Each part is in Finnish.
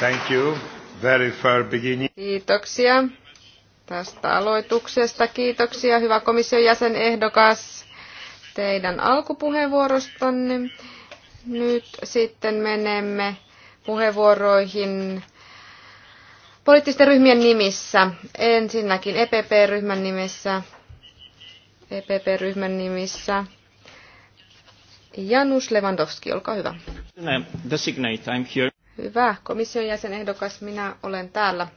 Thank you. Very fair beginning. Kiitoksia tästä aloituksesta. Kiitoksia, hyvä komission jäsen ehdokas, teidän alkupuheenvuorostanne. Nyt sitten menemme puheenvuoroihin poliittisten ryhmien nimissä. Ensinnäkin EPP-ryhmän nimissä. EPP-ryhmän nimissä. Janusz Lewandowski, olkaa hyvä. Designate, I'm here. Hyvä, komission jäsenehdokas, minä olen täällä.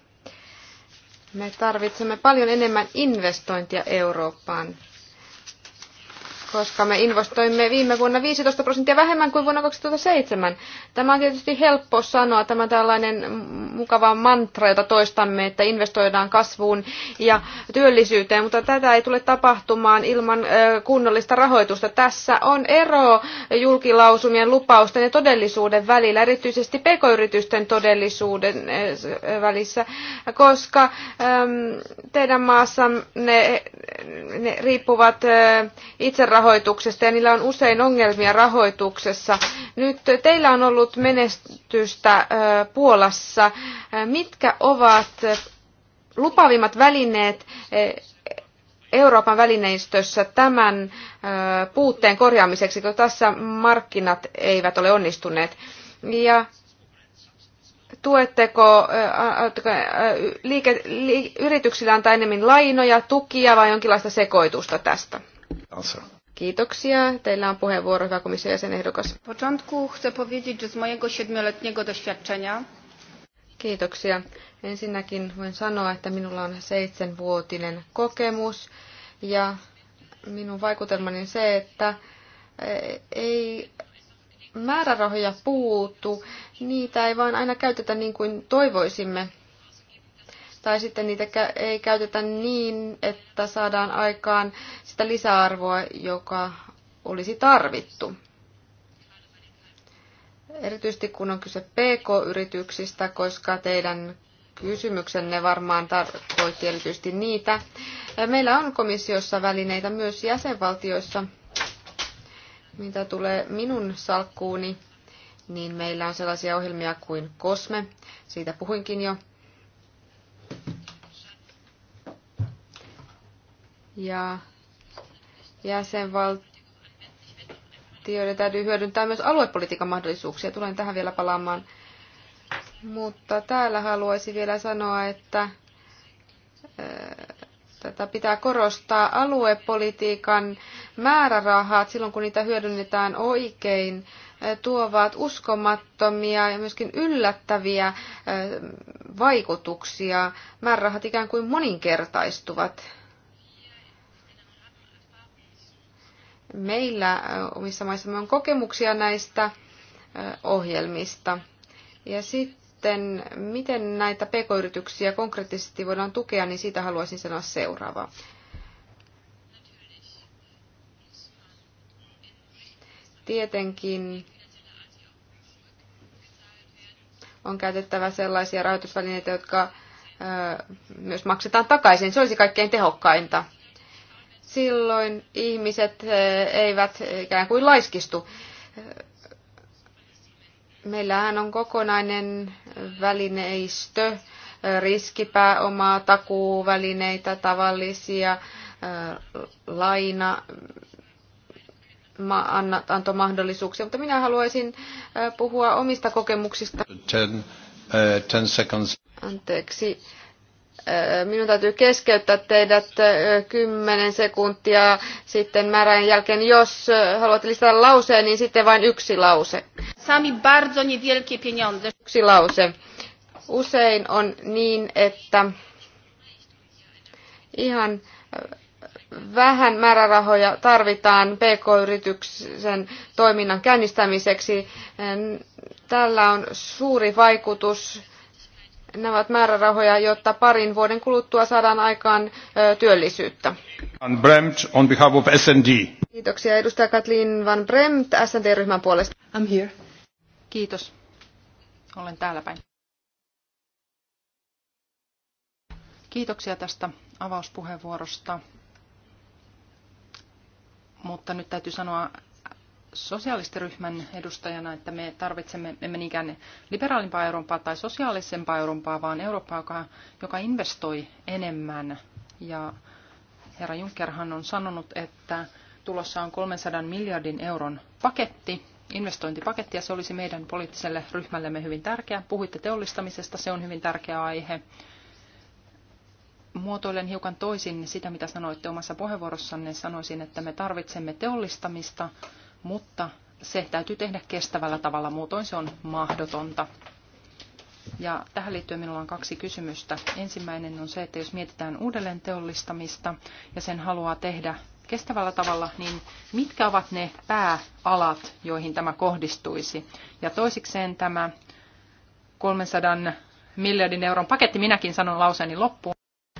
Me tarvitsemme paljon enemmän investointia Eurooppaan koska me investoimme viime vuonna 15 prosenttia vähemmän kuin vuonna 2007. Tämä on tietysti helppo sanoa, tämä tällainen mukava mantra, jota toistamme, että investoidaan kasvuun ja työllisyyteen, mutta tätä ei tule tapahtumaan ilman kunnollista rahoitusta. Tässä on ero julkilausumien lupausten ja todellisuuden välillä, erityisesti pk-yritysten todellisuuden välissä, koska teidän maassanne ne riippuvat itse rahoituksesta ja niillä on usein ongelmia rahoituksessa. Nyt teillä on ollut menestystä Puolassa. Mitkä ovat lupavimmat välineet Euroopan välineistössä tämän puutteen korjaamiseksi, kun tässä markkinat eivät ole onnistuneet? Ja tuetteko liike, li, yrityksillä antaa enemmän lainoja, tukia vai jonkinlaista sekoitusta tästä? Answer. Kiitoksia. Teillä on puheenvuoro, hyvä komission jäsenehdokas. Początku chcę powiedzieć, że z mojego siedmioletniego doświadczenia Kiitoksia. Ensinnäkin voin sanoa, että minulla on seitsemänvuotinen kokemus ja minun vaikutelmani on se, että e, ei määrärahoja puutu, niitä ei vaan aina käytetä niin kuin toivoisimme tai sitten niitä ei käytetä niin, että saadaan aikaan sitä lisäarvoa, joka olisi tarvittu. Erityisesti kun on kyse PK-yrityksistä, koska teidän kysymyksenne varmaan tarkoitti erityisesti niitä. Meillä on komissiossa välineitä myös jäsenvaltioissa, mitä tulee minun salkkuuni, niin meillä on sellaisia ohjelmia kuin COSME, siitä puhuinkin jo, ja jäsenvaltioiden täytyy hyödyntää myös aluepolitiikan mahdollisuuksia. Tulen tähän vielä palaamaan. Mutta täällä haluaisin vielä sanoa, että eh, tätä pitää korostaa aluepolitiikan määrärahat silloin, kun niitä hyödynnetään oikein, eh, tuovat uskomattomia ja myöskin yllättäviä eh, vaikutuksia. Määrärahat ikään kuin moninkertaistuvat Meillä omissa maissamme on kokemuksia näistä ohjelmista. Ja sitten, miten näitä pk-yrityksiä konkreettisesti voidaan tukea, niin siitä haluaisin sanoa seuraavaa. Tietenkin on käytettävä sellaisia rahoitusvälineitä, jotka myös maksetaan takaisin. Se olisi kaikkein tehokkainta silloin ihmiset eh, eivät ikään kuin laiskistu. Meillähän on kokonainen välineistö, eh, riskipääomaa, takuuvälineitä, tavallisia, eh, laina, anto mahdollisuuksia, mutta minä haluaisin puhua omista kokemuksista. Ten, uh, ten seconds. Anteeksi, minun täytyy keskeyttää teidät 10 sekuntia sitten määrän jälkeen. Jos haluat lisätä lauseen, niin sitten vain yksi lause. Sami bardzo niewielkie pieniądze. Yksi lause. Usein on niin, että ihan vähän määrärahoja tarvitaan PK-yrityksen toiminnan käynnistämiseksi. Tällä on suuri vaikutus Nämä ovat määrärahoja, jotta parin vuoden kuluttua saadaan aikaan työllisyyttä. Bremt on behalf of SND. Kiitoksia edustaja Katlin Van Bremt SND-ryhmän puolesta. I'm here. Kiitos. Olen täällä päin. Kiitoksia tästä avauspuheenvuorosta. Mutta nyt täytyy sanoa sosialistiryhmän edustajana, että me tarvitsemme emme niinkään liberaalimpaa Eurooppaa tai sosiaalisempaa Eurooppaa, vaan Eurooppaa, joka, joka investoi enemmän. Ja herra Junckerhan on sanonut, että tulossa on 300 miljardin euron paketti, investointipaketti, ja se olisi meidän poliittiselle ryhmällemme hyvin tärkeä. Puhuitte teollistamisesta, se on hyvin tärkeä aihe. Muotoilen hiukan toisin sitä, mitä sanoitte omassa puheenvuorossanne. Sanoisin, että me tarvitsemme teollistamista, mutta se täytyy tehdä kestävällä tavalla, muutoin se on mahdotonta. Ja tähän liittyen minulla on kaksi kysymystä. Ensimmäinen on se, että jos mietitään uudelleen teollistamista ja sen haluaa tehdä kestävällä tavalla, niin mitkä ovat ne pääalat, joihin tämä kohdistuisi? Ja toisikseen tämä 300 miljardin euron paketti, minäkin sanon lauseeni loppuun.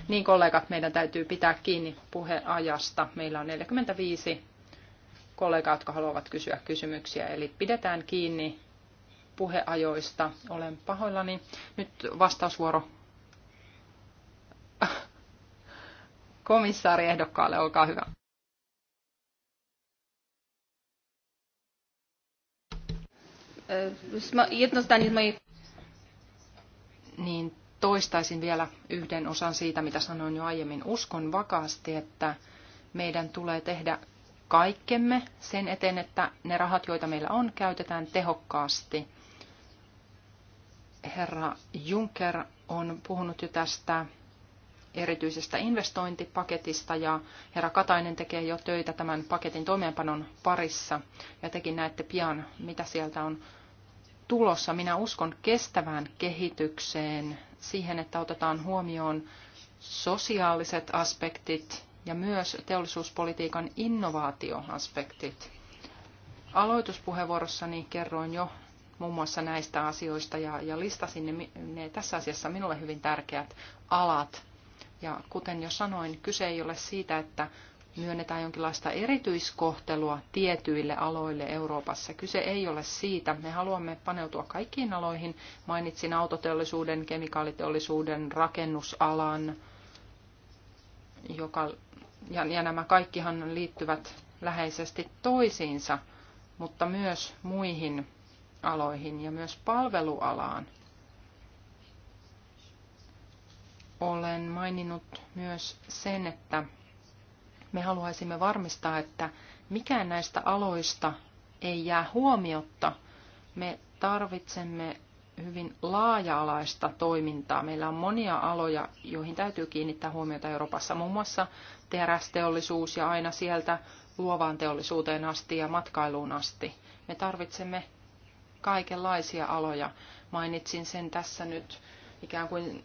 Niin kollegat, meidän täytyy pitää kiinni puheajasta. Meillä on 45 kollegaa, jotka haluavat kysyä kysymyksiä. Eli pidetään kiinni puheajoista. Olen pahoillani. Nyt vastausvuoro komissaari ehdokkaalle. Olkaa hyvä. Niin toistaisin vielä yhden osan siitä, mitä sanoin jo aiemmin. Uskon vakaasti, että meidän tulee tehdä kaikkemme sen eteen, että ne rahat, joita meillä on, käytetään tehokkaasti. Herra Juncker on puhunut jo tästä erityisestä investointipaketista ja herra Katainen tekee jo töitä tämän paketin toimeenpanon parissa ja tekin näette pian, mitä sieltä on tulossa. Minä uskon kestävään kehitykseen, siihen, että otetaan huomioon sosiaaliset aspektit, ja myös teollisuuspolitiikan innovaatioaspektit. Aloituspuheenvuorossani kerroin jo muun muassa näistä asioista ja, ja listasin ne, ne tässä asiassa minulle hyvin tärkeät alat. Ja kuten jo sanoin, kyse ei ole siitä, että myönnetään jonkinlaista erityiskohtelua tietyille aloille Euroopassa. Kyse ei ole siitä. Me haluamme paneutua kaikkiin aloihin. Mainitsin autoteollisuuden, kemikaaliteollisuuden, rakennusalan, joka ja, ja nämä kaikkihan liittyvät läheisesti toisiinsa, mutta myös muihin aloihin ja myös palvelualaan. Olen maininnut myös sen, että me haluaisimme varmistaa, että mikään näistä aloista ei jää huomiotta. Me tarvitsemme hyvin laaja-alaista toimintaa. Meillä on monia aloja, joihin täytyy kiinnittää huomiota Euroopassa, muun muassa terästeollisuus ja aina sieltä luovaan teollisuuteen asti ja matkailuun asti. Me tarvitsemme kaikenlaisia aloja. Mainitsin sen tässä nyt ikään kuin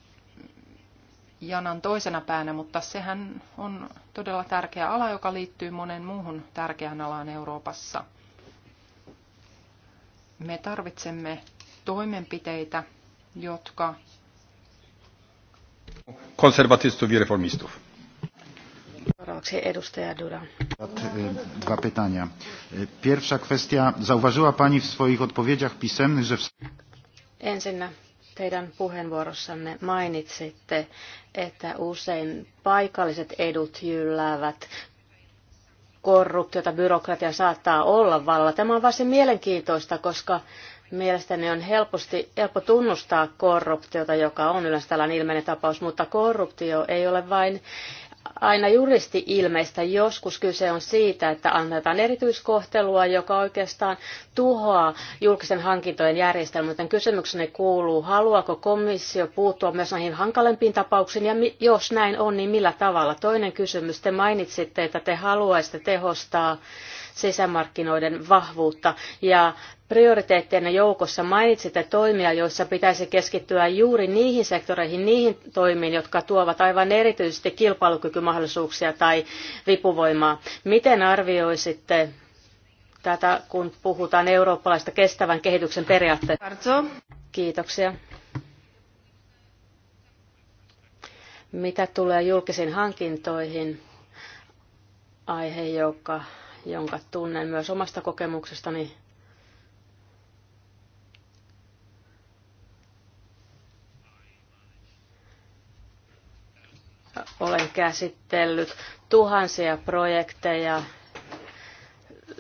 janan toisena päänä, mutta sehän on todella tärkeä ala, joka liittyy monen muuhun tärkeään alaan Euroopassa. Me tarvitsemme toimenpiteitä, jotka konservatistów i Seuraavaksi edustaja Dura. Dwa pytania. Pierwsza kwestia. Zauważyła Pani w swoich odpowiedziach pisemnych, że... Ensinnä teidän puheenvuorossanne mainitsitte, että usein paikalliset edut jylläävät korruptiota, byrokratia saattaa olla vallalla. Tämä on varsin mielenkiintoista, koska mielestäni on helposti, helppo tunnustaa korruptiota, joka on yleensä tällainen ilmeinen tapaus, mutta korruptio ei ole vain aina juristi ilmeistä. Joskus kyse on siitä, että annetaan erityiskohtelua, joka oikeastaan tuhoaa julkisen hankintojen järjestelmän. Joten kysymykseni kuuluu, haluaako komissio puuttua myös näihin hankalempiin tapauksiin, ja jos näin on, niin millä tavalla? Toinen kysymys, te mainitsitte, että te haluaisitte tehostaa sisämarkkinoiden vahvuutta. Ja prioriteetteina joukossa mainitsitte toimia, joissa pitäisi keskittyä juuri niihin sektoreihin, niihin toimiin, jotka tuovat aivan erityisesti kilpailukykymahdollisuuksia tai vipuvoimaa. Miten arvioisitte tätä, kun puhutaan eurooppalaista kestävän kehityksen periaatteesta? Kiitoksia. Mitä tulee julkisiin hankintoihin, aihe, joka jonka tunnen myös omasta kokemuksestani. Olen käsitellyt tuhansia projekteja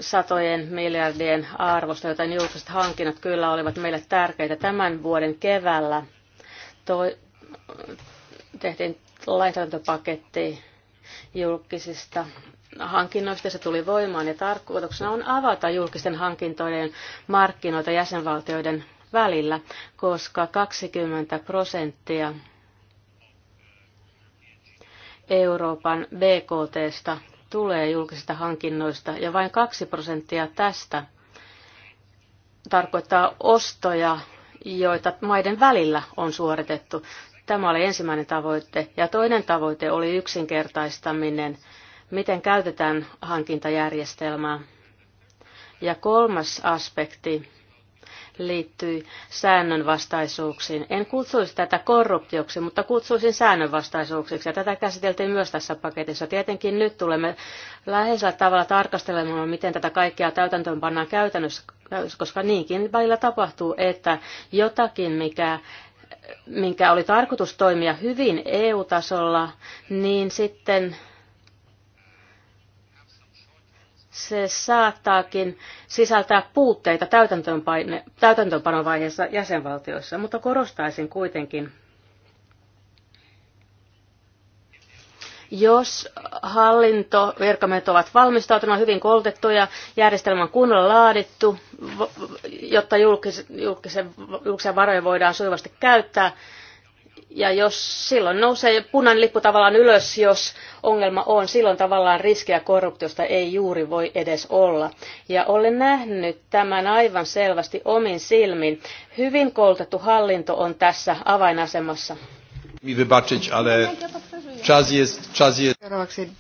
satojen miljardien arvosta, joten julkiset hankinnat kyllä olivat meille tärkeitä. Tämän vuoden keväällä toi, tehtiin laitantopaketti julkisista hankinnoista. Se tuli voimaan ja tarkoituksena on avata julkisten hankintojen markkinoita jäsenvaltioiden välillä, koska 20 prosenttia Euroopan BKTstä tulee julkisista hankinnoista ja vain 2 prosenttia tästä tarkoittaa ostoja, joita maiden välillä on suoritettu. Tämä oli ensimmäinen tavoite. Ja toinen tavoite oli yksinkertaistaminen miten käytetään hankintajärjestelmää. Ja kolmas aspekti liittyy säännönvastaisuuksiin. En kutsuisi tätä korruptioksi, mutta kutsuisin säännönvastaisuuksiksi. Ja tätä käsiteltiin myös tässä paketissa. Tietenkin nyt tulemme läheisellä tavalla tarkastelemaan, miten tätä kaikkea täytäntöön pannaan käytännössä, koska niinkin välillä tapahtuu, että jotakin, mikä minkä oli tarkoitus toimia hyvin EU-tasolla, niin sitten se saattaakin sisältää puutteita täytäntöönpanovaiheessa jäsenvaltioissa, mutta korostaisin kuitenkin, jos hallintovirkamiehet ovat valmistautuneet hyvin koulutettuja, järjestelmä on kunnolla laadittu, jotta julkisen, julkisen varoja voidaan sujuvasti käyttää, ja jos silloin nousee punainen lippu tavallaan ylös, jos ongelma on, silloin tavallaan riskiä korruptiosta ei juuri voi edes olla. Ja olen nähnyt tämän aivan selvästi omin silmin. Hyvin koulutettu hallinto on tässä avainasemassa. Mi ale czas jest, czas Seuraavaksi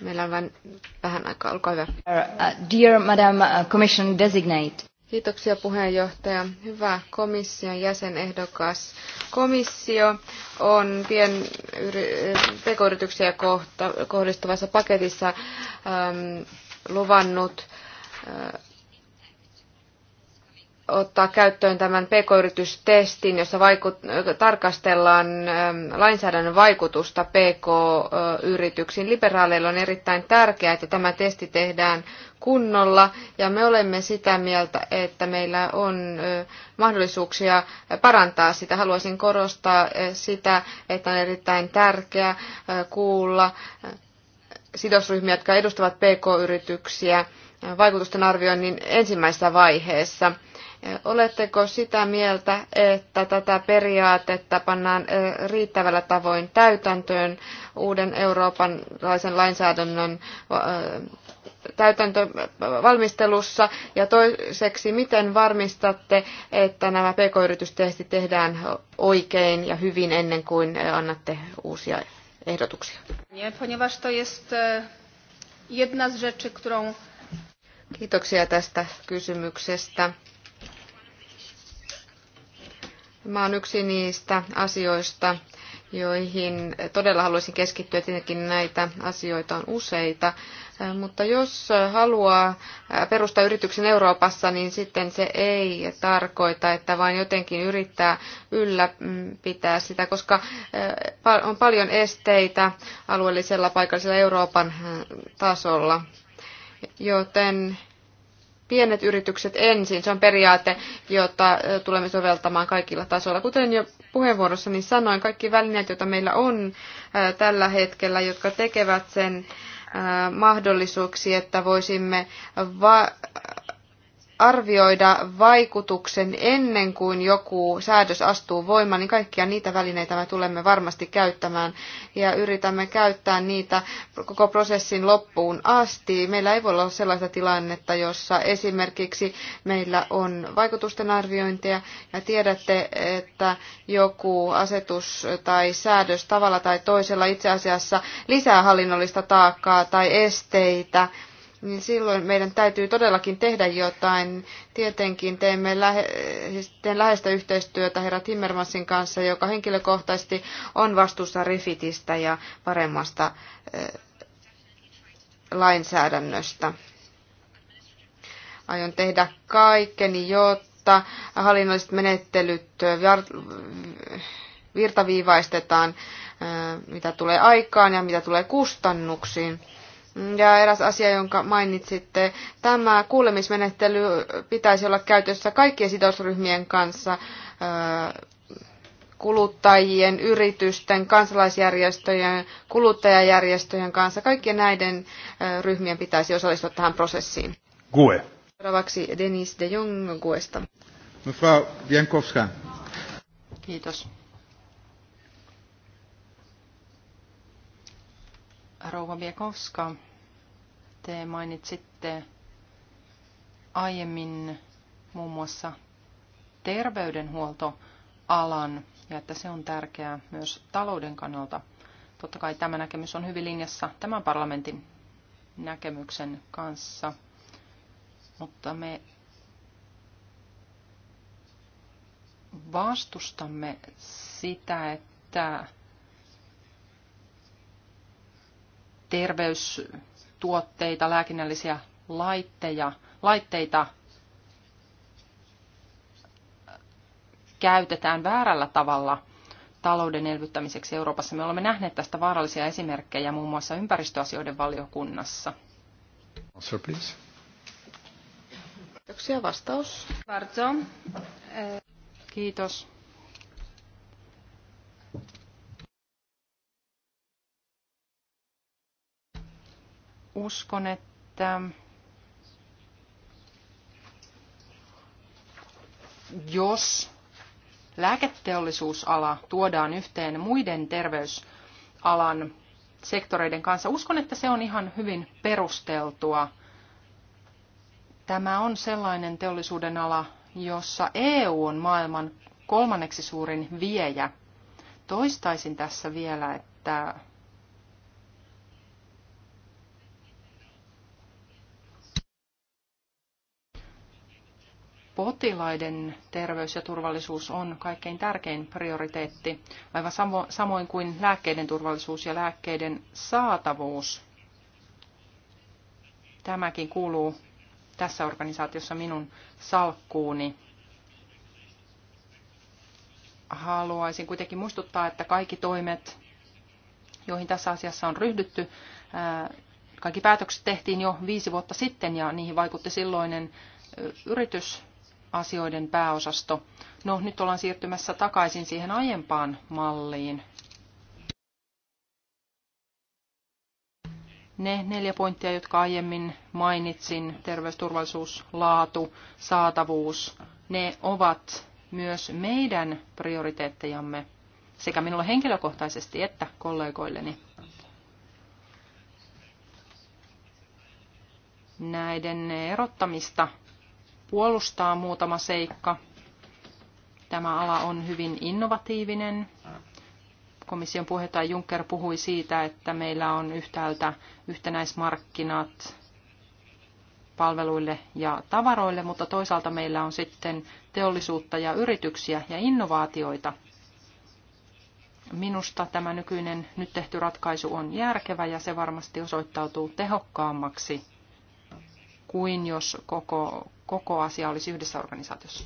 Meillä on vähän, vähän aikaa, olkaa hyvä. Uh, dear Madam uh, Commission Designate. Kiitoksia puheenjohtaja. Hyvä komission jäsenehdokas. Komissio on pien pk-yrityksiä kohdistuvassa paketissa äm, luvannut äh, ottaa käyttöön tämän pk-yritystestin, jossa vaikut- tarkastellaan ähm, lainsäädännön vaikutusta pk-yrityksiin. Liberaaleilla on erittäin tärkeää, että tämä testi tehdään kunnolla ja me olemme sitä mieltä, että meillä on äh, mahdollisuuksia parantaa sitä. Haluaisin korostaa äh, sitä, että on erittäin tärkeää äh, kuulla sidosryhmiä, jotka edustavat pk-yrityksiä vaikutusten arvioinnin ensimmäisessä vaiheessa – Oletteko sitä mieltä, että tätä periaatetta pannaan riittävällä tavoin täytäntöön uuden eurooppalaisen lainsäädännön täytäntövalmistelussa ja toiseksi, miten varmistatte, että nämä pk-yritystestit tehdään oikein ja hyvin ennen kuin annatte uusia ehdotuksia? E, Kiitoksia tästä kysymyksestä. Tämä on yksi niistä asioista, joihin todella haluaisin keskittyä. Tietenkin näitä asioita on useita. Äh, mutta jos haluaa äh, perustaa yrityksen Euroopassa, niin sitten se ei tarkoita, että vain jotenkin yrittää ylläpitää sitä, koska äh, on paljon esteitä alueellisella paikallisella Euroopan tasolla. Joten pienet yritykset ensin. Se on periaate, jota tulemme soveltamaan kaikilla tasoilla. Kuten jo puheenvuorossani sanoin, kaikki välineet, joita meillä on tällä hetkellä, jotka tekevät sen mahdollisuuksi, että voisimme va- arvioida vaikutuksen ennen kuin joku säädös astuu voimaan, niin kaikkia niitä välineitä me tulemme varmasti käyttämään ja yritämme käyttää niitä koko prosessin loppuun asti. Meillä ei voi olla sellaista tilannetta, jossa esimerkiksi meillä on vaikutusten arviointia ja tiedätte, että joku asetus tai säädös tavalla tai toisella itse asiassa lisää hallinnollista taakkaa tai esteitä – niin silloin meidän täytyy todellakin tehdä jotain. Tietenkin teemme lähe, teen läheistä yhteistyötä herra Timmermansin kanssa, joka henkilökohtaisesti on vastuussa Refitistä ja paremmasta eh, lainsäädännöstä. Aion tehdä kaikkeni, jotta hallinnolliset menettelyt eh, virtaviivaistetaan, eh, mitä tulee aikaan ja mitä tulee kustannuksiin ja eräs asia, jonka mainitsitte, tämä kuulemismenettely pitäisi olla käytössä kaikkien sidosryhmien kanssa, kuluttajien, yritysten, kansalaisjärjestöjen, kuluttajajärjestöjen kanssa. Kaikkien näiden ryhmien pitäisi osallistua tähän prosessiin. GUE. Seuraavaksi Denis de Jong GUEsta. Mevrouw no, Jankowska. Kiitos. Rouva Biekovska, te mainitsitte aiemmin muun muassa terveydenhuoltoalan ja että se on tärkeää myös talouden kannalta. Totta kai tämä näkemys on hyvin linjassa tämän parlamentin näkemyksen kanssa, mutta me vastustamme sitä, että terveystuotteita, lääkinnällisiä laitteja, laitteita käytetään väärällä tavalla talouden elvyttämiseksi Euroopassa. Me olemme nähneet tästä vaarallisia esimerkkejä muun muassa ympäristöasioiden valiokunnassa. Answer, please. Kiitoksia. Vastaus. Kiitos. uskon, että jos lääketeollisuusala tuodaan yhteen muiden terveysalan sektoreiden kanssa, uskon, että se on ihan hyvin perusteltua. Tämä on sellainen teollisuuden ala, jossa EU on maailman kolmanneksi suurin viejä. Toistaisin tässä vielä, että potilaiden terveys ja turvallisuus on kaikkein tärkein prioriteetti, aivan samoin kuin lääkkeiden turvallisuus ja lääkkeiden saatavuus. Tämäkin kuuluu tässä organisaatiossa minun salkkuuni. Haluaisin kuitenkin muistuttaa, että kaikki toimet, joihin tässä asiassa on ryhdytty, kaikki päätökset tehtiin jo viisi vuotta sitten ja niihin vaikutti silloinen yritys, asioiden pääosasto. No, nyt ollaan siirtymässä takaisin siihen aiempaan malliin. Ne neljä pointtia, jotka aiemmin mainitsin, terveysturvallisuus, laatu, saatavuus, ne ovat myös meidän prioriteettejamme sekä minulle henkilökohtaisesti että kollegoilleni. Näiden erottamista puolustaa muutama seikka. Tämä ala on hyvin innovatiivinen. Komission puheenjohtaja Juncker puhui siitä, että meillä on yhtäältä yhtenäismarkkinat palveluille ja tavaroille, mutta toisaalta meillä on sitten teollisuutta ja yrityksiä ja innovaatioita. Minusta tämä nykyinen nyt tehty ratkaisu on järkevä ja se varmasti osoittautuu tehokkaammaksi kuin jos koko koko asia olisi yhdessä organisaatiossa.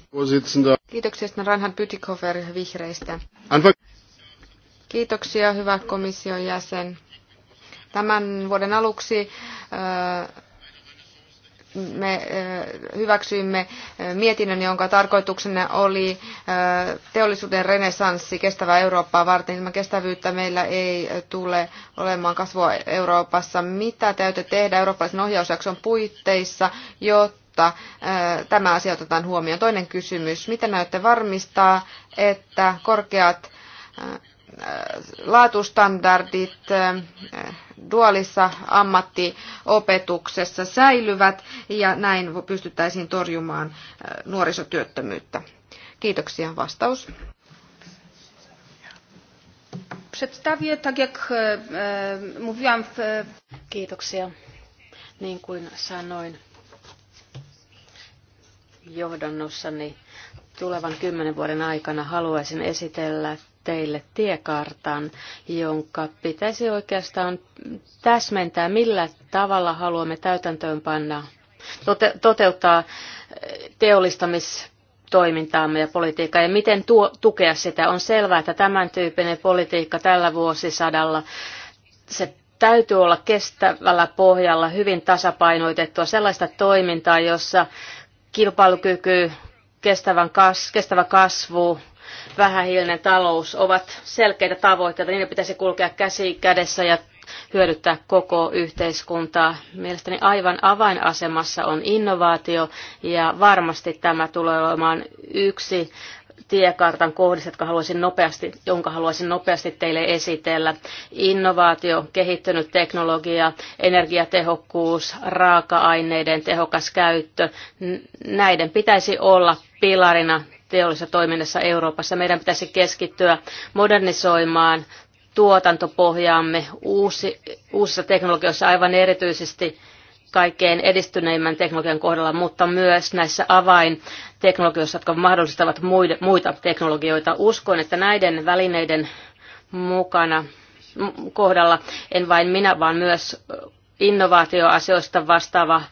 Kiitoksia sitten Ranhan Pytikofer vihreistä. Kiitoksia hyvä komission jäsen. Tämän vuoden aluksi äh, me äh, hyväksyimme äh, mietinnön, jonka tarkoituksena oli teollisuuden renessanssi kestävää Eurooppaa varten. Ilman kestävyyttä meillä ei tule olemaan kasvua Euroopassa. Mitä täytyy tehdä eurooppalaisen ohjausjakson puitteissa, jotta jotta tämä asia otetaan huomioon. Toinen kysymys, miten näytte varmistaa, että korkeat laatustandardit dualissa ammattiopetuksessa säilyvät ja näin pystyttäisiin torjumaan nuorisotyöttömyyttä? Kiitoksia. Vastaus. Przedstawię, tak jak e, e, mówiłam w... Kiitoksia. Niin kuin sanoin johdannossani tulevan kymmenen vuoden aikana haluaisin esitellä teille tiekartan, jonka pitäisi oikeastaan täsmentää, millä tavalla haluamme täytäntöönpanna tote, toteuttaa teollistamis toimintaamme ja politiikkaa ja miten tuo, tukea sitä. On selvää, että tämän tyyppinen politiikka tällä vuosisadalla se täytyy olla kestävällä pohjalla, hyvin tasapainoitettua, sellaista toimintaa, jossa kilpailukyky, kestävän kas, kestävä kasvu, vähähiilinen talous ovat selkeitä tavoitteita. Niiden pitäisi kulkea käsi kädessä ja hyödyttää koko yhteiskuntaa. Mielestäni aivan avainasemassa on innovaatio ja varmasti tämä tulee olemaan yksi tiekartan kohdista, jotka haluaisin nopeasti, jonka haluaisin nopeasti teille esitellä. Innovaatio, kehittynyt teknologia, energiatehokkuus, raaka-aineiden tehokas käyttö, näiden pitäisi olla pilarina teollisessa toiminnassa Euroopassa. Meidän pitäisi keskittyä modernisoimaan tuotantopohjaamme uusi, uusissa teknologioissa aivan erityisesti – kaikkein edistyneimmän teknologian kohdalla, mutta myös näissä avainteknologioissa, jotka mahdollistavat muita teknologioita. Uskon, että näiden välineiden mukana kohdalla en vain minä, vaan myös innovaatioasioista vastaava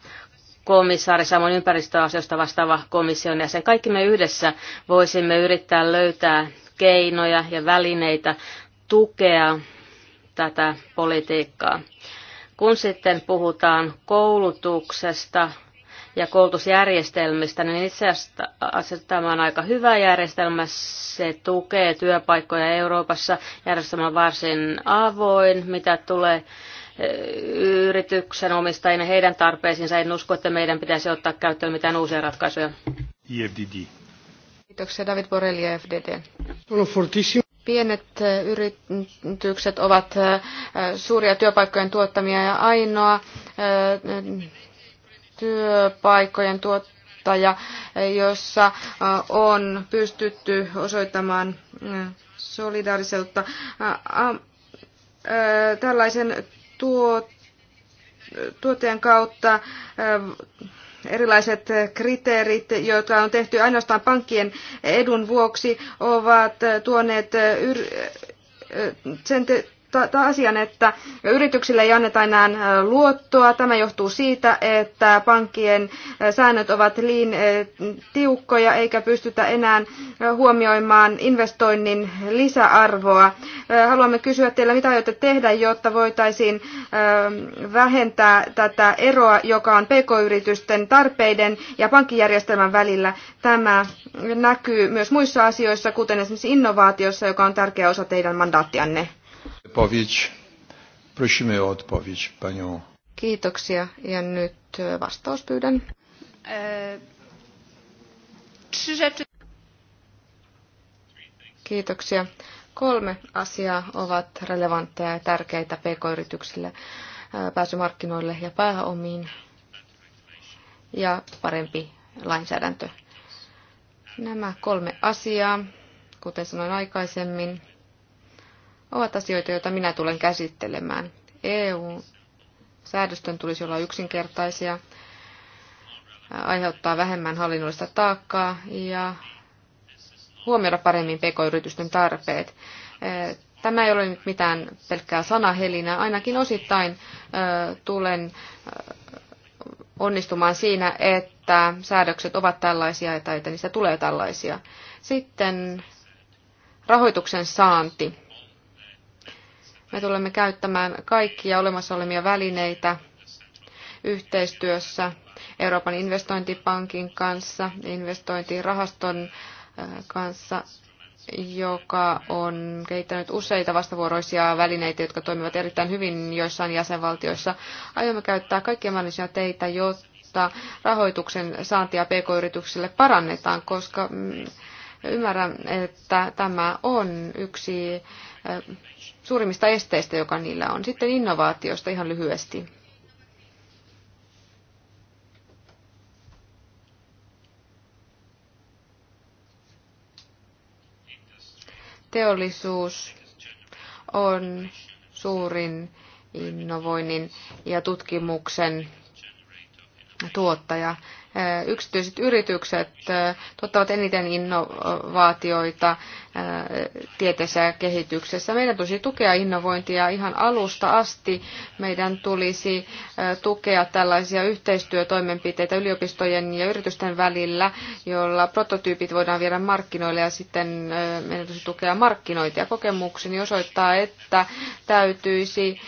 komissaari, samoin ympäristöasioista vastaava komission jäsen. Kaikki me yhdessä voisimme yrittää löytää keinoja ja välineitä tukea tätä politiikkaa. Kun sitten puhutaan koulutuksesta ja koulutusjärjestelmistä, niin itse asiassa tämä on aika hyvä järjestelmä. Se tukee työpaikkoja Euroopassa. Järjestelmä varsin avoin, mitä tulee eh, yrityksen omistajina heidän tarpeisiinsa. En usko, että meidän pitäisi ottaa käyttöön mitään uusia ratkaisuja. IFDD. Kiitoksia David Borelli ja FDD. Pienet yritykset ovat suuria työpaikkojen tuottamia ja ainoa työpaikkojen tuottaja, jossa on pystytty osoittamaan solidaariselta Tällaisen tuottajan kautta erilaiset kriteerit, jotka on tehty ainoastaan pankkien edun vuoksi, ovat tuoneet sen asian, että yrityksille ei anneta enää luottoa. Tämä johtuu siitä, että pankkien säännöt ovat liin tiukkoja eikä pystytä enää huomioimaan investoinnin lisäarvoa. Haluamme kysyä teillä, mitä aiotte tehdä, jotta voitaisiin vähentää tätä eroa, joka on pk-yritysten tarpeiden ja pankkijärjestelmän välillä. Tämä näkyy myös muissa asioissa, kuten esimerkiksi innovaatiossa, joka on tärkeä osa teidän mandaattianne odpowiedź. Prosimy o odpowiedź panią. Kiitoksia. Ja nyt e, vastaus pyydän. E, trzy rzeczy. Kiitoksia. Kolme asiaa ovat relevantteja ja tärkeitä pk-yrityksille, e, pääsy markkinoille ja pääomiin ja parempi lainsäädäntö. Nämä kolme asiaa, kuten sanoin aikaisemmin, ovat asioita, joita minä tulen käsittelemään. EU-säädösten tulisi olla yksinkertaisia, aiheuttaa vähemmän hallinnollista taakkaa ja huomioida paremmin pk-yritysten tarpeet. E, tämä ei ole nyt mitään pelkkää sanahelinää. Ainakin osittain e, tulen e, onnistumaan siinä, että säädökset ovat tällaisia tai että niistä tulee tällaisia. Sitten rahoituksen saanti. Me tulemme käyttämään kaikkia olemassa olevia välineitä yhteistyössä Euroopan investointipankin kanssa, investointirahaston äh, kanssa, joka on kehittänyt useita vastavuoroisia välineitä, jotka toimivat erittäin hyvin joissain jäsenvaltioissa. Aiomme käyttää kaikkia mahdollisia teitä, jotta rahoituksen saantia pk-yrityksille parannetaan, koska mm, ymmärrän, että tämä on yksi äh, suurimmista esteistä, joka niillä on. Sitten innovaatiosta ihan lyhyesti. Teollisuus on suurin innovoinnin ja tutkimuksen tuottaja. Eh, yksityiset yritykset eh, tuottavat eniten innovaatioita eh, tieteessä ja kehityksessä. Meidän tulisi tukea innovointia ihan alusta asti. Meidän tulisi tukea tällaisia yhteistyötoimenpiteitä yliopistojen ja yritysten välillä, joilla prototyypit voidaan viedä markkinoille ja sitten meidän tulisi tukea markkinointia. Ja kokemukseni osoittaa, että täytyisi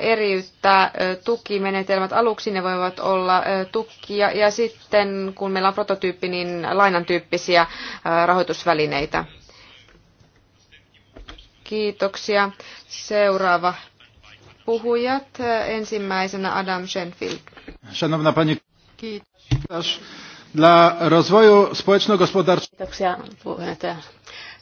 eriyttää tukimenetelmät. Aluksi ne voivat olla tukia ja sitten sitten, kun meillä on prototyyppi, niin lainan tyyppisiä rahoitusvälineitä. Kiitoksia. Seuraava puhujat. Ensimmäisenä Adam Schenfield. Szanowna Pani Kiitos. Dla rozwoju społeczno-gospodarczego. Kiitoksia puheenjohtaja.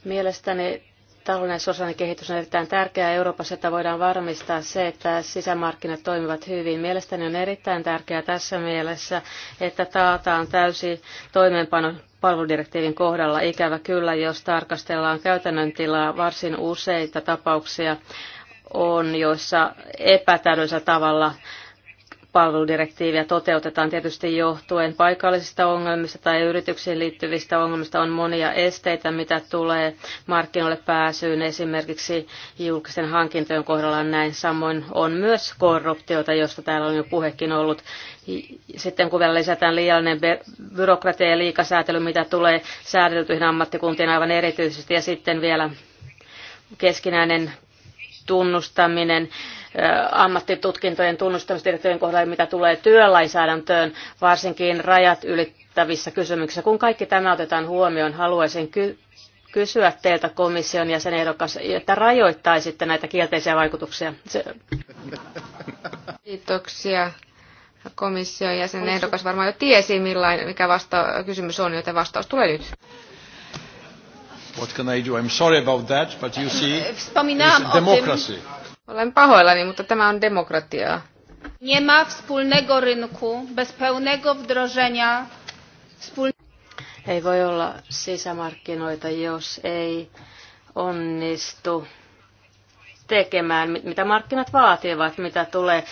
Mielestäni Taloudellinen sosiaalinen kehitys on erittäin tärkeää Euroopassa, että voidaan varmistaa se, että sisämarkkinat toimivat hyvin. Mielestäni on erittäin tärkeää tässä mielessä, että taataan täysi toimeenpano palveludirektiivin kohdalla. Ikävä kyllä, jos tarkastellaan käytännön tilaa, varsin useita tapauksia on, joissa epätäydellisellä tavalla palveludirektiiviä toteutetaan tietysti johtuen paikallisista ongelmista tai yrityksiin liittyvistä ongelmista on monia esteitä, mitä tulee markkinoille pääsyyn. Esimerkiksi julkisten hankintojen kohdalla on näin. Samoin on myös korruptiota, josta täällä on jo puhekin ollut. Sitten kun vielä lisätään liiallinen byrokratia ja liikasäätely, mitä tulee säädeltyihin ammattikuntiin aivan erityisesti, ja sitten vielä keskinäinen tunnustaminen ammattitutkintojen tunnustamisdirektiivin kohdalla, mitä tulee työlainsäädäntöön, varsinkin rajat ylittävissä kysymyksissä. Kun kaikki tämä otetaan huomioon, haluaisin ky- kysyä teiltä komission jäsenehdokas, että rajoittaisitte näitä kielteisiä vaikutuksia. Se... Kiitoksia. Komission jäsenehdokas varmaan jo tiesi, millain, mikä vasta- kysymys on, joten vastaus tulee nyt. What can I do? I'm sorry about that, but you see, eh, Wspominałam it's democracy. olen pahoillani, mutta tämä on demokratia. Nie ma wspólnego rynku bez pełnego wdrożenia Ei voi olla sisämarkkinoita, jos ei onnistu tekemään, mitä markkinat vaativat, mitä tulee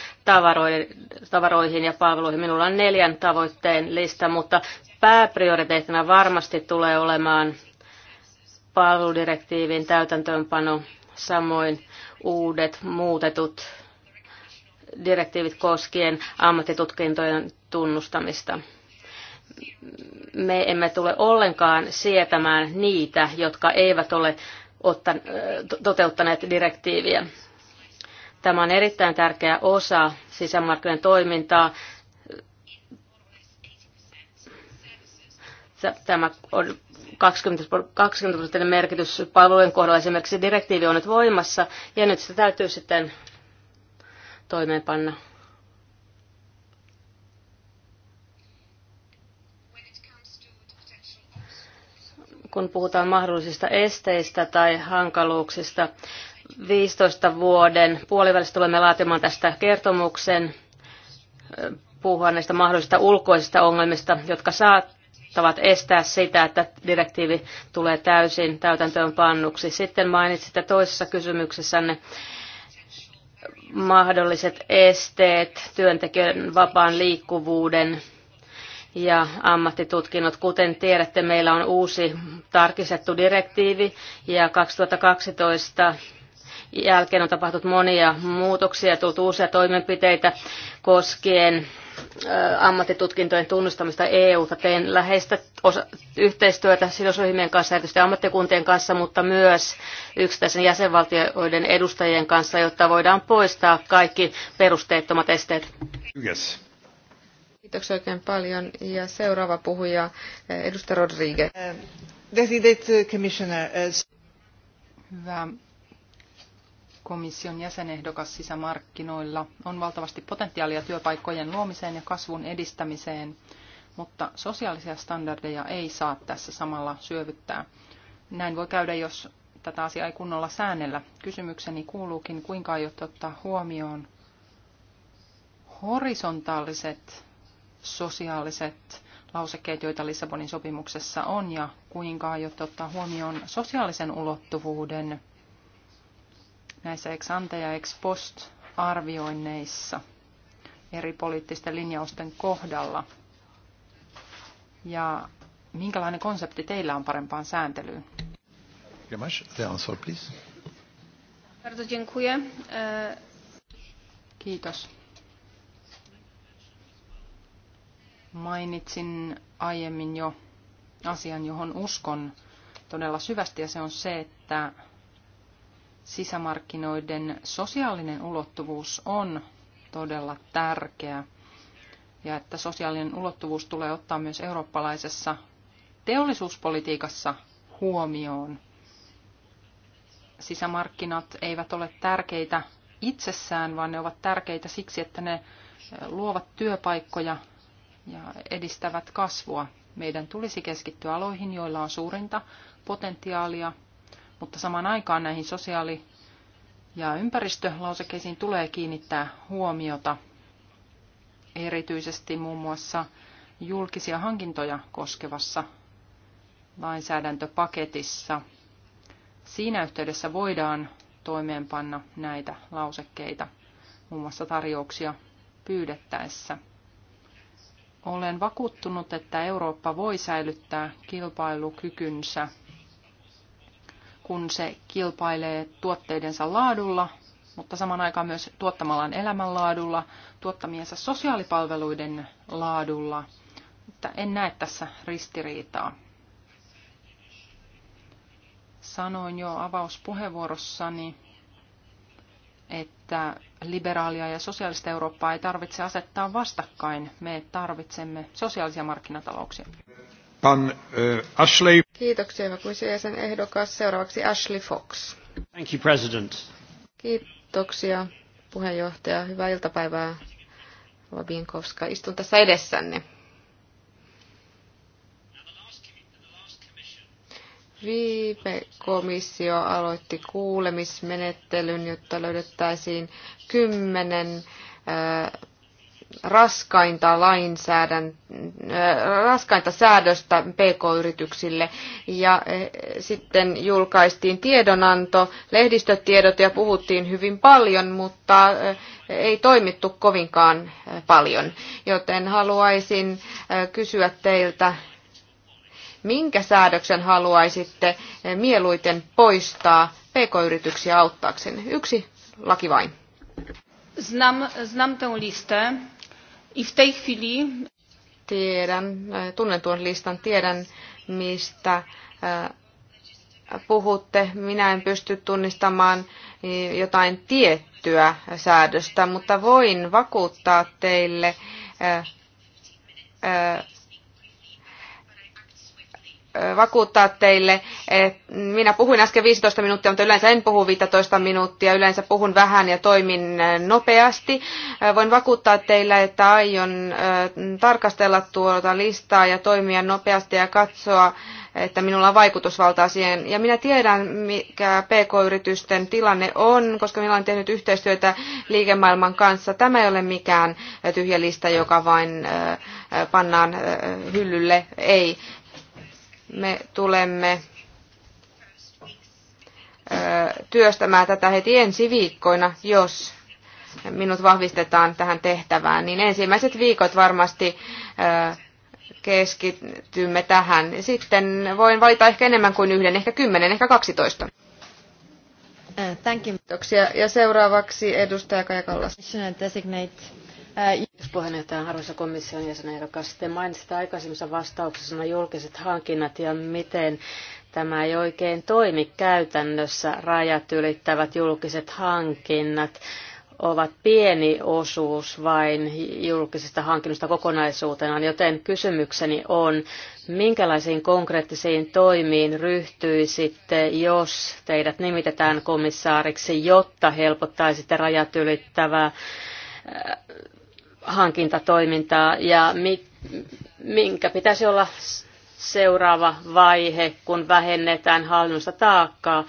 tavaroihin ja palveluihin. Minulla on neljän tavoitteen lista, mutta pääprioriteettina varmasti tulee olemaan palveludirektiivin täytäntöönpano, samoin uudet muutetut direktiivit koskien ammattitutkintojen tunnustamista. Me emme tule ollenkaan sietämään niitä, jotka eivät ole otta, toteuttaneet direktiiviä. Tämä on erittäin tärkeä osa sisämarkkinoiden toimintaa. Tämä on 20, prosenttinen merkitys palvelujen kohdalla esimerkiksi direktiivi on nyt voimassa ja nyt sitä täytyy sitten toimeenpanna. Kun puhutaan mahdollisista esteistä tai hankaluuksista, 15 vuoden puolivälistä tulemme laatimaan tästä kertomuksen, puhua näistä mahdollisista ulkoisista ongelmista, jotka saat tavat estää sitä, että direktiivi tulee täysin täytäntöön pannuksi. Sitten mainitsitte toisessa kysymyksessänne mahdolliset esteet työntekijän vapaan liikkuvuuden ja ammattitutkinnot. Kuten tiedätte, meillä on uusi tarkistettu direktiivi ja 2012 jälkeen on tapahtunut monia muutoksia ja tullut uusia toimenpiteitä koskien ammattitutkintojen tunnustamista EU-ta. Tein läheistä osa- yhteistyötä sidosryhmien kanssa, erityisesti ammattikuntien kanssa, mutta myös yksittäisen jäsenvaltioiden edustajien kanssa, jotta voidaan poistaa kaikki perusteettomat esteet. Yes. Kiitoksia oikein paljon. Ja seuraava puhuja, edustaja Rodriguez. Uh, uh, Hyvä komission jäsenehdokas sisämarkkinoilla on valtavasti potentiaalia työpaikkojen luomiseen ja kasvun edistämiseen, mutta sosiaalisia standardeja ei saa tässä samalla syövyttää. Näin voi käydä, jos tätä asiaa ei kunnolla säännellä. Kysymykseni kuuluukin, kuinka aiot ottaa huomioon horisontaaliset sosiaaliset lausekkeet, joita Lissabonin sopimuksessa on, ja kuinka aiot ottaa huomioon sosiaalisen ulottuvuuden näissä ex ante ja ex post arvioinneissa eri poliittisten linjausten kohdalla. Ja minkälainen konsepti teillä on parempaan sääntelyyn? E, Kiitos. Mainitsin aiemmin jo asian, johon uskon todella syvästi, ja se on se, että sisämarkkinoiden sosiaalinen ulottuvuus on todella tärkeä ja että sosiaalinen ulottuvuus tulee ottaa myös eurooppalaisessa teollisuuspolitiikassa huomioon. Sisämarkkinat eivät ole tärkeitä itsessään, vaan ne ovat tärkeitä siksi, että ne luovat työpaikkoja ja edistävät kasvua. Meidän tulisi keskittyä aloihin, joilla on suurinta potentiaalia mutta samaan aikaan näihin sosiaali- ja ympäristölausekkeisiin tulee kiinnittää huomiota, erityisesti muun muassa julkisia hankintoja koskevassa lainsäädäntöpaketissa. Siinä yhteydessä voidaan toimeenpanna näitä lausekkeita, muun muassa tarjouksia pyydettäessä. Olen vakuuttunut, että Eurooppa voi säilyttää kilpailukykynsä kun se kilpailee tuotteidensa laadulla, mutta saman aikaan myös tuottamallaan elämänlaadulla, tuottamiensa sosiaalipalveluiden laadulla. Mutta en näe tässä ristiriitaa. Sanoin jo avauspuheenvuorossani, että liberaalia ja sosiaalista Eurooppaa ei tarvitse asettaa vastakkain. Me tarvitsemme sosiaalisia markkinatalouksia. Pan, uh, Ashley. Kiitoksia, hyvä jäsen ehdokas. Seuraavaksi Ashley Fox. Thank you, President. Kiitoksia, puheenjohtaja. Hyvää iltapäivää, Labinkovska. Istun tässä edessänne. Viime komissio aloitti kuulemismenettelyn, jotta löydettäisiin kymmenen eh, raskainta, lainsäädän, äh, raskainta säädöstä PK-yrityksille. Ja äh, sitten julkaistiin tiedonanto, lehdistötiedot ja puhuttiin hyvin paljon, mutta äh, ei toimittu kovinkaan paljon. Joten haluaisin kysyä teiltä, minkä säädöksen haluaisitte mieluiten poistaa PK-yrityksiä auttaakseen? Yksi laki vain znam, znam tę listę I w tej chwili... Tiedän, äh, tunnen tuon listan, tiedän mistä äh, puhutte. Minä en pysty tunnistamaan äh, jotain tiettyä säädöstä, mutta voin vakuuttaa teille vakuuttaa teille, että minä puhuin äsken 15 minuuttia, mutta yleensä en puhu 15 minuuttia, yleensä puhun vähän ja toimin nopeasti. Voin vakuuttaa teille, että aion tarkastella tuota listaa ja toimia nopeasti ja katsoa, että minulla on vaikutusvaltaa siihen. Ja minä tiedän, mikä PK-yritysten tilanne on, koska minulla on tehnyt yhteistyötä liikemaailman kanssa. Tämä ei ole mikään tyhjä lista, joka vain pannaan hyllylle. Ei. Me tulemme työstämään tätä heti ensi viikkoina, jos minut vahvistetaan tähän tehtävään, niin ensimmäiset viikot varmasti keskitymme tähän. Sitten voin valita ehkä enemmän kuin yhden, ehkä kymmenen, ehkä kaksitoista. Thank you. Kiitoksia. Ja seuraavaksi edustaja Kaja Kallas puheenjohtaja, arvoisa komission ehdokas, te mainitsitte aikaisemmissa vastauksissa julkiset hankinnat ja miten tämä ei oikein toimi käytännössä. Rajat ylittävät julkiset hankinnat ovat pieni osuus vain julkisista hankinnoista kokonaisuutena, joten kysymykseni on, minkälaisiin konkreettisiin toimiin ryhtyisitte, jos teidät nimitetään komissaariksi, jotta helpottaisitte rajat ylittävää hankintatoimintaa ja mi, minkä pitäisi olla seuraava vaihe, kun vähennetään hallinnosta taakkaa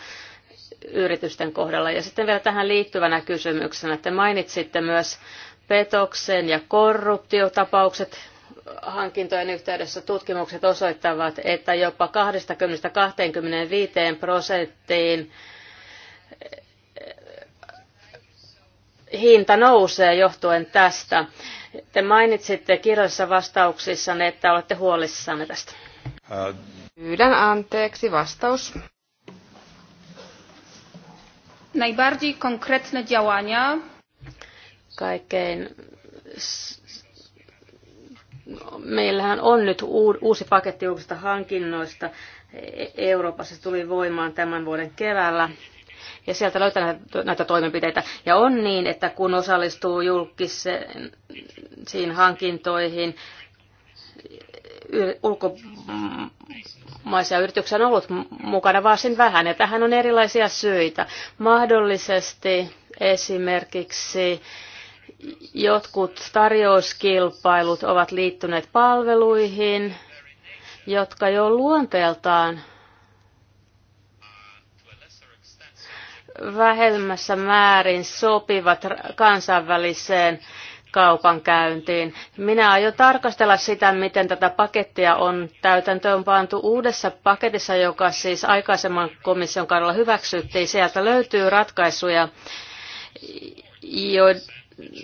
yritysten kohdalla. Ja sitten vielä tähän liittyvänä kysymyksenä, että mainitsitte myös petoksen ja korruptiotapaukset hankintojen yhteydessä tutkimukset osoittavat, että jopa 20-25 prosenttiin hinta nousee johtuen tästä. Te mainitsitte kirjallisissa vastauksissanne, että olette huolissanne tästä. Pyydän anteeksi vastaus. Najbardziej konkretne działania. Kaikkein meillähän on nyt uusi paketti uusista hankinnoista. E- Euroopassa se tuli voimaan tämän vuoden keväällä ja sieltä löytää näitä toimenpiteitä. Ja on niin, että kun osallistuu julkisiin hankintoihin, ulkomaisia yrityksiä on ollut mukana varsin vähän, ja tähän on erilaisia syitä. Mahdollisesti esimerkiksi jotkut tarjouskilpailut ovat liittyneet palveluihin, jotka jo luonteeltaan vähemmässä määrin sopivat kansainväliseen kaupankäyntiin. Minä aion tarkastella sitä, miten tätä pakettia on täytäntöön pantu uudessa paketissa, joka siis aikaisemman komission kaudella hyväksyttiin. Sieltä löytyy ratkaisuja,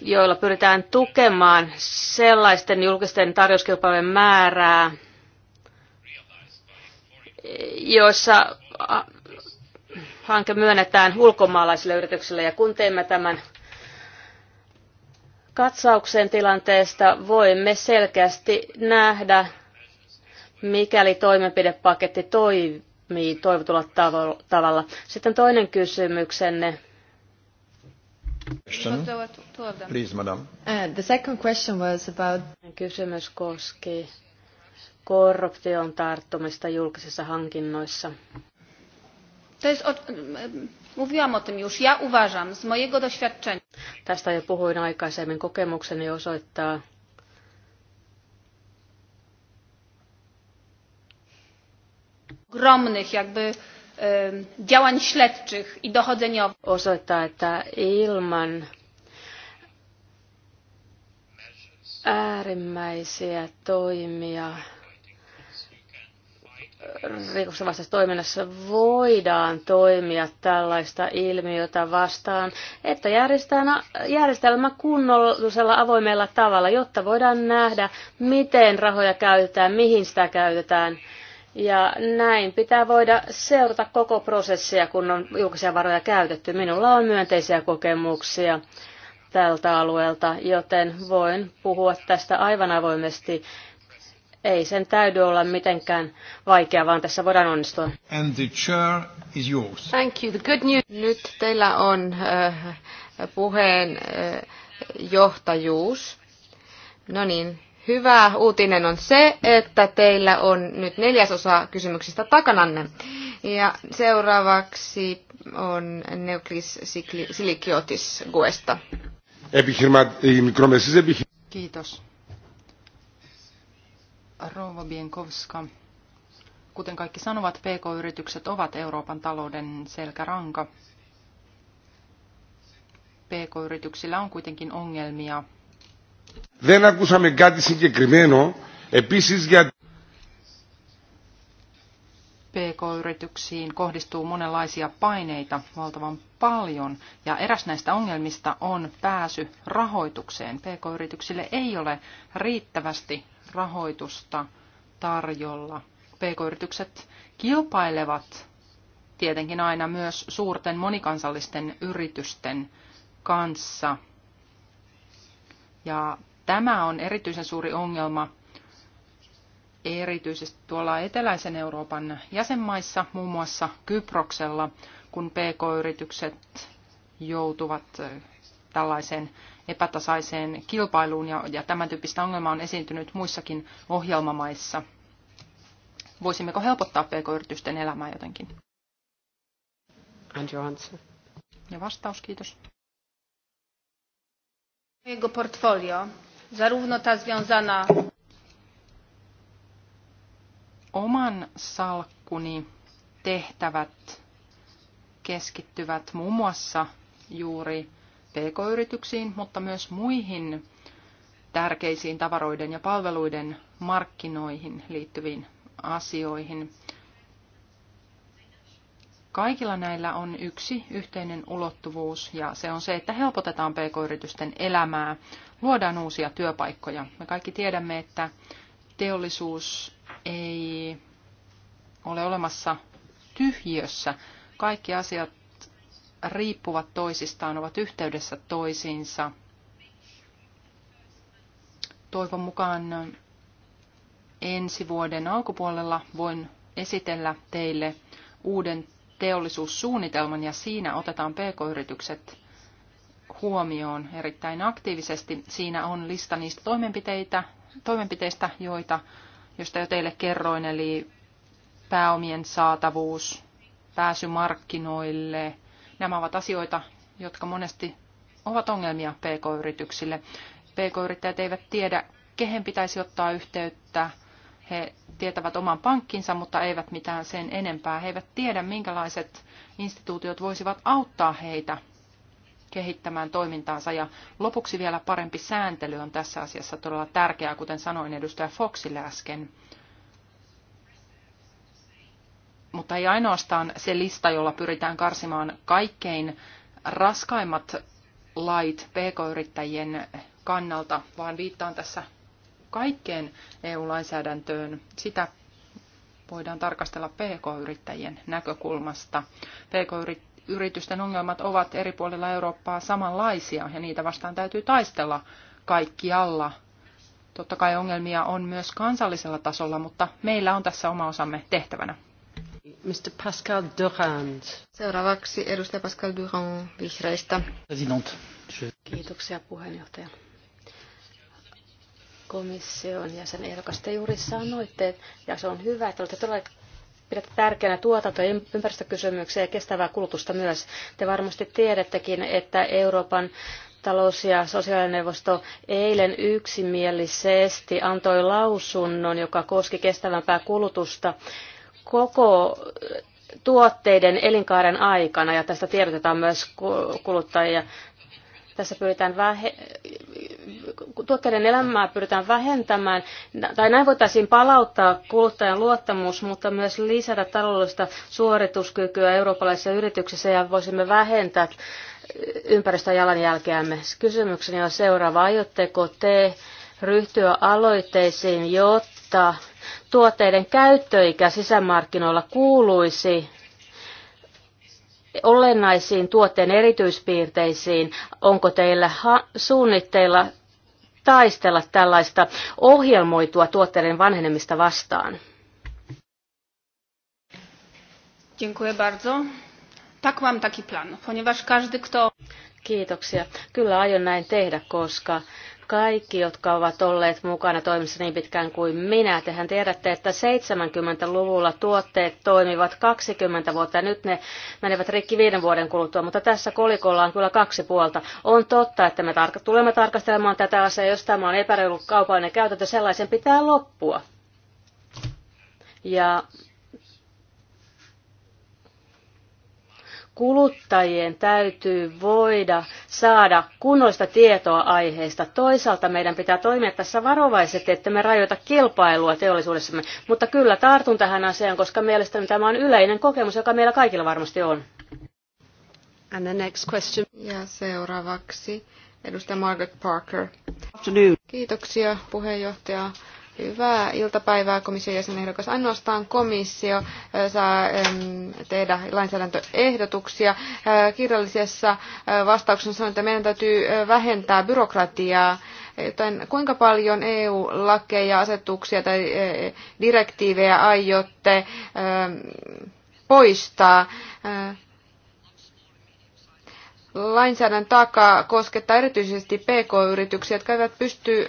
joilla pyritään tukemaan sellaisten julkisten tarjouskilpailujen määrää, joissa hanke myönnetään ulkomaalaisille yrityksille ja kun teemme tämän katsauksen tilanteesta, voimme selkeästi nähdä, mikäli toimenpidepaketti toimii toivotulla tavalla. Sitten toinen kysymyksenne. Please, madam. Uh, the second question was about... Kysymys koski korruption tarttumista julkisissa hankinnoissa mówiłam o tym już, ja uważam z mojego doświadczenia. Tästä jo puhuin aikaisemmin, kokemukseni osoittaa, ogromnych jakby działań śledczych i dochodzeniowych. Osoittaa, että ilman äärimmäisiä toimia rikoksenvastaisessa toiminnassa voidaan toimia tällaista ilmiötä vastaan, että järjestelmä kunnollisella avoimella tavalla, jotta voidaan nähdä, miten rahoja käytetään, mihin sitä käytetään. Ja näin pitää voida seurata koko prosessia, kun on julkisia varoja käytetty. Minulla on myönteisiä kokemuksia tältä alueelta, joten voin puhua tästä aivan avoimesti ei sen täydy olla mitenkään vaikea, vaan tässä voidaan onnistua. And the chair is yours. Thank you. The good news. Nyt teillä on äh, puheen äh, johtajuus. No niin, hyvä uutinen on se, että teillä on nyt neljäsosa kysymyksistä takananne. Ja seuraavaksi on Neuklis Silikiotis Guesta. Kiitos. Rouva Bienkowska. Kuten kaikki sanovat, PK-yritykset ovat Euroopan talouden selkäranka. PK-yrityksillä on kuitenkin ongelmia. Δεν ακούσαμε κάτι συγκεκριμένο. Επίσης για... PK-yrityksiin kohdistuu monenlaisia paineita valtavan paljon, ja eräs näistä ongelmista on pääsy rahoitukseen. PK-yrityksille ei ole riittävästi rahoitusta tarjolla. PK-yritykset kilpailevat tietenkin aina myös suurten monikansallisten yritysten kanssa. Ja tämä on erityisen suuri ongelma erityisesti tuolla eteläisen Euroopan jäsenmaissa, muun muassa Kyproksella, kun pk-yritykset joutuvat tällaiseen epätasaiseen kilpailuun ja, ja tämän tyyppistä ongelmaa on esiintynyt muissakin ohjelmamaissa. Voisimmeko helpottaa pk-yritysten elämää jotenkin? And your answer. Ja vastaus, kiitos. Jego portfolio, zarówno ta związana Oman salkkuni tehtävät keskittyvät muun muassa juuri pk-yrityksiin, mutta myös muihin tärkeisiin tavaroiden ja palveluiden markkinoihin liittyviin asioihin. Kaikilla näillä on yksi yhteinen ulottuvuus ja se on se, että helpotetaan pk-yritysten elämää, luodaan uusia työpaikkoja. Me kaikki tiedämme, että teollisuus ei ole olemassa tyhjössä. Kaikki asiat riippuvat toisistaan, ovat yhteydessä toisiinsa. Toivon mukaan ensi vuoden alkupuolella voin esitellä teille uuden teollisuussuunnitelman ja siinä otetaan pk-yritykset huomioon erittäin aktiivisesti. Siinä on lista niistä toimenpiteitä, toimenpiteistä, joita josta jo teille kerroin, eli pääomien saatavuus, pääsy markkinoille. Nämä ovat asioita, jotka monesti ovat ongelmia pk-yrityksille. Pk-yrittäjät eivät tiedä, kehen pitäisi ottaa yhteyttä. He tietävät oman pankkinsa, mutta eivät mitään sen enempää. He eivät tiedä, minkälaiset instituutiot voisivat auttaa heitä kehittämään toimintaansa. Ja lopuksi vielä parempi sääntely on tässä asiassa todella tärkeää, kuten sanoin edustaja Foxille äsken. Mutta ei ainoastaan se lista, jolla pyritään karsimaan kaikkein raskaimmat lait pk-yrittäjien kannalta, vaan viittaan tässä kaikkeen EU-lainsäädäntöön. Sitä voidaan tarkastella pk-yrittäjien näkökulmasta. PK-yrittäjien yritysten ongelmat ovat eri puolilla Eurooppaa samanlaisia ja niitä vastaan täytyy taistella kaikkialla. Totta kai ongelmia on myös kansallisella tasolla, mutta meillä on tässä oma osamme tehtävänä. Mr. Pascal Durand. Seuraavaksi edustaja Pascal Durand vihreistä. President. Kiitoksia puheenjohtaja. Komission jäsen ehdokas te juuri sanoitte, ja se on hyvä, että olette todella pidätte tärkeänä tuotanto- ja ympäristökysymyksiä ja kestävää kulutusta myös. Te varmasti tiedättekin, että Euroopan talous- ja sosiaalineuvosto eilen yksimielisesti antoi lausunnon, joka koski kestävämpää kulutusta koko tuotteiden elinkaaren aikana, ja tästä tiedotetaan myös kuluttajia. Tässä pyritään vähe- tuotteiden elämää pyritään vähentämään, tai näin voitaisiin palauttaa kuluttajan luottamus, mutta myös lisätä taloudellista suorituskykyä eurooppalaisissa yrityksissä ja voisimme vähentää ympäristöjalanjälkeämme. Kysymykseni on seuraava. Aiotteko te ryhtyä aloitteisiin, jotta tuotteiden käyttöikä sisämarkkinoilla kuuluisi olennaisiin tuotteen erityispiirteisiin. Onko teillä suunnitteilla taistella tällaista ohjelmoitua tuotteiden vanhenemista vastaan? Dziękuję bardzo. Tak mam taki plan, ponieważ każdy kto... Kiitoksia. Kyllä aion näin tehdä, koska kaikki, jotka ovat olleet mukana toimissa niin pitkään kuin minä. Tehän tiedätte, että 70-luvulla tuotteet toimivat 20 vuotta ja nyt ne menevät rikki viiden vuoden kuluttua, mutta tässä kolikolla on kyllä kaksi puolta. On totta, että me tar- tulemme tarkastelemaan tätä asiaa, jos tämä on epäreilu kaupallinen käytäntö, sellaisen pitää loppua. Ja kuluttajien täytyy voida saada kunnoista tietoa aiheesta. Toisaalta meidän pitää toimia tässä varovaisesti, että me rajoita kilpailua teollisuudessamme. Mutta kyllä tartun tähän asiaan, koska mielestäni tämä on yleinen kokemus, joka meillä kaikilla varmasti on. And the next question. Ja seuraavaksi edustaja Margaret Parker. Afternoon. Kiitoksia puheenjohtaja. Hyvää iltapäivää komission jäsenehdokas. Ainoastaan komissio saa tehdä lainsäädäntöehdotuksia. Kirjallisessa vastauksessa sanoin, että meidän täytyy vähentää byrokratiaa. Joten kuinka paljon EU-lakeja, asetuksia tai direktiivejä aiotte poistaa? Lainsäädännön takaa koskettaa erityisesti PK-yrityksiä, jotka eivät pysty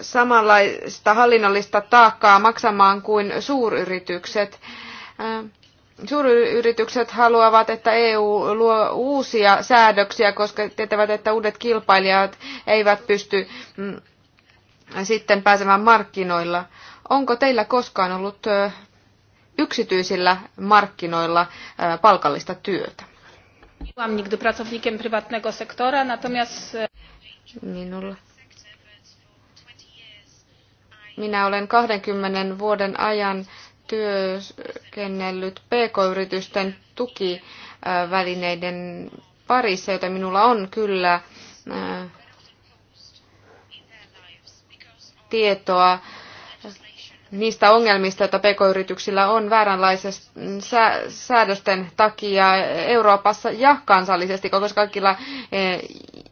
samanlaista hallinnollista taakkaa maksamaan kuin suuryritykset. Äh, suuryritykset haluavat, että EU luo uusia säädöksiä, koska tietävät, että uudet kilpailijat eivät pysty mm, sitten pääsemään markkinoilla. Onko teillä koskaan ollut äh, yksityisillä markkinoilla äh, palkallista työtä? Olen nigdy pracownikiem prywatnego sektora, natomiast... E, Minulla minä olen 20 vuoden ajan työskennellyt pk-yritysten tukivälineiden parissa, joita minulla on kyllä tietoa niistä ongelmista, joita pk-yrityksillä on vääränlaisesta säädösten takia Euroopassa ja kansallisesti, koska kaikilla eh,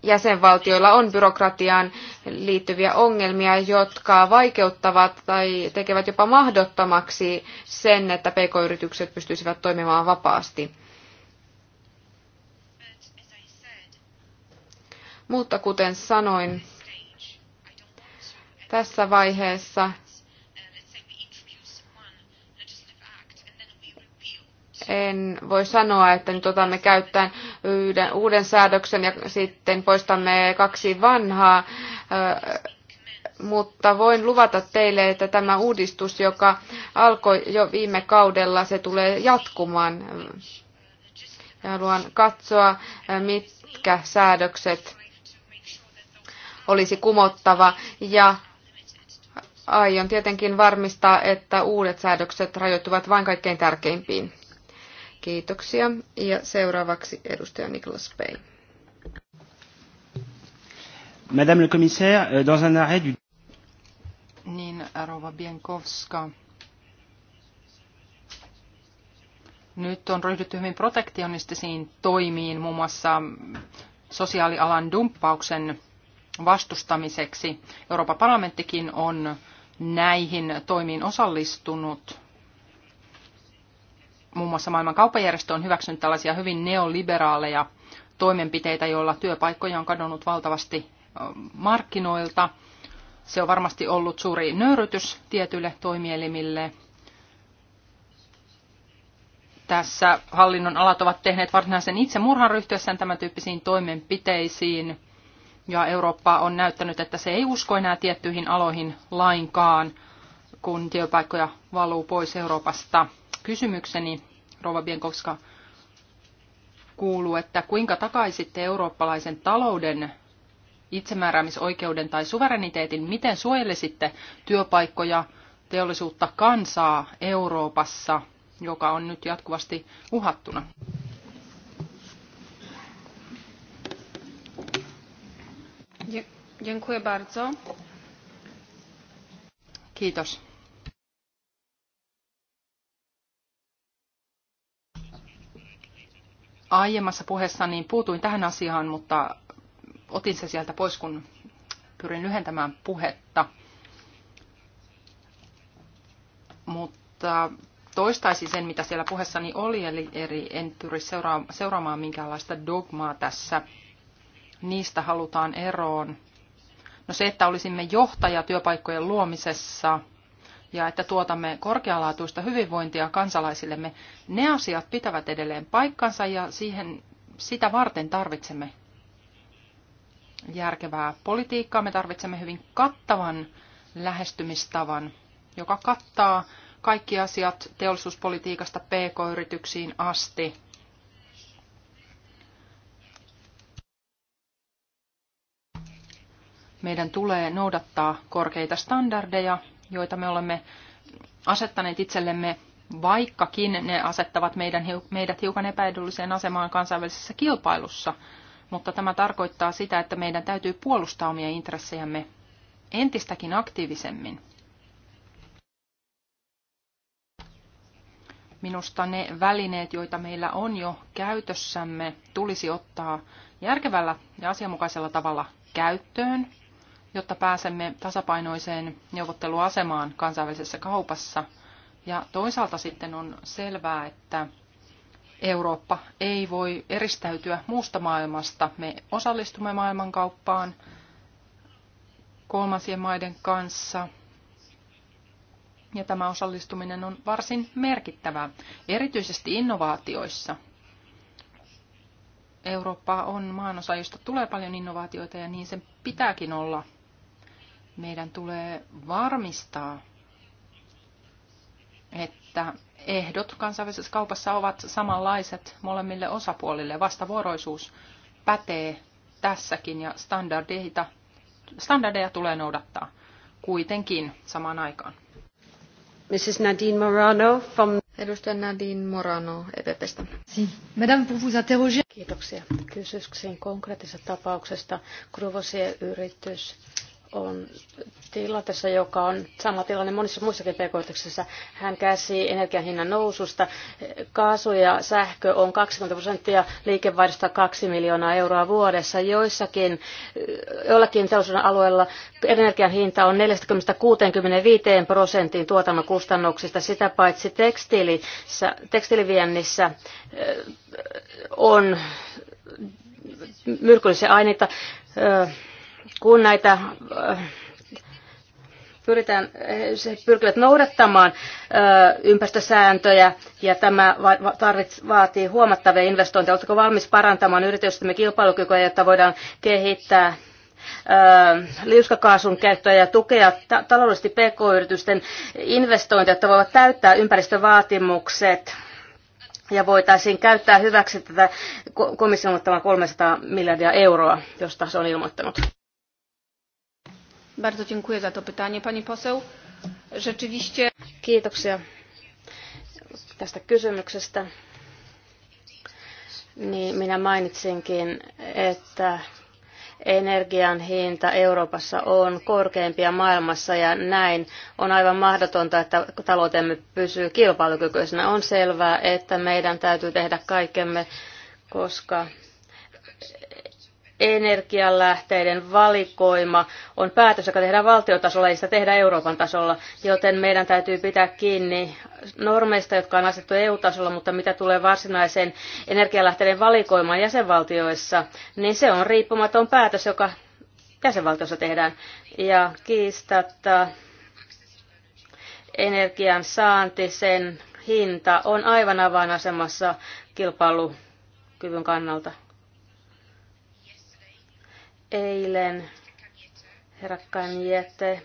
jäsenvaltioilla on byrokratiaan liittyviä ongelmia, jotka vaikeuttavat tai tekevät jopa mahdottomaksi sen, että pk-yritykset pystyisivät toimimaan vapaasti. Mutta kuten sanoin, tässä vaiheessa en voi sanoa, että nyt otamme käyttäen yhden, uuden säädöksen ja sitten poistamme kaksi vanhaa, mutta voin luvata teille, että tämä uudistus, joka alkoi jo viime kaudella, se tulee jatkumaan. Ja haluan katsoa, mitkä säädökset olisi kumottava ja aion tietenkin varmistaa, että uudet säädökset rajoittuvat vain kaikkein tärkeimpiin. Kiitoksia. Ja seuraavaksi edustaja Niklas Pei. Madame le commissaire, euh, dans un arrêt du... Niin, Rova Bienkowska. Nyt on ryhdytty hyvin protektionistisiin toimiin, muun muassa sosiaalialan dumppauksen vastustamiseksi. Euroopan parlamenttikin on näihin toimiin osallistunut muun muassa maailman kauppajärjestö on hyväksynyt tällaisia hyvin neoliberaaleja toimenpiteitä, joilla työpaikkoja on kadonnut valtavasti markkinoilta. Se on varmasti ollut suuri nöyrytys tietyille toimielimille. Tässä hallinnon alat ovat tehneet varsinaisen itsemurhan ryhtyessään tämän tyyppisiin toimenpiteisiin. Ja Eurooppa on näyttänyt, että se ei usko enää tiettyihin aloihin lainkaan, kun työpaikkoja valuu pois Euroopasta. Kysymykseni Rova Bienkovska kuuluu, että kuinka takaisitte eurooppalaisen talouden itsemääräämisoikeuden tai suvereniteetin, miten suojelisitte työpaikkoja, teollisuutta, kansaa Euroopassa, joka on nyt jatkuvasti uhattuna? Dziękuję bardzo. Kiitos. aiemmassa puheessa niin puutuin tähän asiaan, mutta otin se sieltä pois, kun pyrin lyhentämään puhetta. Mutta toistaisi sen, mitä siellä puheessani oli, eli eri, en pyri seuraamaan minkäänlaista dogmaa tässä. Niistä halutaan eroon. No se, että olisimme johtaja työpaikkojen luomisessa – ja että tuotamme korkealaatuista hyvinvointia kansalaisillemme, ne asiat pitävät edelleen paikkansa ja siihen, sitä varten tarvitsemme järkevää politiikkaa. Me tarvitsemme hyvin kattavan lähestymistavan, joka kattaa kaikki asiat teollisuuspolitiikasta pk-yrityksiin asti. Meidän tulee noudattaa korkeita standardeja joita me olemme asettaneet itsellemme, vaikkakin ne asettavat meidän, meidät hiukan epäedulliseen asemaan kansainvälisessä kilpailussa. Mutta tämä tarkoittaa sitä, että meidän täytyy puolustaa omia intressejämme entistäkin aktiivisemmin. Minusta ne välineet, joita meillä on jo käytössämme, tulisi ottaa järkevällä ja asianmukaisella tavalla käyttöön jotta pääsemme tasapainoiseen neuvotteluasemaan kansainvälisessä kaupassa. Ja toisaalta sitten on selvää, että Eurooppa ei voi eristäytyä muusta maailmasta. Me osallistumme maailmankauppaan kolmansien maiden kanssa. Ja tämä osallistuminen on varsin merkittävää, erityisesti innovaatioissa. Eurooppa on maanosa, josta tulee paljon innovaatioita ja niin sen pitääkin olla – meidän tulee varmistaa, että ehdot kansainvälisessä kaupassa ovat samanlaiset molemmille osapuolille. Vastavuoroisuus pätee tässäkin ja standardeita, standardeja tulee noudattaa kuitenkin samaan aikaan. Mrs. Nadine Morano from Edustaja Nadine Morano EPPstä. Si. Madame, vous Kiitoksia. Kysyisin konkreettisesta tapauksesta. Kruvosien yritys on tilanteessa, joka on sama tilanne monissa muissakin pk Hän käsi energian hinnan noususta. Kaasu ja sähkö on 20 prosenttia liikevaihdosta 2 miljoonaa euroa vuodessa. Joissakin, joillakin teollisuuden alueella energian hinta on 40-65 prosenttiin tuotannon kustannuksista. Sitä paitsi tekstiilissä, tekstiiliviennissä on myrkyllisiä aineita kun näitä äh, pyritään, se pyrkivät noudattamaan äh, ympäristösääntöjä ja tämä vaatii huomattavia investointeja. Oletteko valmis parantamaan yritystemme kilpailukykyä, jotta voidaan kehittää äh, liuskakaasun käyttöä ja tukea taloudellisesti pk-yritysten investointeja, jotta voivat täyttää ympäristövaatimukset ja voitaisiin käyttää hyväksi tätä komission ottamaa 300 miljardia euroa, josta se on ilmoittanut. Bardzo dziękuję za to pytanie, pani poseł. Rzeczywiście... Kiitoksia tästä kysymyksestä. Niin, minä mainitsinkin, että energian hinta Euroopassa on korkeimpia maailmassa ja näin on aivan mahdotonta, että taloutemme pysyy kilpailukykyisenä. On selvää, että meidän täytyy tehdä kaikkemme, koska energianlähteiden valikoima on päätös, joka tehdään valtiotasolla, ei sitä tehdä Euroopan tasolla, joten meidän täytyy pitää kiinni normeista, jotka on asettu EU-tasolla, mutta mitä tulee varsinaiseen energialähteiden valikoimaan jäsenvaltioissa, niin se on riippumaton päätös, joka jäsenvaltiossa tehdään. Ja kiistatta energian saanti, sen hinta on aivan avainasemassa kilpailukyvyn kannalta. Eilen herakkaan jätte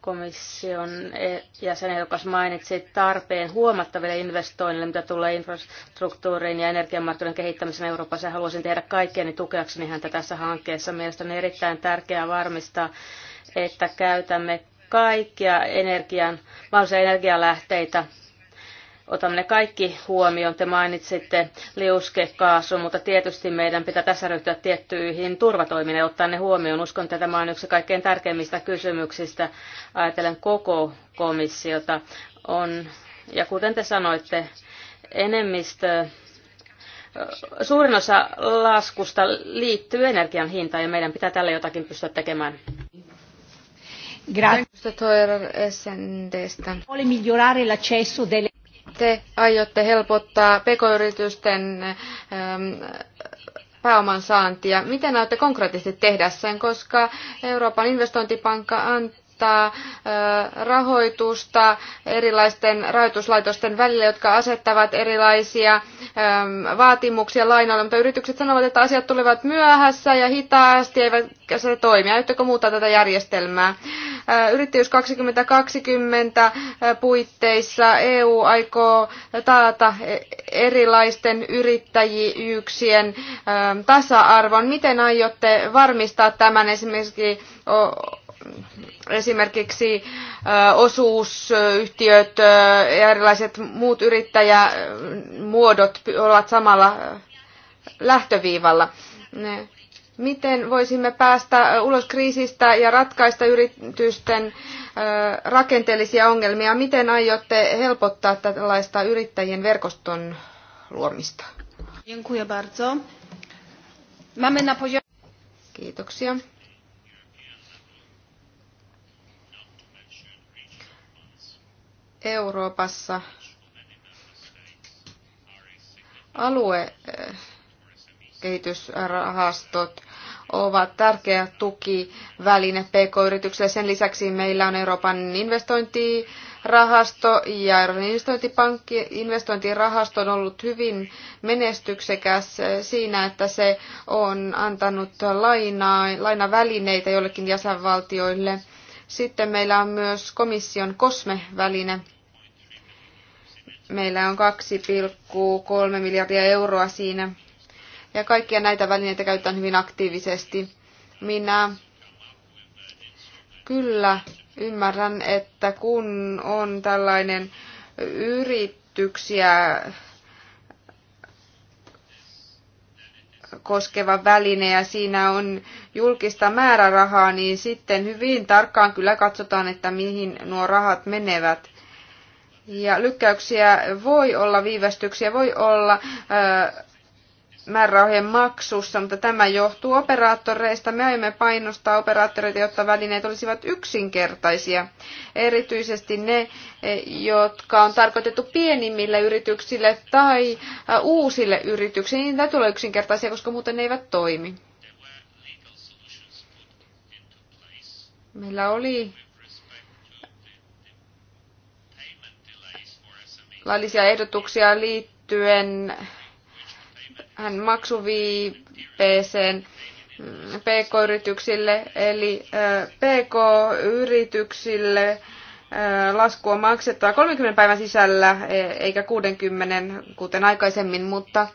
komission e- joka mainitsi tarpeen huomattaville investoinnille, mitä tulee infrastruktuuriin ja energiamarkkinoiden kehittämiseen Euroopassa. Haluaisin tehdä kaikkeni tukeakseni häntä tässä hankkeessa. Mielestäni on erittäin tärkeää varmistaa, että käytämme kaikkia energian, mahdollisia energialähteitä otamme ne kaikki huomioon. Te mainitsitte liuskekaasu, mutta tietysti meidän pitää tässä ryhtyä tiettyihin turvatoimiin ja ottaa ne huomioon. Uskon, että tämä on yksi kaikkein tärkeimmistä kysymyksistä. Ajatellen koko komissiota on, ja kuten te sanoitte, enemmistö Suurin osa laskusta liittyy energian hintaan ja meidän pitää tälle jotakin pystyä tekemään. Grazie. Oli te aiotte helpottaa pk-yritysten ähm, pääoman saantia. Miten aiotte konkreettisesti tehdä sen, koska Euroopan investointipankka antaa vapauttaa rahoitusta erilaisten rahoituslaitosten välillä, jotka asettavat erilaisia vaatimuksia lainoille, mutta yritykset sanovat, että asiat tulevat myöhässä ja hitaasti, eivätkä se toimi. Aiotteko muuttaa tätä järjestelmää? Yrittäjyys 2020 puitteissa EU aikoo taata e-, erilaisten yrittäjyyksien tasa-arvon. Miten aiotte varmistaa tämän esimerkiksi esimerkiksi osuusyhtiöt ja erilaiset muut yrittäjämuodot ovat samalla lähtöviivalla. Miten voisimme päästä ulos kriisistä ja ratkaista yritysten rakenteellisia ongelmia? Miten aiotte helpottaa tällaista yrittäjien verkoston luomista? Kiitoksia. Euroopassa aluekehitysrahastot eh, ovat tärkeä tukiväline PK-yrityksille. Sen lisäksi meillä on Euroopan investointirahasto ja Euroopan investointipankki. Investointirahasto on ollut hyvin menestyksekäs siinä, että se on antanut lainaa, lainavälineitä joillekin jäsenvaltioille. Sitten meillä on myös komission COSME-väline, Meillä on 2,3 miljardia euroa siinä. Ja kaikkia näitä välineitä käytetään hyvin aktiivisesti. Minä kyllä ymmärrän, että kun on tällainen yrityksiä koskeva väline ja siinä on julkista määrärahaa, niin sitten hyvin tarkkaan kyllä katsotaan, että mihin nuo rahat menevät. Ja lykkäyksiä voi olla, viivästyksiä voi olla määrärahojen maksussa, mutta tämä johtuu operaattoreista. Me aiomme painostaa operaattoreita, jotta välineet olisivat yksinkertaisia. Erityisesti ne, e, jotka on tarkoitettu pienimmille yrityksille tai uusille yrityksille, niin täytyy olla yksinkertaisia, koska muuten ne eivät toimi. Meillä oli laillisia ehdotuksia liittyen hän maksuviipeeseen pk-yrityksille, eli pk-yrityksille lasku on maksettava 30 päivän sisällä e, eikä 60, kuten aikaisemmin, mutta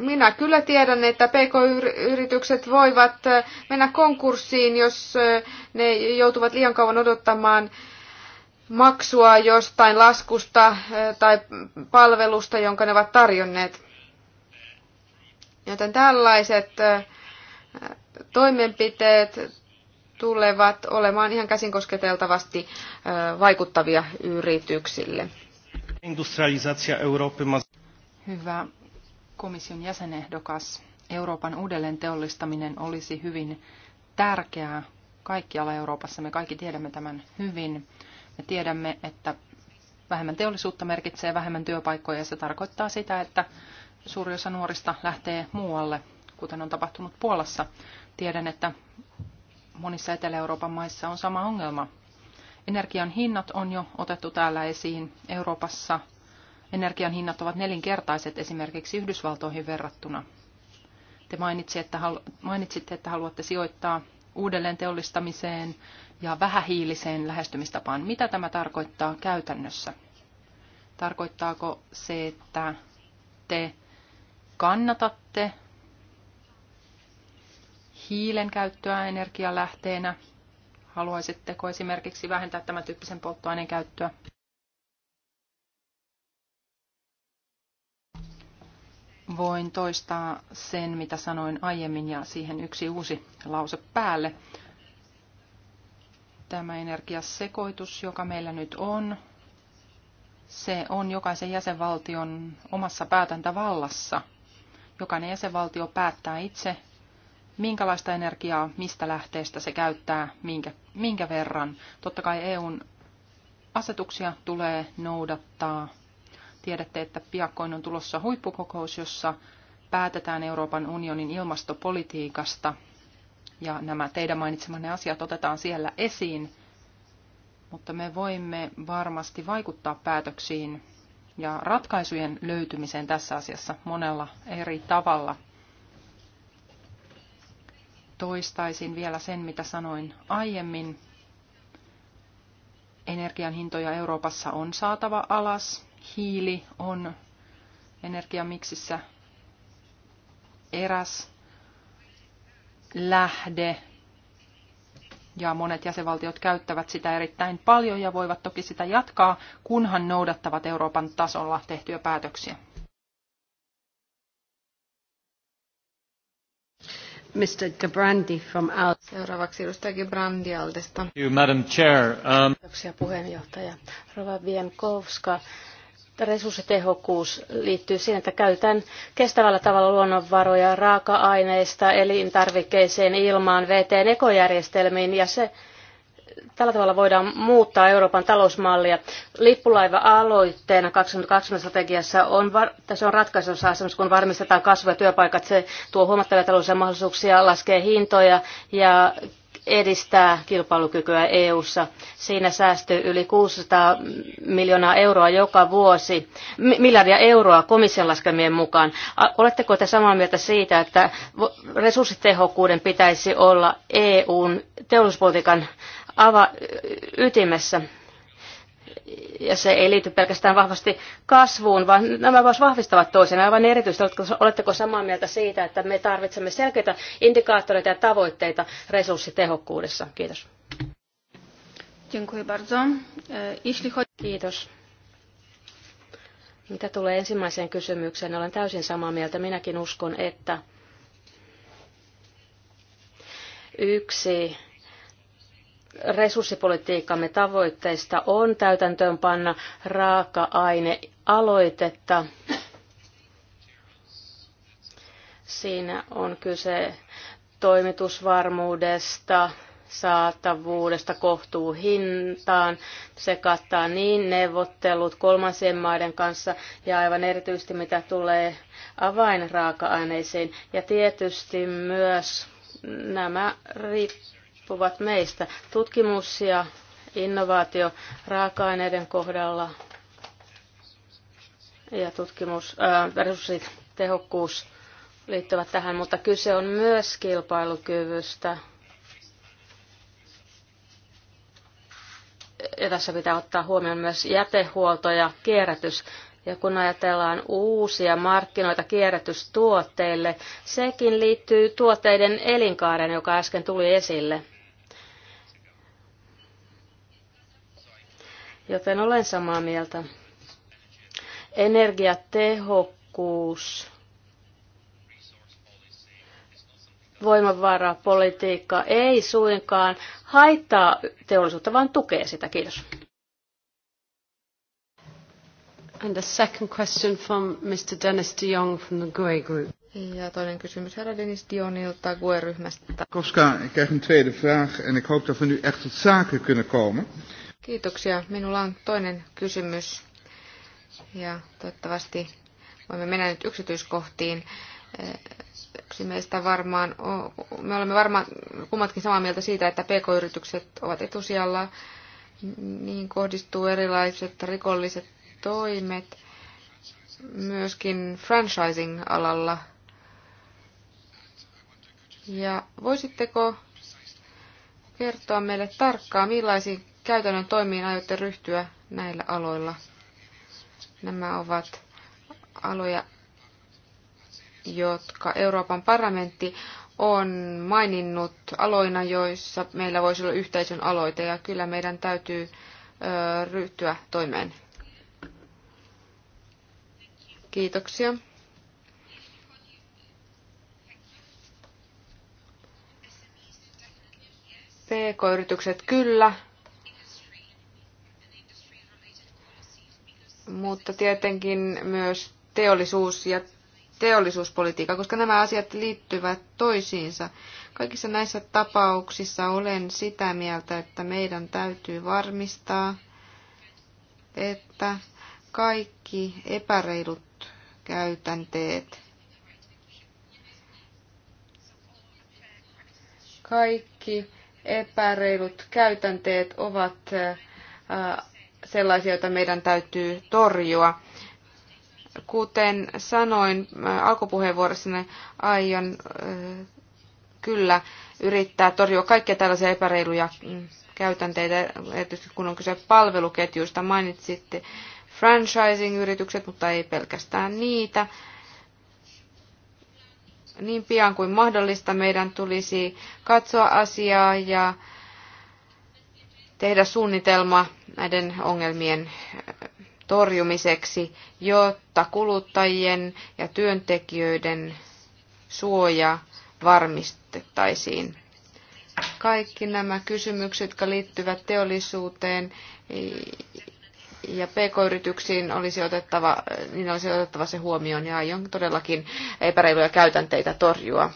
minä kyllä tiedän, että pk-yritykset voivat mennä konkurssiin, jos ne joutuvat liian kauan odottamaan maksua jostain laskusta eh, tai palvelusta, jonka ne ovat tarjonneet. Joten tällaiset eh, toimenpiteet tulevat olemaan ihan käsin kosketeltavasti eh, vaikuttavia yrityksille. Industrialisaatio Euroopan Hyvä komission jäsenehdokas. Euroopan uudelleen teollistaminen olisi hyvin tärkeää kaikkialla Euroopassa. Me kaikki tiedämme tämän hyvin. Me tiedämme, että vähemmän teollisuutta merkitsee vähemmän työpaikkoja ja se tarkoittaa sitä, että suuri osa nuorista lähtee muualle, kuten on tapahtunut Puolassa. Tiedän, että monissa Etelä-Euroopan maissa on sama ongelma. Energian hinnat on jo otettu täällä esiin. Euroopassa energian hinnat ovat nelinkertaiset esimerkiksi Yhdysvaltoihin verrattuna. Te mainitsitte, että haluatte sijoittaa uudelleen teollistamiseen ja vähähiiliseen lähestymistapaan. Mitä tämä tarkoittaa käytännössä? Tarkoittaako se, että te kannatatte hiilen käyttöä energialähteenä? Haluaisitteko esimerkiksi vähentää tämän tyyppisen polttoaineen käyttöä? voin toistaa sen, mitä sanoin aiemmin, ja siihen yksi uusi lause päälle. Tämä energiasekoitus, joka meillä nyt on, se on jokaisen jäsenvaltion omassa päätäntävallassa. Jokainen jäsenvaltio päättää itse, minkälaista energiaa, mistä lähteestä se käyttää, minkä, minkä verran. Totta kai EUn asetuksia tulee noudattaa Tiedätte, että piakkoin on tulossa huippukokous, jossa päätetään Euroopan unionin ilmastopolitiikasta. Ja nämä teidän mainitsemanne asiat otetaan siellä esiin, mutta me voimme varmasti vaikuttaa päätöksiin ja ratkaisujen löytymiseen tässä asiassa monella eri tavalla. Toistaisin vielä sen, mitä sanoin aiemmin. Energian hintoja Euroopassa on saatava alas hiili on energiamiksissä eräs lähde ja monet jäsenvaltiot käyttävät sitä erittäin paljon ja voivat toki sitä jatkaa, kunhan noudattavat Euroopan tasolla tehtyjä päätöksiä. Mr. Gabrandi from Al- Seuraavaksi edustaja Gabrandi Aldesta. You, Madam Chair. Um... Kiitoksia puheenjohtaja. Rova Vienkovska resurssitehokkuus liittyy siihen, että käytetään kestävällä tavalla luonnonvaroja raaka-aineista, elintarvikkeeseen, ilmaan, veteen, ekojärjestelmiin ja se, tällä tavalla voidaan muuttaa Euroopan talousmallia. Lippulaiva aloitteena 2020 strategiassa on, tässä on ratkaisussa asemassa, kun varmistetaan kasvu- ja työpaikat. Se tuo huomattavia taloudellisia mahdollisuuksia, laskee hintoja ja edistää kilpailukykyä EU:ssa. Siinä säästyy yli 600 miljoonaa euroa joka vuosi, miljardia euroa komission laskemien mukaan. Oletteko te samaa mieltä siitä, että resurssitehokkuuden pitäisi olla EUn teollisuuspolitiikan ava ytimessä? ja se ei liity pelkästään vahvasti kasvuun, vaan nämä myös vahvistavat toisen. Aivan erityisesti, oletteko samaa mieltä siitä, että me tarvitsemme selkeitä indikaattoreita ja tavoitteita resurssitehokkuudessa? Kiitos. E, Kiitos. Mitä tulee ensimmäiseen kysymykseen, olen täysin samaa mieltä. Minäkin uskon, että yksi resurssipolitiikkamme tavoitteista on täytäntöönpanna raaka-ainealoitetta. Siinä on kyse toimitusvarmuudesta, saatavuudesta kohtuuhintaan. Se kattaa niin neuvottelut kolmansien maiden kanssa ja aivan erityisesti mitä tulee avainraaka-aineisiin. Ja tietysti myös nämä riippuvat riippuvat meistä. Tutkimus ja innovaatio raaka-aineiden kohdalla ja tutkimus, äh, resurssit, tehokkuus liittyvät tähän, mutta kyse on myös kilpailukyvystä. Ja tässä pitää ottaa huomioon myös jätehuolto ja kierrätys. Ja kun ajatellaan uusia markkinoita kierrätystuotteille, sekin liittyy tuotteiden elinkaaren, joka äsken tuli esille – joten olen samaa mieltä. Energiatehokkuus, voimavarapolitiikka ei suinkaan haittaa teollisuutta, vaan tukee sitä. Kiitos. And a second question from Mr. Dennis de Jong from the GUE Group. Ja toinen kysymys herra Dennis Dionilta GUE-ryhmästä. Koska, ik krijg een tweede vraag en ik hoop dat we nu echt tot zaken kunnen komen. Kiitoksia. Minulla on toinen kysymys ja toivottavasti voimme mennä nyt yksityiskohtiin. Yksi meistä varmaan, me olemme varmaan kummatkin samaa mieltä siitä, että pk-yritykset ovat etusijalla. Niin kohdistuu erilaiset rikolliset toimet myöskin franchising-alalla. Ja voisitteko kertoa meille tarkkaan, millaisiin käytännön toimiin aiotte ryhtyä näillä aloilla? Nämä ovat aloja, jotka Euroopan parlamentti on maininnut aloina, joissa meillä voisi olla yhteisön aloite, ja kyllä meidän täytyy ryhtyä toimeen. Kiitoksia. PK-yritykset kyllä, mutta tietenkin myös teollisuus ja teollisuuspolitiikka, koska nämä asiat liittyvät toisiinsa. Kaikissa näissä tapauksissa olen sitä mieltä, että meidän täytyy varmistaa, että kaikki epäreilut käytänteet, kaikki epäreilut käytänteet ovat äh, sellaisia, joita meidän täytyy torjua. Kuten sanoin alkupuheenvuorossani, aion kyllä yrittää torjua kaikkia tällaisia epäreiluja mm, käytänteitä, erityisesti kun on kyse palveluketjuista. Mainitsitte franchising-yritykset, mutta ei pelkästään niitä. Niin pian kuin mahdollista meidän tulisi katsoa asiaa ja tehdä suunnitelma näiden ongelmien torjumiseksi, jotta kuluttajien ja työntekijöiden suoja varmistettaisiin. Kaikki nämä kysymykset, jotka liittyvät teollisuuteen ja pk-yrityksiin, olisi otettava, niin olisi otettava se huomioon ja aion todellakin epäreiluja käytänteitä torjua.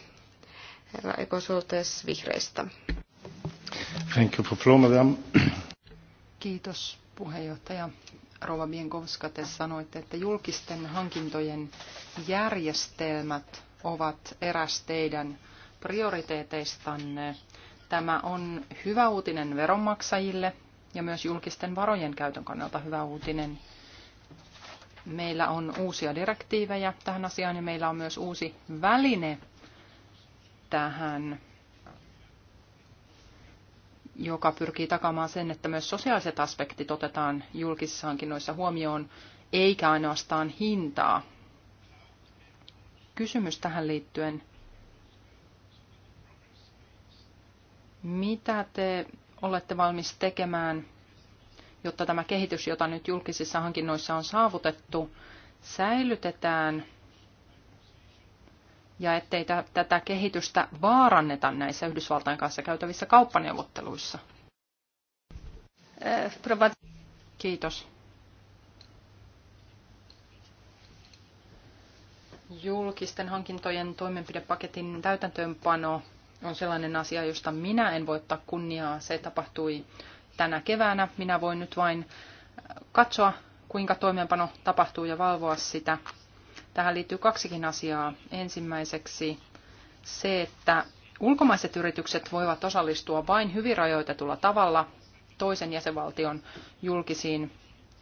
Herra Ekosuotes vihreistä. Thank you for floor, madam. Kiitos puheenjohtaja. Rova Bienkovska, te sanoitte, että julkisten hankintojen järjestelmät ovat eräs teidän prioriteeteistanne. Tämä on hyvä uutinen veronmaksajille ja myös julkisten varojen käytön kannalta hyvä uutinen. Meillä on uusia direktiivejä tähän asiaan ja meillä on myös uusi väline tähän joka pyrkii takaamaan sen, että myös sosiaaliset aspektit otetaan julkisissa hankinnoissa huomioon, eikä ainoastaan hintaa. Kysymys tähän liittyen. Mitä te olette valmis tekemään, jotta tämä kehitys, jota nyt julkisissa hankinnoissa on saavutettu, säilytetään – ja ettei tätä kehitystä vaaranneta näissä Yhdysvaltain kanssa käytävissä kauppaneuvotteluissa? Kiitos. Julkisten hankintojen toimenpidepaketin täytäntöönpano on sellainen asia, josta minä en voi ottaa kunniaa. Se tapahtui tänä keväänä. Minä voin nyt vain katsoa, kuinka toimeenpano tapahtuu ja valvoa sitä. Tähän liittyy kaksikin asiaa. Ensimmäiseksi se, että ulkomaiset yritykset voivat osallistua vain hyvin rajoitetulla tavalla toisen jäsenvaltion julkisiin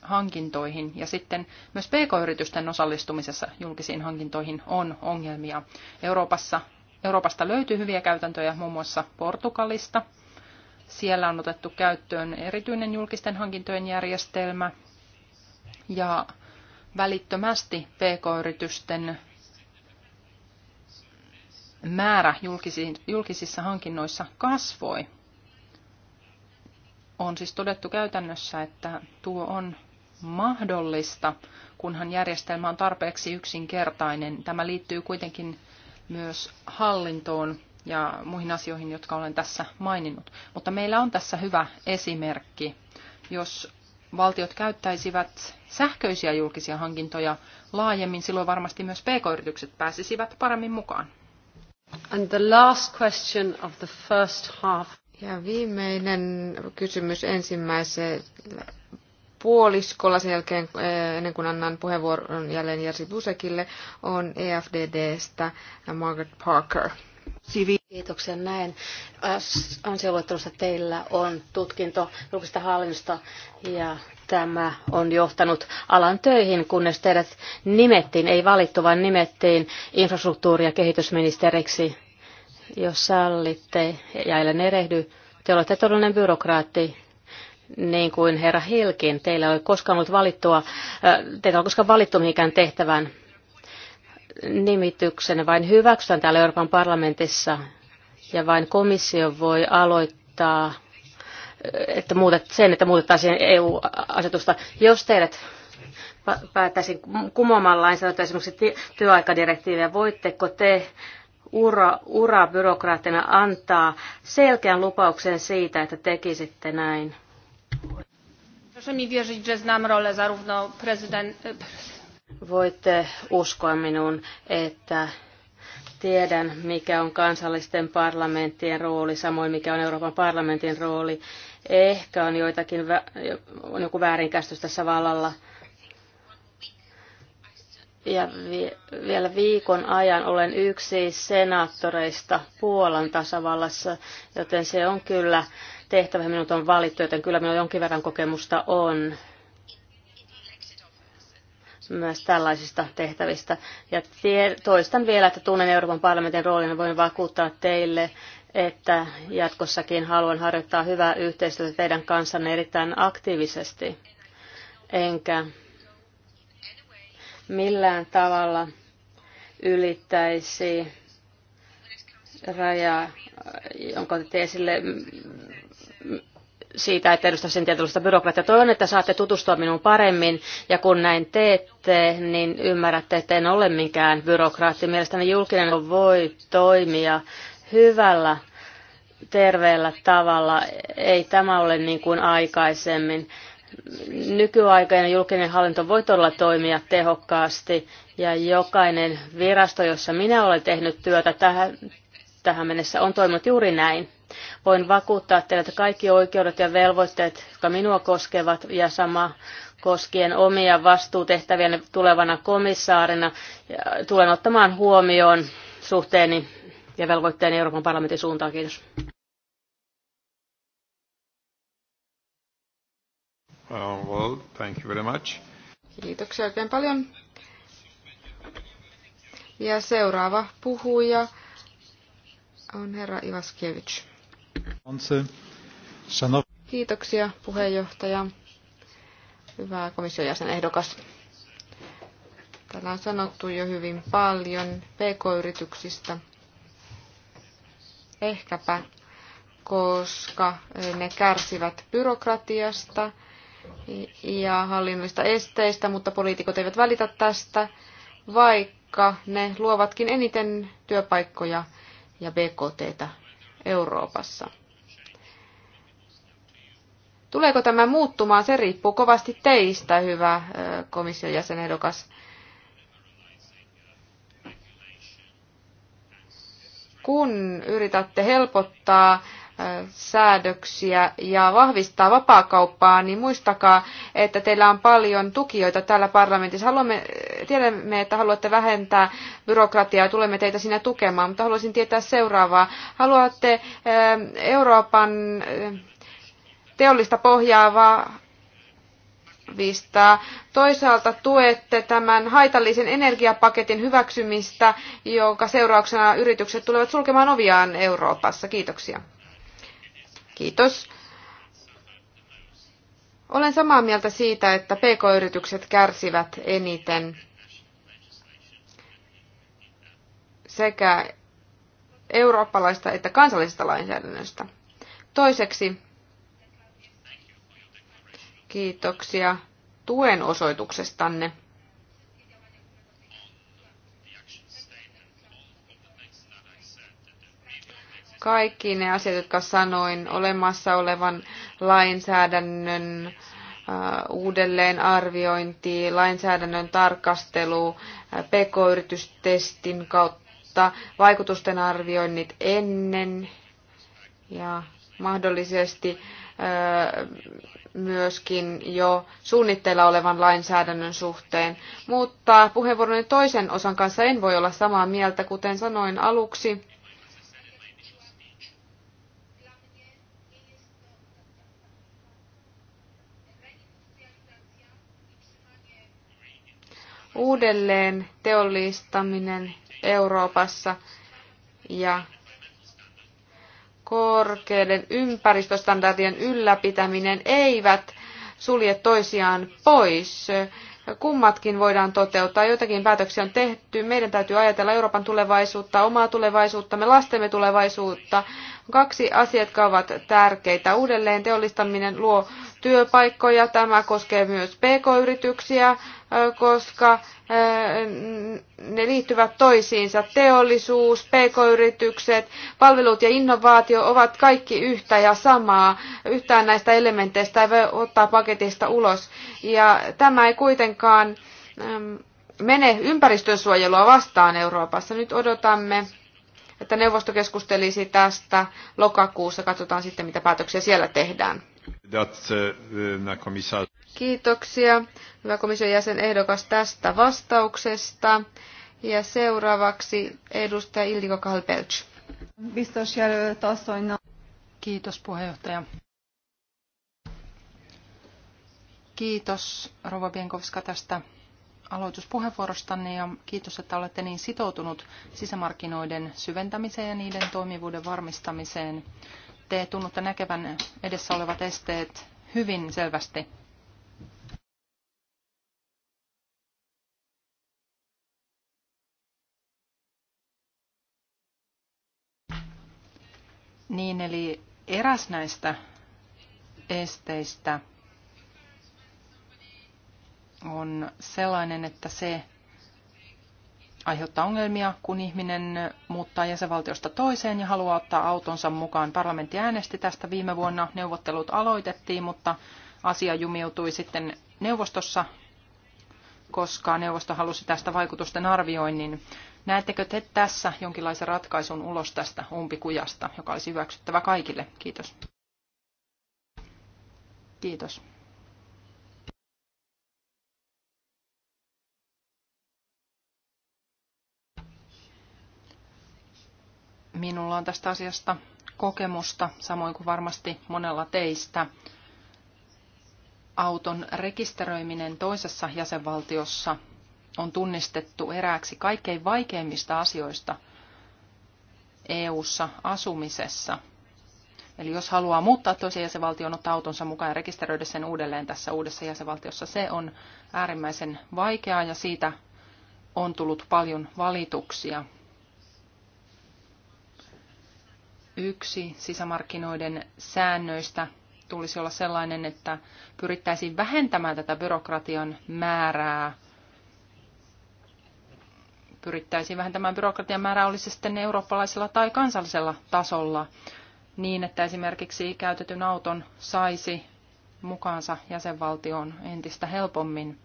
hankintoihin. Ja sitten myös pk-yritysten osallistumisessa julkisiin hankintoihin on ongelmia. Euroopassa, Euroopasta löytyy hyviä käytäntöjä muun muassa Portugalista. Siellä on otettu käyttöön erityinen julkisten hankintojen järjestelmä. Ja välittömästi PK-yritysten määrä julkisissa hankinnoissa kasvoi. On siis todettu käytännössä, että tuo on mahdollista, kunhan järjestelmä on tarpeeksi yksinkertainen. Tämä liittyy kuitenkin myös hallintoon ja muihin asioihin, jotka olen tässä maininnut. Mutta meillä on tässä hyvä esimerkki. Jos valtiot käyttäisivät sähköisiä julkisia hankintoja laajemmin, silloin varmasti myös pk-yritykset pääsisivät paremmin mukaan. And the last question of the first half. Ja viimeinen kysymys ensimmäisen puoliskolla sen jälkeen, eh, ennen kuin annan puheenvuoron jälleen Jerzy Busekille, on EFDDstä Margaret Parker. Kiitoksia näin. Äh, ansioluettelosta teillä on tutkinto julkista hallinnosta ja tämä on johtanut alan töihin, kunnes teidät nimettiin, ei valittu, vaan nimettiin infrastruktuuri- ja kehitysministeriksi. Jos sallitte ja eilen erehdy, te olette todellinen byrokraatti, niin kuin herra Hilkin. Teillä ei ole koskaan ollut valittua, äh, teitä ei ole koskaan valittu mihinkään tehtävään nimityksen vain hyväksytään täällä Euroopan parlamentissa ja vain komissio voi aloittaa että muutet, sen, että muutettaisiin EU-asetusta. Jos teidät päättäisiin kumoamaan lainsäädäntöä esimerkiksi työaikadirektiiviä, voitteko te ura, urabyrokraattina antaa selkeän lupauksen siitä, että tekisitte näin? Proszę mi wierzyć, że znam rolę zarówno prezydent, Voitte uskoa minuun, että tiedän, mikä on kansallisten parlamenttien rooli, samoin mikä on Euroopan parlamentin rooli. Ehkä on joitakin, on joku väärinkäsitys tässä vallalla. Ja vi, vielä viikon ajan olen yksi senaattoreista Puolan tasavallassa, joten se on kyllä tehtävä, minut on valittu, joten kyllä minulla jonkin verran kokemusta on myös tällaisista tehtävistä. Ja toistan vielä, että tunnen Euroopan parlamentin roolin ja voin vakuuttaa teille, että jatkossakin haluan harjoittaa hyvää yhteistyötä teidän kanssanne erittäin aktiivisesti. Enkä millään tavalla ylittäisi rajaa, jonka otettiin esille siitä, että edustaisin tietynlaista byrokratiaa. Toivon, että saatte tutustua minuun paremmin, ja kun näin teette, niin ymmärrätte, että en ole minkään byrokraatti. Mielestäni julkinen voi toimia hyvällä, terveellä tavalla. Ei tämä ole niin kuin aikaisemmin. Nykyaikainen julkinen hallinto voi todella toimia tehokkaasti, ja jokainen virasto, jossa minä olen tehnyt työtä, tähän tähän mennessä on toiminut juuri näin. Voin vakuuttaa teille, että kaikki oikeudet ja velvoitteet, jotka minua koskevat, ja sama koskien omia vastuutehtäviä tulevana komissaarina, tulen ottamaan huomioon suhteeni ja velvoitteeni Euroopan parlamentin suuntaan. Kiitos. Uh, well, thank you very much. Kiitoksia oikein paljon. Ja seuraava puhuja on herra Kiitoksia puheenjohtaja. Hyvä komission jäsen ehdokas. Täällä on sanottu jo hyvin paljon pk-yrityksistä. Ehkäpä, koska ne kärsivät byrokratiasta ja hallinnollista esteistä, mutta poliitikot eivät välitä tästä, vaikka ne luovatkin eniten työpaikkoja ja BKT Euroopassa. Tuleeko tämä muuttumaan? Se riippuu kovasti teistä, hyvä komission jäsenehdokas. Kun yritätte helpottaa säädöksiä ja vahvistaa vapaakauppaa, niin muistakaa, että teillä on paljon tukijoita täällä parlamentissa. Haluamme, tiedämme, että haluatte vähentää byrokratiaa ja tulemme teitä siinä tukemaan, mutta haluaisin tietää seuraavaa. Haluatte eh, Euroopan eh, teollista pohjaa vahvistaa. Toisaalta tuette tämän haitallisen energiapaketin hyväksymistä, jonka seurauksena yritykset tulevat sulkemaan oviaan Euroopassa. Kiitoksia. Kiitos. Olen samaa mieltä siitä, että pk-yritykset kärsivät eniten sekä eurooppalaista että kansallisesta lainsäädännöstä. Toiseksi kiitoksia tuen osoituksestanne. kaikki ne asiat, jotka sanoin olemassa olevan lainsäädännön äh, uudelleenarviointi, lainsäädännön tarkastelu, äh, pk-yritystestin kautta, vaikutusten arvioinnit ennen ja mahdollisesti äh, myöskin jo suunnitteilla olevan lainsäädännön suhteen. Mutta puheenvuoron toisen osan kanssa en voi olla samaa mieltä, kuten sanoin aluksi. uudelleen teollistaminen Euroopassa ja korkeiden ympäristöstandardien ylläpitäminen eivät sulje toisiaan pois. Kummatkin voidaan toteuttaa. Joitakin päätöksiä on tehty. Meidän täytyy ajatella Euroopan tulevaisuutta, omaa tulevaisuuttamme, lastemme tulevaisuutta, Kaksi asiaa, jotka ovat tärkeitä. Uudelleen teollistaminen luo työpaikkoja. Tämä koskee myös pk-yrityksiä, koska ne liittyvät toisiinsa. Teollisuus, pk-yritykset, palvelut ja innovaatio ovat kaikki yhtä ja samaa. Yhtään näistä elementeistä ei voi ottaa paketista ulos. Ja tämä ei kuitenkaan mene ympäristönsuojelua vastaan Euroopassa. Nyt odotamme että neuvosto keskustelisi tästä lokakuussa. Katsotaan sitten, mitä päätöksiä siellä tehdään. Eh, Kiitoksia, hyvä komission jäsen ehdokas tästä vastauksesta. Ja seuraavaksi edustaja Ildiko Kalpelch. Kiitos puheenjohtaja. Kiitos Rova Bienkovska tästä aloituspuheenvuorostanne ja kiitos, että olette niin sitoutunut sisämarkkinoiden syventämiseen ja niiden toimivuuden varmistamiseen. Te tunnutte näkevän edessä olevat esteet hyvin selvästi. Niin, eli eräs näistä esteistä – on sellainen, että se aiheuttaa ongelmia, kun ihminen muuttaa jäsenvaltiosta toiseen ja haluaa ottaa autonsa mukaan. Parlamentti äänesti tästä viime vuonna, neuvottelut aloitettiin, mutta asia jumiutui sitten neuvostossa, koska neuvosto halusi tästä vaikutusten arvioinnin. Näettekö te tässä jonkinlaisen ratkaisun ulos tästä umpikujasta, joka olisi hyväksyttävä kaikille? Kiitos. Kiitos. Minulla on tästä asiasta kokemusta, samoin kuin varmasti monella teistä. Auton rekisteröiminen toisessa jäsenvaltiossa on tunnistettu erääksi kaikkein vaikeimmista asioista EU-ssa asumisessa. Eli jos haluaa muuttaa toisen jäsenvaltion, ottaa autonsa mukaan ja rekisteröidä sen uudelleen tässä uudessa jäsenvaltiossa, se on äärimmäisen vaikeaa ja siitä on tullut paljon valituksia. Yksi sisämarkkinoiden säännöistä tulisi olla sellainen, että pyrittäisiin vähentämään tätä byrokratian määrää. Pyrittäisiin vähentämään byrokratian määrää, olisi se sitten eurooppalaisella tai kansallisella tasolla, niin että esimerkiksi käytetyn auton saisi mukaansa jäsenvaltioon entistä helpommin.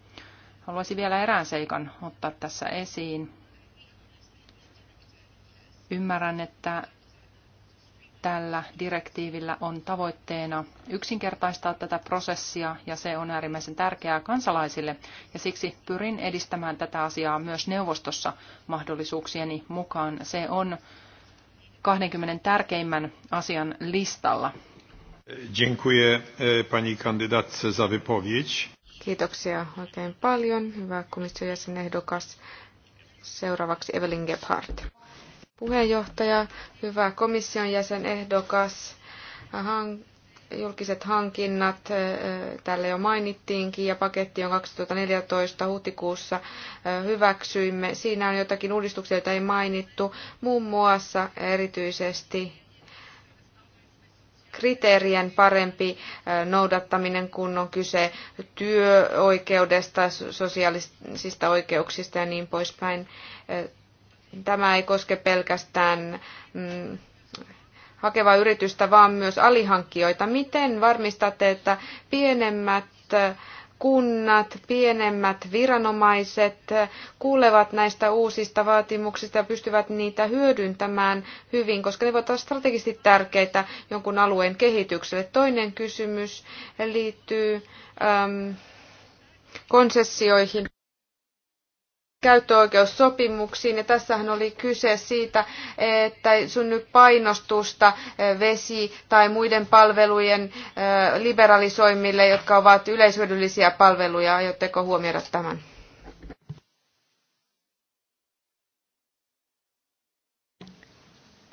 Haluaisin vielä erään seikan ottaa tässä esiin. Ymmärrän, että Tällä direktiivillä on tavoitteena yksinkertaistaa tätä prosessia ja se on äärimmäisen tärkeää kansalaisille ja siksi pyrin edistämään tätä asiaa myös neuvostossa mahdollisuuksieni mukaan. Se on 20 tärkeimmän asian listalla. Dziękuję e, pani kandydatce za wypowiedź. Kiitoksia oikein paljon, hyvä komission jäsenehdokas. Seuraavaksi Evelyn Gebhardt puheenjohtaja, hyvä komission jäsen ehdokas, julkiset hankinnat, tälle jo mainittiinkin, ja paketti on 2014 huhtikuussa hyväksyimme. Siinä on jotakin uudistuksia, joita ei mainittu, muun muassa erityisesti kriteerien parempi noudattaminen, kun on kyse työoikeudesta, sosiaalisista oikeuksista ja niin poispäin. Tämä ei koske pelkästään mm, hakevaa yritystä, vaan myös alihankkijoita. Miten varmistatte, että pienemmät kunnat, pienemmät viranomaiset kuulevat näistä uusista vaatimuksista ja pystyvät niitä hyödyntämään hyvin, koska ne voivat olla strategisesti tärkeitä jonkun alueen kehitykselle. Toinen kysymys liittyy ähm, konsessioihin käyttöoikeussopimuksiin. Ja tässähän oli kyse siitä, että ei synny painostusta vesi- tai muiden palvelujen liberalisoimille, jotka ovat yleishyödyllisiä palveluja. Aiotteko huomioida tämän?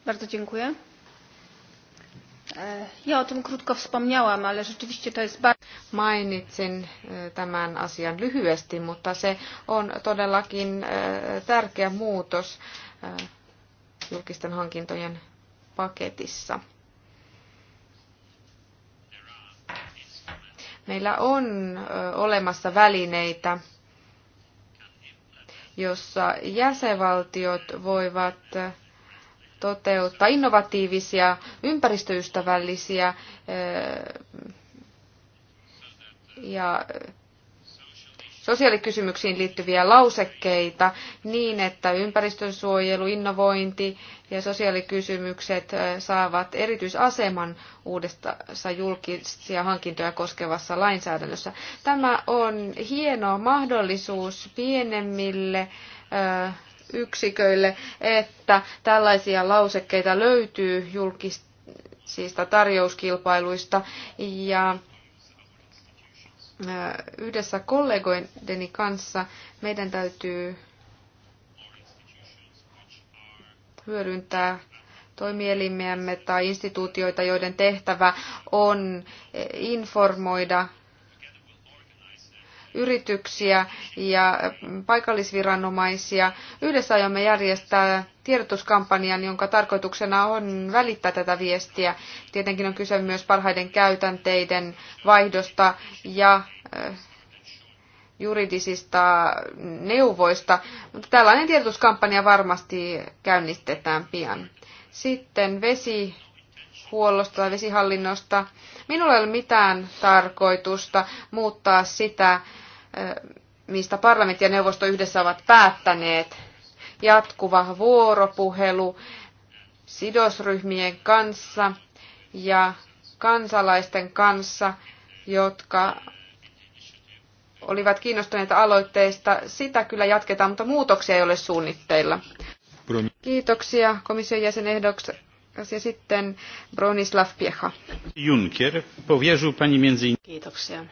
Bardzo dziękuję. E, ja o tym krótko wspomniałam, ale rzeczywiście to jest bardzo... Mainitsin e, tämän asian lyhyesti, mutta se on todellakin e, tärkeä muutos julkisten hankintojen paketissa. Meillä on olemassa välineitä, jossa jäsenvaltiot voivat toteuttaa innovatiivisia, ympäristöystävällisiä eh, ja sosiaalikysymyksiin liittyviä lausekkeita niin, että ympäristönsuojelu, innovointi ja sosiaalikysymykset eh, saavat erityisaseman uudessa julkisia hankintoja koskevassa lainsäädännössä. Tämä on hieno mahdollisuus pienemmille eh, yksiköille, että tällaisia lausekkeita löytyy julkisista tarjouskilpailuista ja yhdessä kollegoideni kanssa meidän täytyy hyödyntää toimielimiämme tai instituutioita, joiden tehtävä on informoida yrityksiä ja paikallisviranomaisia. Yhdessä aiomme järjestää tiedotuskampanjan, jonka tarkoituksena on välittää tätä viestiä. Tietenkin on kyse myös parhaiden käytänteiden vaihdosta ja eh, juridisista neuvoista, mutta tällainen tiedotuskampanja varmasti käynnistetään pian. Sitten vesi vesihuollosta tai vesihallinnosta. Minulla ei ole mitään tarkoitusta muuttaa sitä, mistä parlamentti ja neuvosto yhdessä ovat päättäneet. Jatkuva vuoropuhelu sidosryhmien kanssa ja kansalaisten kanssa, jotka olivat kiinnostuneita aloitteista. Sitä kyllä jatketaan, mutta muutoksia ei ole suunnitteilla. Kiitoksia komission jäsenehdoks Kiitos. Ja sitten Bronislav Piecha. Juncker powierzył pani między innymi... Kiitoksia.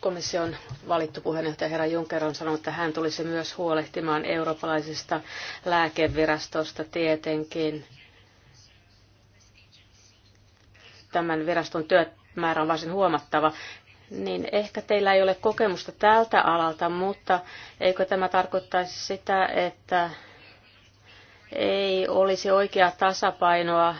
Komission valittu puheenjohtaja herra Juncker on sanonut, että hän tulisi myös huolehtimaan eurooppalaisesta lääkevirastosta tietenkin. Tämän viraston työmäärä on varsin huomattava niin ehkä teillä ei ole kokemusta tältä alalta, mutta eikö tämä tarkoittaisi sitä, että ei olisi oikeaa tasapainoa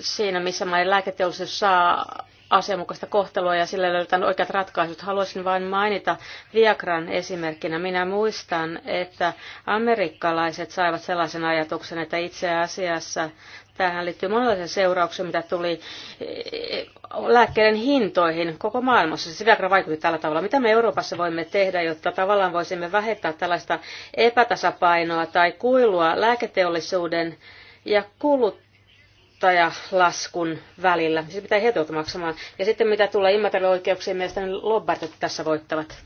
siinä, missä maiden lääketeollisuus saa asianmukaista kohtelua ja sillä löydetään oikeat ratkaisut. Haluaisin vain mainita Viagran esimerkkinä. Minä muistan, että amerikkalaiset saivat sellaisen ajatuksen, että itse asiassa tähän liittyy monenlaisia seurauksia, mitä tuli eh, lääkkeiden hintoihin koko maailmassa. Siis Viagra vaikutti tällä tavalla. Mitä me Euroopassa voimme tehdä, jotta tavallaan voisimme vähentää tällaista epätasapainoa tai kuilua lääketeollisuuden ja kuluttajien kuluttajalaskun välillä. Siis pitää heti joutua maksamaan. Ja sitten mitä tulee immateriaalioikeuksiin, mielestäni niin lobbartit tässä voittavat.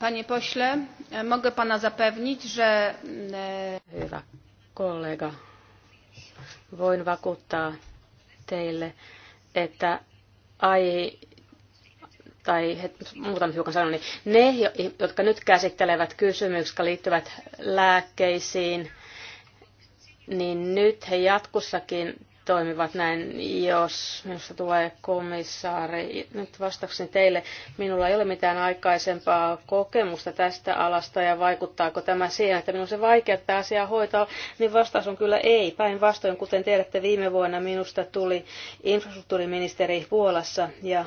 Panie pośle, mogę pana zapewnić, że... E, Hyvä kollega, voin vakuuttaa teille, että ai, tai het, muutaman hiukan sanon, niin ne, jotka nyt käsittelevät kysymyksiä, jotka liittyvät lääkkeisiin, niin nyt he jatkossakin toimivat näin, jos minusta tulee komissaari. Nyt vastaukseni teille, minulla ei ole mitään aikaisempaa kokemusta tästä alasta ja vaikuttaako tämä siihen, että minun se vaikea tämä asia hoitaa, niin vastaus on kyllä ei. Päinvastoin, kuten tiedätte, viime vuonna minusta tuli infrastruktuuriministeri Puolassa ja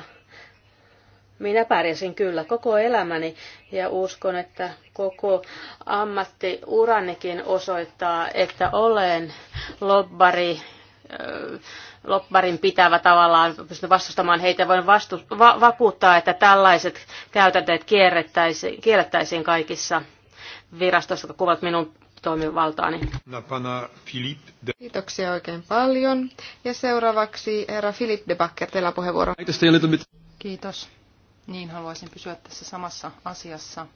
minä pärjäsin kyllä koko elämäni ja uskon, että koko ammattiuranikin osoittaa, että olen lobbari, lobbarin pitävä tavallaan, pystyn vastustamaan heitä, voin vastu, va, vakuuttaa, että tällaiset käytänteet kiellettäisiin, kaikissa virastoissa, jotka kuvat minun toimivaltaani. Kiitoksia oikein paljon. Ja seuraavaksi herra Filip de Bakker, teillä puheenvuoro. Kiitos. Niin, haluaisin pysyä tässä samassa asiassa.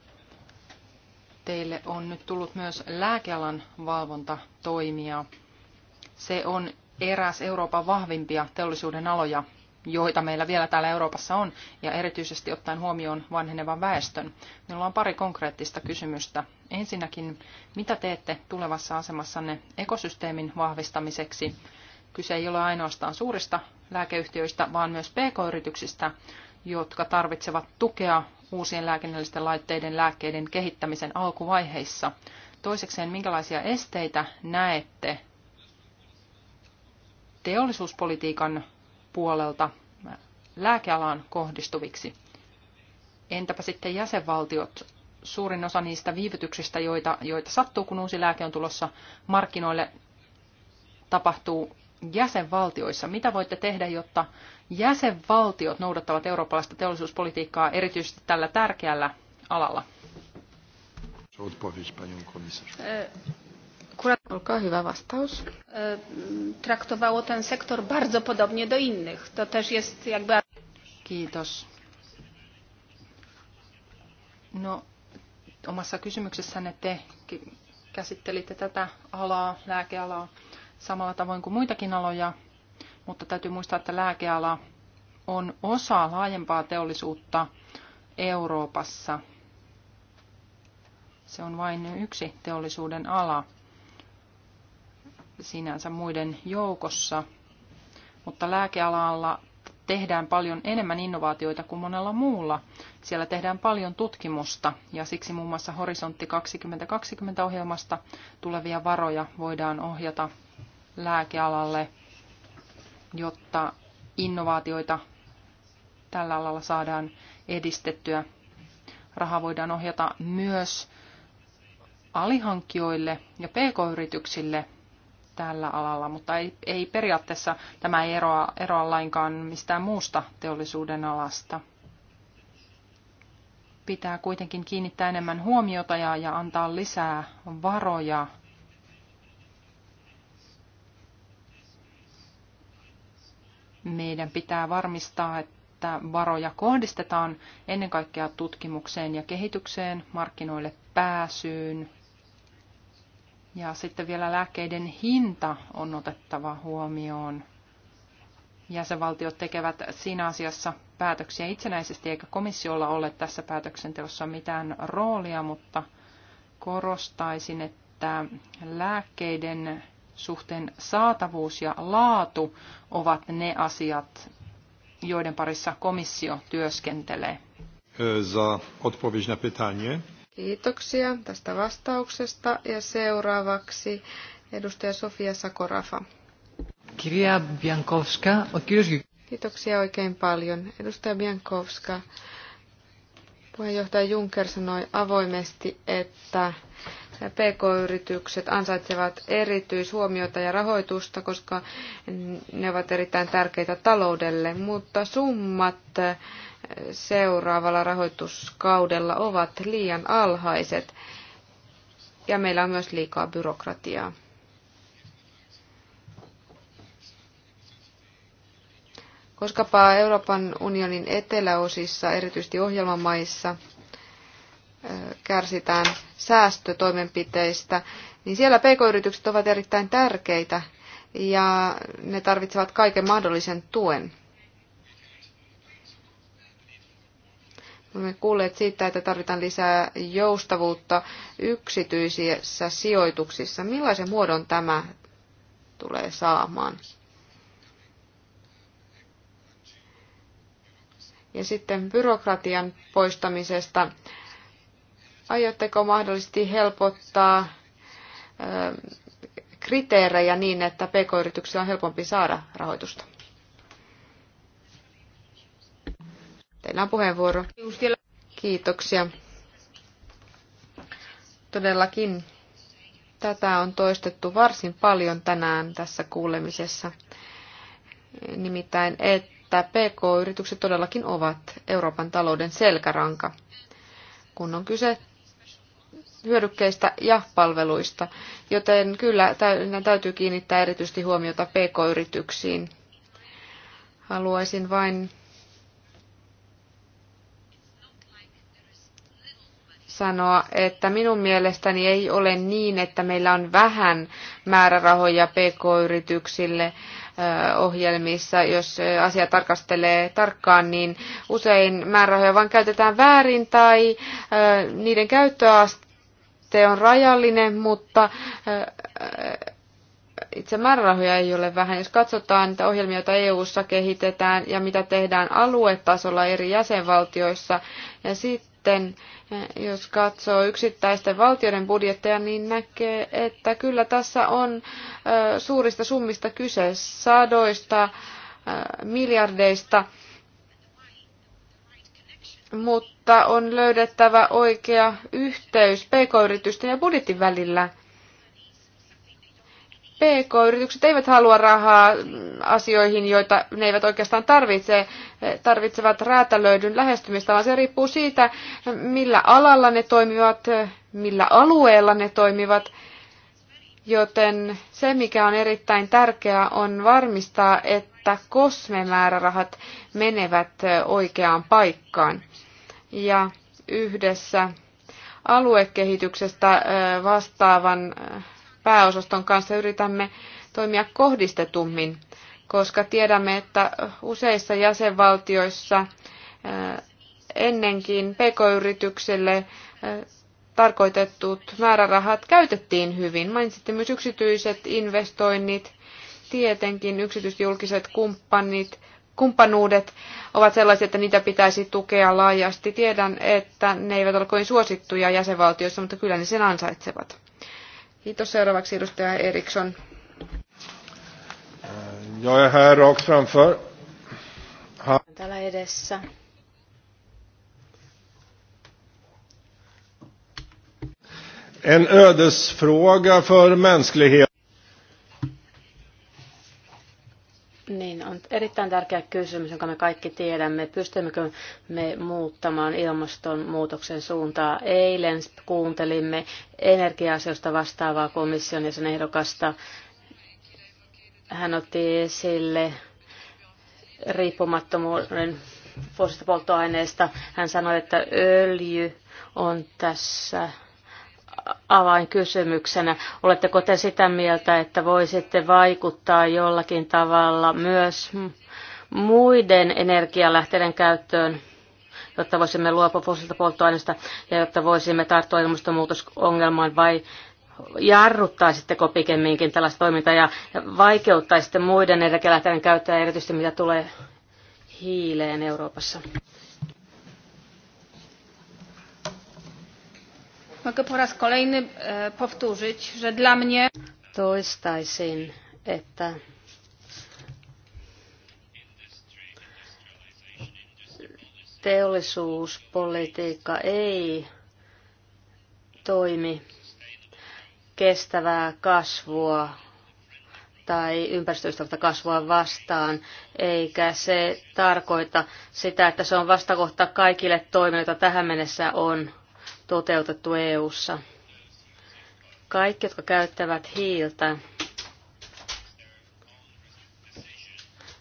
Teille on nyt tullut myös lääkealan valvontatoimia. Se on eräs Euroopan vahvimpia teollisuuden aloja, joita meillä vielä täällä Euroopassa on, ja erityisesti ottaen huomioon vanhenevan väestön. Minulla on pari konkreettista kysymystä. Ensinnäkin, mitä teette tulevassa asemassanne ekosysteemin vahvistamiseksi? Kyse ei ole ainoastaan suurista lääkeyhtiöistä, vaan myös pk-yrityksistä, jotka tarvitsevat tukea uusien lääkinnällisten laitteiden lääkkeiden kehittämisen alkuvaiheissa. Toisekseen, minkälaisia esteitä näette teollisuuspolitiikan puolelta lääkealaan kohdistuviksi? Entäpä sitten jäsenvaltiot? Suurin osa niistä viivytyksistä, joita, joita sattuu, kun uusi lääke on tulossa markkinoille, tapahtuu jäsenvaltioissa. Mitä voitte tehdä, jotta jäsenvaltiot noudattavat eurooppalaista teollisuuspolitiikkaa erityisesti tällä tärkeällä alalla? E, Olkaa hyvä vastaus. E, traktowało ten sektor bardzo podobnie do innych. To też jest jakby... Kiitos. No, omassa kysymyksessänne te käsittelitte tätä alaa, lääkealaa samalla tavoin kuin muitakin aloja, mutta täytyy muistaa, että lääkeala on osa laajempaa teollisuutta Euroopassa. Se on vain yksi teollisuuden ala sinänsä muiden joukossa, mutta lääkealalla tehdään paljon enemmän innovaatioita kuin monella muulla. Siellä tehdään paljon tutkimusta ja siksi muun muassa Horisontti 2020-ohjelmasta tulevia varoja voidaan ohjata lääkealalle, jotta innovaatioita tällä alalla saadaan edistettyä. Raha voidaan ohjata myös alihankkijoille ja pk-yrityksille tällä alalla, mutta ei, ei periaatteessa tämä ei eroa, eroa lainkaan mistään muusta teollisuuden alasta. Pitää kuitenkin kiinnittää enemmän huomiota ja, ja antaa lisää varoja Meidän pitää varmistaa, että varoja kohdistetaan ennen kaikkea tutkimukseen ja kehitykseen, markkinoille pääsyyn. Ja sitten vielä lääkkeiden hinta on otettava huomioon. Jäsenvaltiot tekevät siinä asiassa päätöksiä itsenäisesti, eikä komissiolla ole tässä päätöksenteossa mitään roolia, mutta korostaisin, että lääkkeiden suhteen saatavuus ja laatu ovat ne asiat, joiden parissa komissio työskentelee. E, za odpowiedź na pytanie. Kiitoksia tästä vastauksesta ja seuraavaksi edustaja Sofia Sakorafa. Kirja Biankowska, Kiitoksia oikein paljon. Edustaja Biankowska, Puheenjohtaja Juncker sanoi avoimesti, että PK-yritykset ansaitsevat erityishuomiota ja rahoitusta, koska ne ovat erittäin tärkeitä taloudelle, mutta summat seuraavalla rahoituskaudella ovat liian alhaiset ja meillä on myös liikaa byrokratiaa. Koskapa Euroopan unionin eteläosissa, erityisesti ohjelmamaissa, kärsitään säästötoimenpiteistä, niin siellä pk-yritykset ovat erittäin tärkeitä ja ne tarvitsevat kaiken mahdollisen tuen. Olemme kuulleet siitä, että tarvitaan lisää joustavuutta yksityisissä sijoituksissa. Millaisen muodon tämä tulee saamaan? Ja sitten byrokratian poistamisesta. Aiotteko mahdollisesti helpottaa kriteerejä niin, että pk-yrityksillä on helpompi saada rahoitusta? Teillä on puheenvuoro. Kiitoksia. Todellakin tätä on toistettu varsin paljon tänään tässä kuulemisessa. Nimittäin, että että PK-yritykset todellakin ovat Euroopan talouden selkäranka, kun on kyse hyödykkeistä ja palveluista, joten kyllä täytyy kiinnittää erityisesti huomiota PK-yrityksiin. Haluaisin vain sanoa, että minun mielestäni ei ole niin, että meillä on vähän määrärahoja PK-yrityksille ohjelmissa, jos asia tarkastelee tarkkaan, niin usein määrärahoja vain käytetään väärin tai niiden käyttöaste on rajallinen, mutta itse määrärahoja ei ole vähän. Jos katsotaan niitä ohjelmia, joita EU-ssa kehitetään ja mitä tehdään aluetasolla eri jäsenvaltioissa, ja sitten sitten, eh, jos katsoo yksittäisten valtioiden budjetteja, niin näkee, että kyllä tässä on eh, suurista summista kyse, sadoista, eh, miljardeista, mutta on löydettävä oikea yhteys pk-yritysten ja budjetin välillä – PK-yritykset eivät halua rahaa asioihin, joita ne eivät oikeastaan tarvitse, tarvitsevat räätälöidyn lähestymistä, vaan se riippuu siitä, millä alalla ne toimivat, millä alueella ne toimivat. Joten se, mikä on erittäin tärkeää, on varmistaa, että kosmemäärärahat menevät oikeaan paikkaan. Ja yhdessä aluekehityksestä vastaavan pääosaston kanssa yritämme toimia kohdistetummin, koska tiedämme, että useissa jäsenvaltioissa ennenkin pk-yrityksille tarkoitetut määrärahat käytettiin hyvin. Mainitsitte myös yksityiset investoinnit, tietenkin yksityiset julkiset kumppanit, kumppanuudet ovat sellaisia, että niitä pitäisi tukea laajasti. Tiedän, että ne eivät ole kovin suosittuja jäsenvaltioissa, mutta kyllä ne sen ansaitsevat. Kiitos seuraavaksi edustaja Eriksson. Jag är här rakt framför. Ha. Täällä edessä. En ödesfråga för mänskligheten. Niin, on erittäin tärkeä kysymys, jonka me kaikki tiedämme. Pystymmekö me muuttamaan ilmastonmuutoksen suuntaa? Eilen kuuntelimme energia-asioista vastaavaa komission ja sen ehdokasta. Hän otti esille riippumattomuuden fossiilista polttoaineista. Hän sanoi, että öljy on tässä avainkysymyksenä. Oletteko te sitä mieltä, että voisitte vaikuttaa jollakin tavalla myös muiden energialähteiden käyttöön, jotta voisimme luopua fossiilista polttoaineista ja jotta voisimme tarttua ilmastonmuutosongelmaan vai jarruttaisitteko pikemminkin tällaista toimintaa ja vaikeuttaisitte muiden energialähteiden käyttöä erityisesti mitä tulee hiileen Euroopassa? Mogę po raz kolejny e, powtórzyć, że dla mnie... Toistaisin, että teollisuuspolitiikka ei toimi kestävää kasvua tai ympäristöystävältä kasvua vastaan, eikä se tarkoita sitä, että se on vastakohta kaikille toimille, joita tähän mennessä on toteutettu EU:ssa. Kaikki, jotka käyttävät hiiltä,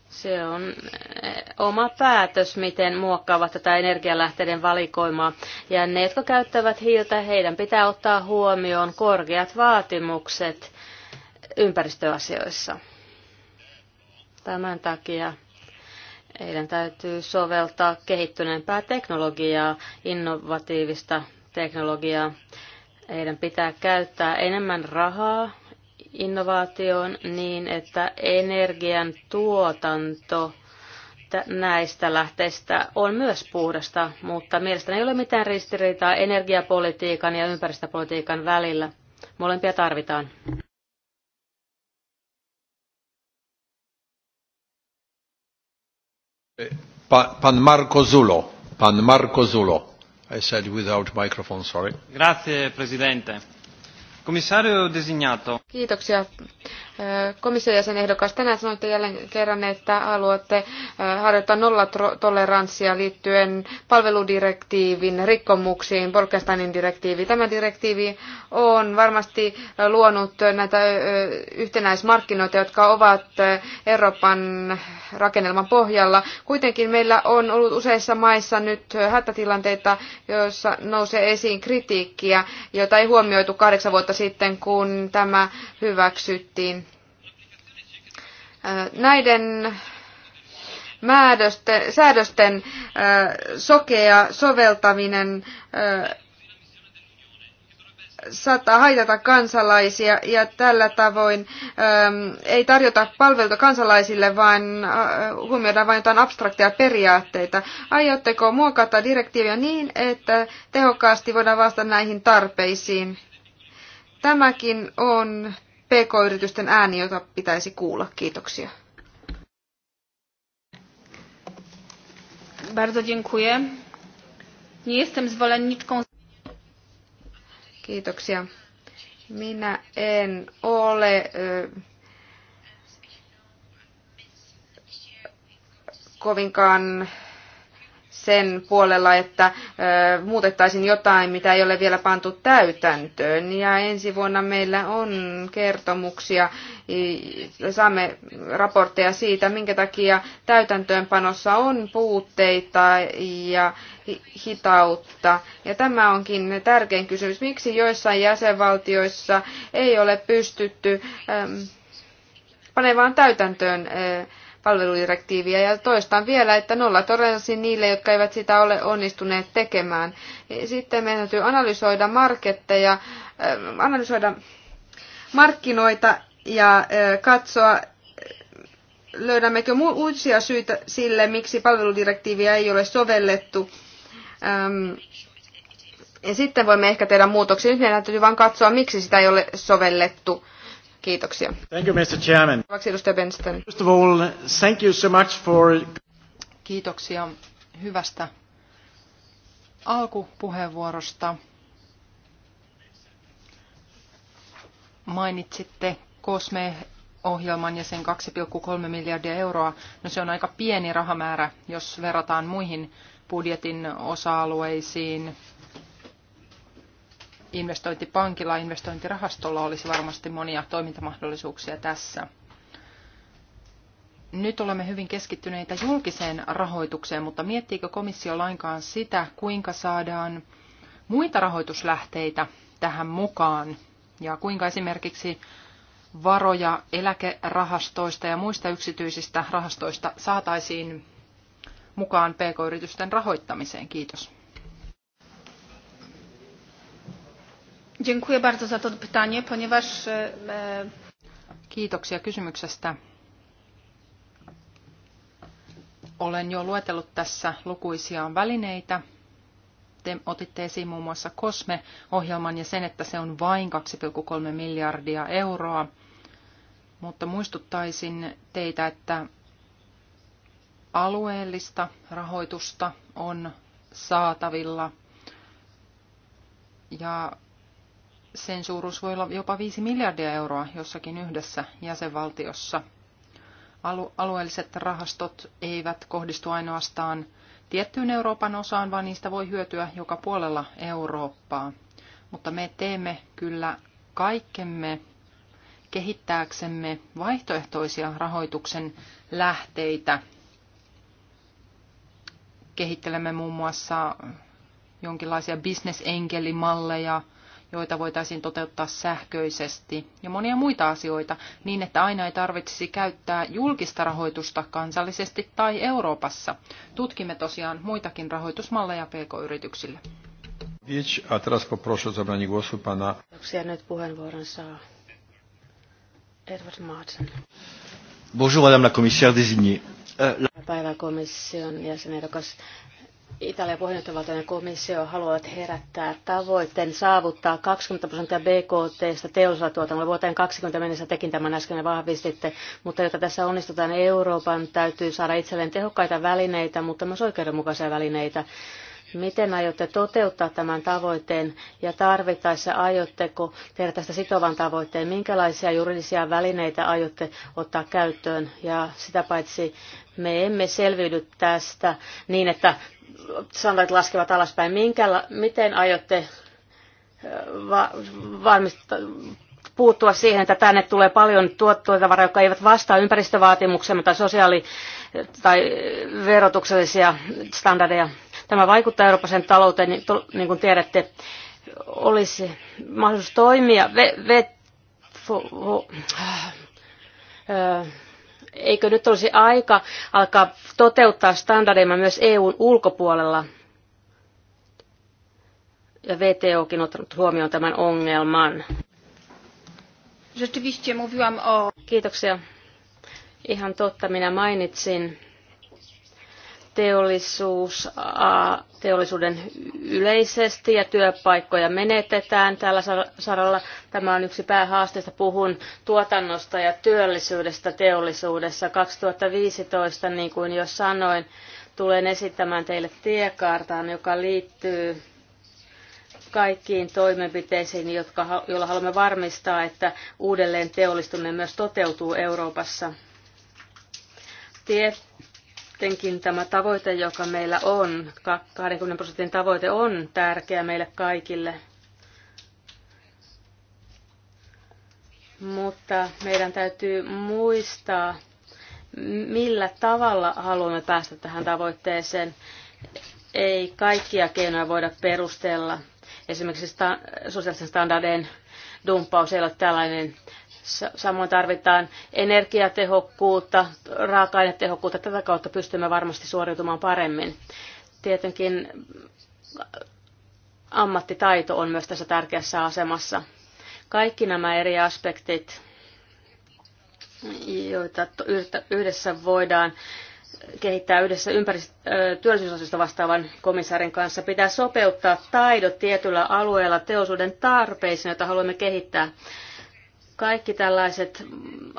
se on eh, oma päätös, miten muokkaavat tätä energialähteiden valikoimaa. Ja ne, jotka käyttävät hiiltä, heidän pitää ottaa huomioon korkeat vaatimukset ympäristöasioissa. Tämän takia heidän täytyy soveltaa kehittyneempää teknologiaa, innovatiivista teknologiaa. Heidän pitää käyttää enemmän rahaa innovaatioon niin, että energian tuotanto näistä lähteistä on myös puhdasta, mutta mielestäni ei ole mitään ristiriitaa energiapolitiikan ja ympäristöpolitiikan välillä. Molempia tarvitaan. Pan Marco Zulo. Pan Marco Zulo. I said without microphone, sorry. Komissario designato. Kiitoksia. Komission jäsenehdokas, tänään sanoitte jälleen kerran, että haluatte harjoittaa nollatoleranssia liittyen palveludirektiivin rikkomuksiin, Bolkestanin direktiivi. Tämä direktiivi on varmasti luonut näitä yhtenäismarkkinoita, jotka ovat Euroopan rakennelman pohjalla. Kuitenkin meillä on ollut useissa maissa nyt hätätilanteita, joissa nousee esiin kritiikkiä, jota ei huomioitu kahdeksan vuotta vuotta sitten, kun tämä hyväksyttiin. Näiden määdösten, säädösten sokea soveltaminen saattaa haitata kansalaisia ja tällä tavoin äm, ei tarjota palveluita kansalaisille, vaan äh, huomioidaan vain jotain abstrakteja periaatteita. Aiotteko muokata direktiiviä niin, että tehokkaasti voidaan vastata näihin tarpeisiin? Tämäkin on PK-yritysten ääni, jota pitäisi kuulla. Kiitoksia. Bardzo dziękuję. Nie jestem zwolenniczką. Kiitoksia. Minä en ole ö, kovinkaan sen puolella, että muutettaisiin jotain, mitä ei ole vielä pantu täytäntöön. Ja ensi vuonna meillä on kertomuksia, saamme raportteja siitä, minkä takia täytäntöönpanossa on puutteita ja hitautta. Ja tämä onkin tärkein kysymys, miksi joissain jäsenvaltioissa ei ole pystytty panemaan täytäntöön palveludirektiiviä. Ja toistan vielä, että nolla todennäköisesti niille, jotka eivät sitä ole onnistuneet tekemään. Sitten meidän täytyy analysoida marketteja, äh, analysoida markkinoita ja äh, katsoa, äh, löydämmekö uusia syitä sille, miksi palveludirektiiviä ei ole sovellettu. Ähm, ja sitten voimme ehkä tehdä muutoksia. Nyt meidän täytyy vain katsoa, miksi sitä ei ole sovellettu. Kiitoksia. Thank you, Mr. Chairman. edustaja Benston. First of all, thank you so much for... Kiitoksia hyvästä alkupuheenvuorosta. Mainitsitte COSME-ohjelman ja sen 2,3 miljardia euroa. No se on aika pieni rahamäärä, jos verrataan muihin budjetin osa-alueisiin, investointipankilla, investointirahastolla olisi varmasti monia toimintamahdollisuuksia tässä. Nyt olemme hyvin keskittyneitä julkiseen rahoitukseen, mutta miettiikö komissio lainkaan sitä, kuinka saadaan muita rahoituslähteitä tähän mukaan ja kuinka esimerkiksi varoja eläkerahastoista ja muista yksityisistä rahastoista saataisiin mukaan pk-yritysten rahoittamiseen. Kiitos. Dziękuję bardzo za to pytanie, ponieważ... E, e, Kiitoksia kysymyksestä. Olen jo luetellut tässä lukuisia välineitä. Te otitte esiin muun muassa COSME-ohjelman ja sen, että se on vain 2,3 miljardia euroa. Mutta muistuttaisin teitä, että alueellista rahoitusta on saatavilla ja sen suuruus voi olla jopa 5 miljardia euroa jossakin yhdessä jäsenvaltiossa. Alueelliset rahastot eivät kohdistu ainoastaan tiettyyn Euroopan osaan, vaan niistä voi hyötyä joka puolella Eurooppaa. Mutta me teemme kyllä kaikkemme kehittääksemme vaihtoehtoisia rahoituksen lähteitä. Kehittelemme muun muassa jonkinlaisia bisnesenkelimalleja, joita voitaisiin toteuttaa sähköisesti ja monia muita asioita niin, että aina ei tarvitsisi käyttää julkista rahoitusta kansallisesti tai Euroopassa. Tutkimme tosiaan muitakin rahoitusmalleja pk-yrityksille. Kiitoksia. Nyt puheenvuoron saa Edward Martin. Bonjour, madame la commissaire désignée. Euh, Päiväkomission jäsenehdokas. Italian puheenjohtajavaltainen komissio haluavat herättää tavoitteen saavuttaa 20 prosenttia BKTstä teollisella tuotannolla vuoteen 20 mennessä. Tekin tämän äsken vahvistitte, mutta jotta tässä onnistutaan, Euroopan täytyy saada itselleen tehokkaita välineitä, mutta myös oikeudenmukaisia välineitä Miten aiotte toteuttaa tämän tavoitteen ja tarvittaessa aiotteko tehdä tästä sitovan tavoitteen? Minkälaisia juridisia välineitä aiotte ottaa käyttöön? Ja sitä paitsi me emme selviydy tästä niin, että standardit laskevat alaspäin. Minkäla- miten aiotte va- varmistaa, puuttua siihen, että tänne tulee paljon tuottotavaraa, jotka eivät vastaa ympäristövaatimuksia tai sosiaali- tai verotuksellisia standardeja. Tämä vaikuttaa Euroopan talouteen, niin, to, niin kuin tiedätte, olisi mahdollisuus toimia. Ve, ve, fo, fu, äh, äh, eikö nyt olisi aika alkaa toteuttaa standardeja myös EUn ulkopuolella? Ja VTOkin on ottanut huomioon tämän ongelman. Kiitoksia. Ihan totta, minä mainitsin teollisuus, teollisuuden yleisesti ja työpaikkoja menetetään tällä saralla. Tämä on yksi päähaasteista. Puhun tuotannosta ja työllisyydestä teollisuudessa. 2015, niin kuin jo sanoin, tulen esittämään teille tiekartan, joka liittyy kaikkiin toimenpiteisiin, jotka, joilla haluamme varmistaa, että uudelleen teollistuminen myös toteutuu Euroopassa. Tiet kuitenkin tämä tavoite, joka meillä on, 20 prosentin tavoite on tärkeä meille kaikille. Mutta meidän täytyy muistaa, millä tavalla haluamme päästä tähän tavoitteeseen. Ei kaikkia keinoja voida perustella. Esimerkiksi sosiaalisen standardien dumppaus ei ole tällainen Samoin tarvitaan energiatehokkuutta, raaka-ainetehokkuutta. Tätä kautta pystymme varmasti suoriutumaan paremmin. Tietenkin äh, ammattitaito on myös tässä tärkeässä asemassa. Kaikki nämä eri aspektit, joita yhdessä voidaan kehittää yhdessä ympäristö- äh, työllisyysasioista vastaavan komissaarin kanssa, pitää sopeuttaa taidot tietyllä alueella teollisuuden tarpeisiin, joita haluamme kehittää kaikki tällaiset mm,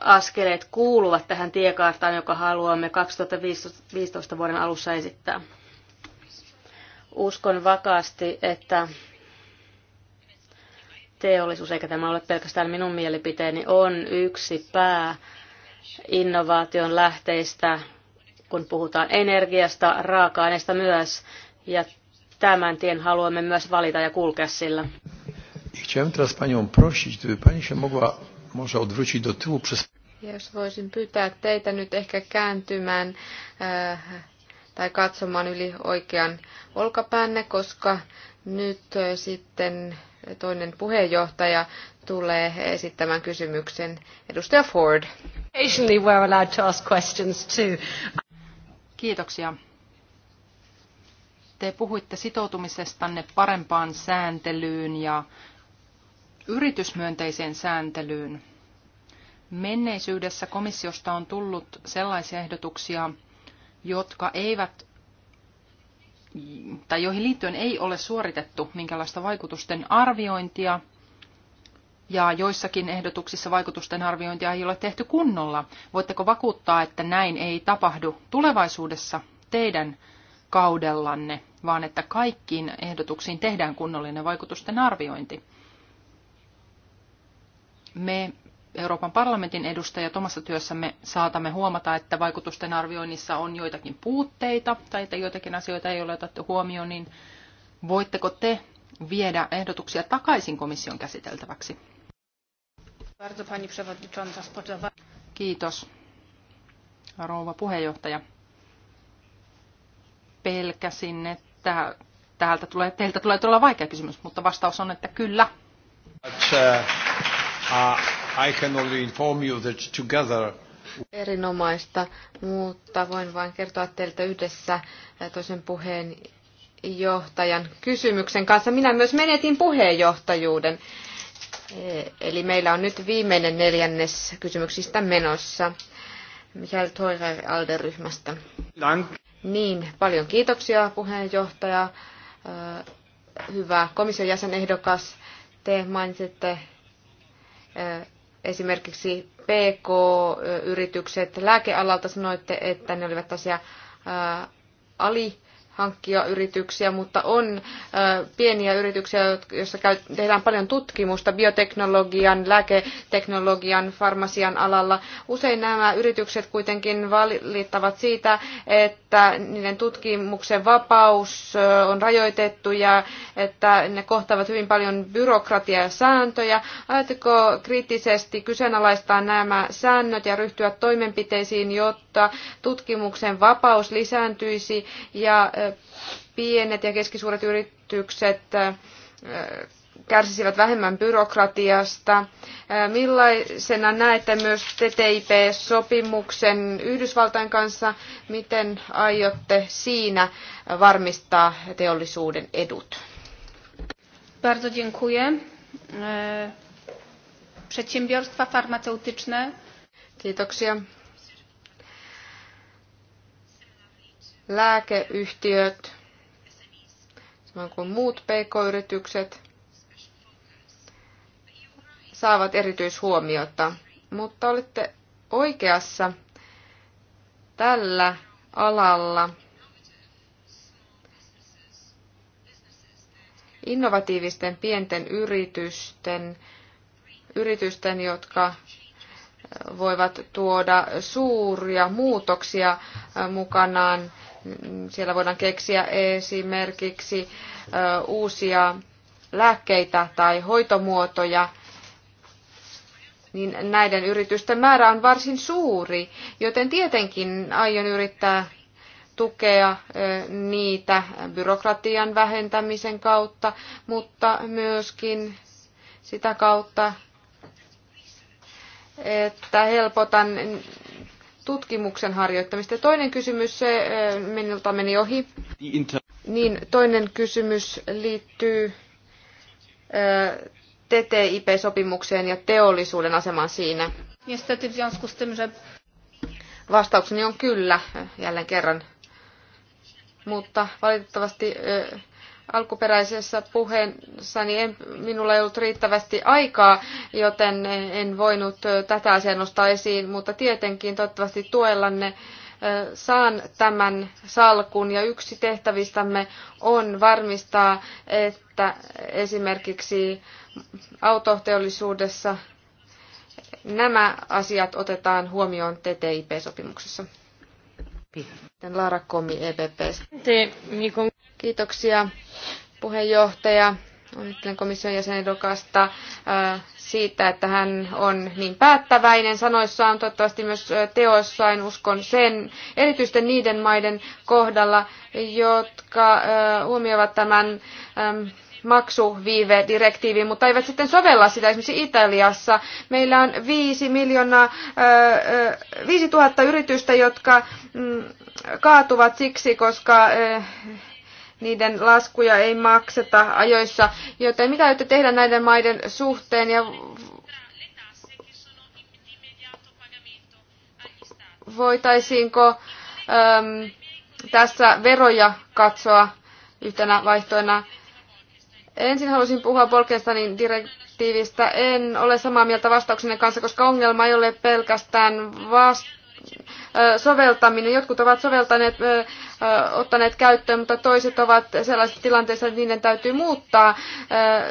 askeleet kuuluvat tähän tiekarttaan, joka haluamme 2015 vuoden alussa esittää. Uskon vakaasti, että teollisuus, eikä tämä ole pelkästään minun mielipiteeni, on yksi pää innovaation lähteistä, kun puhutaan energiasta, raaka-aineista myös, ja tämän tien haluamme myös valita ja kulkea sillä. Chciałem teraz Panią prosić, gdyby Pani się mogła może odwrócić do tyłu przez... Jos voisin pyytää teitä nyt ehkä kääntymään äh, tai katsomaan yli oikean olkapäänne, koska nyt äh, sitten toinen puheenjohtaja tulee esittämään kysymyksen. Edustaja Ford. Occasionally we're allowed to ask questions too. Kiitoksia. Te puhuitte sitoutumisestanne parempaan sääntelyyn ja yritysmyönteiseen sääntelyyn. Menneisyydessä komissiosta on tullut sellaisia ehdotuksia, jotka eivät tai joihin liittyen ei ole suoritettu minkälaista vaikutusten arviointia, ja joissakin ehdotuksissa vaikutusten arviointia ei ole tehty kunnolla. Voitteko vakuuttaa, että näin ei tapahdu tulevaisuudessa teidän kaudellanne, vaan että kaikkiin ehdotuksiin tehdään kunnollinen vaikutusten arviointi? Me Euroopan parlamentin edustajat omassa työssämme saatamme huomata, että vaikutusten arvioinnissa on joitakin puutteita tai että joitakin asioita ei ole otettu huomioon, niin voitteko te viedä ehdotuksia takaisin komission käsiteltäväksi? Kiitos, rouva puheenjohtaja. Pelkäsin, että täältä tulee, teiltä tulee todella vaikea kysymys, mutta vastaus on, että kyllä. But, uh... Uh, I can only inform you that together Erinomaista, mutta voin vain kertoa teiltä yhdessä äh, toisen puheen johtajan kysymyksen kanssa. Minä myös menetin puheenjohtajuuden. Äh, eli meillä on nyt viimeinen neljännes kysymyksistä menossa. Michael Toirer Alderyhmästä. Dank. Niin, paljon kiitoksia puheenjohtaja. Äh, hyvä komission jäsenehdokas. Te mainitsitte Esimerkiksi PK-yritykset lääkealalta sanoitte, että ne olivat tosiaan ali hankkia yrityksiä, mutta on pieniä yrityksiä, joissa tehdään paljon tutkimusta bioteknologian, lääketeknologian, farmasian alalla. Usein nämä yritykset kuitenkin valittavat siitä, että niiden tutkimuksen vapaus on rajoitettu ja että ne kohtaavat hyvin paljon byrokratiaa ja sääntöjä. Ajatteko kriittisesti kyseenalaistaa nämä säännöt ja ryhtyä toimenpiteisiin, jotta tutkimuksen vapaus lisääntyisi ja pienet ja keskisuuret yritykset äh, kärsisivät vähemmän byrokratiasta. Äh, millaisena näette myös TTIP-sopimuksen Yhdysvaltain kanssa? Miten aiotte siinä varmistaa teollisuuden edut? Bardzo dziękuję. E, przedsiębiorstwa farmaceutyczne. Kiitoksia. lääkeyhtiöt, samoin kuin muut pk-yritykset, saavat erityishuomiota. Mutta olette oikeassa tällä alalla. Innovatiivisten pienten yritysten, yritysten, jotka voivat tuoda suuria muutoksia mukanaan siellä voidaan keksiä esimerkiksi uusia lääkkeitä tai hoitomuotoja, niin näiden yritysten määrä on varsin suuri, joten tietenkin aion yrittää tukea niitä byrokratian vähentämisen kautta, mutta myöskin sitä kautta, että helpotan tutkimuksen harjoittamista. Toinen kysymys, se minulta meni ohi. Niin, toinen kysymys liittyy TTIP-sopimukseen ja teollisuuden asemaan siinä. Vastaukseni on kyllä, jälleen kerran. Mutta valitettavasti alkuperäisessä puheessani niin en, minulla ei ollut riittävästi aikaa, joten en voinut tätä asiaa nostaa esiin, mutta tietenkin toivottavasti tuellanne saan tämän salkun ja yksi tehtävistämme on varmistaa, että esimerkiksi autoteollisuudessa nämä asiat otetaan huomioon TTIP-sopimuksessa. Laara Komi, EPPstä. Kiitoksia puheenjohtaja. Onnittelen komission jäsenedokasta äh, siitä, että hän on niin päättäväinen sanoissaan, toivottavasti myös äh, teossain uskon sen, erityisesti niiden maiden kohdalla, jotka äh, huomioivat tämän ähm, maksuviivedirektiiviin, mutta eivät sitten sovella sitä esimerkiksi Italiassa. Meillä on 5 miljoonaa, 5 000 yritystä, jotka mm, kaatuvat siksi, koska niiden laskuja ei makseta ajoissa. Joten mitä aiotte tehdä näiden maiden suhteen ja voitaisiinko äm, tässä veroja katsoa yhtenä vaihtoina? Ensin halusin puhua Bolkestanin direktiivistä. En ole samaa mieltä vastauksenne kanssa, koska ongelma ei ole pelkästään vastaus soveltaminen. Jotkut ovat soveltaneet, ottaneet käyttöön, mutta toiset ovat sellaisessa tilanteessa, että niiden täytyy muuttaa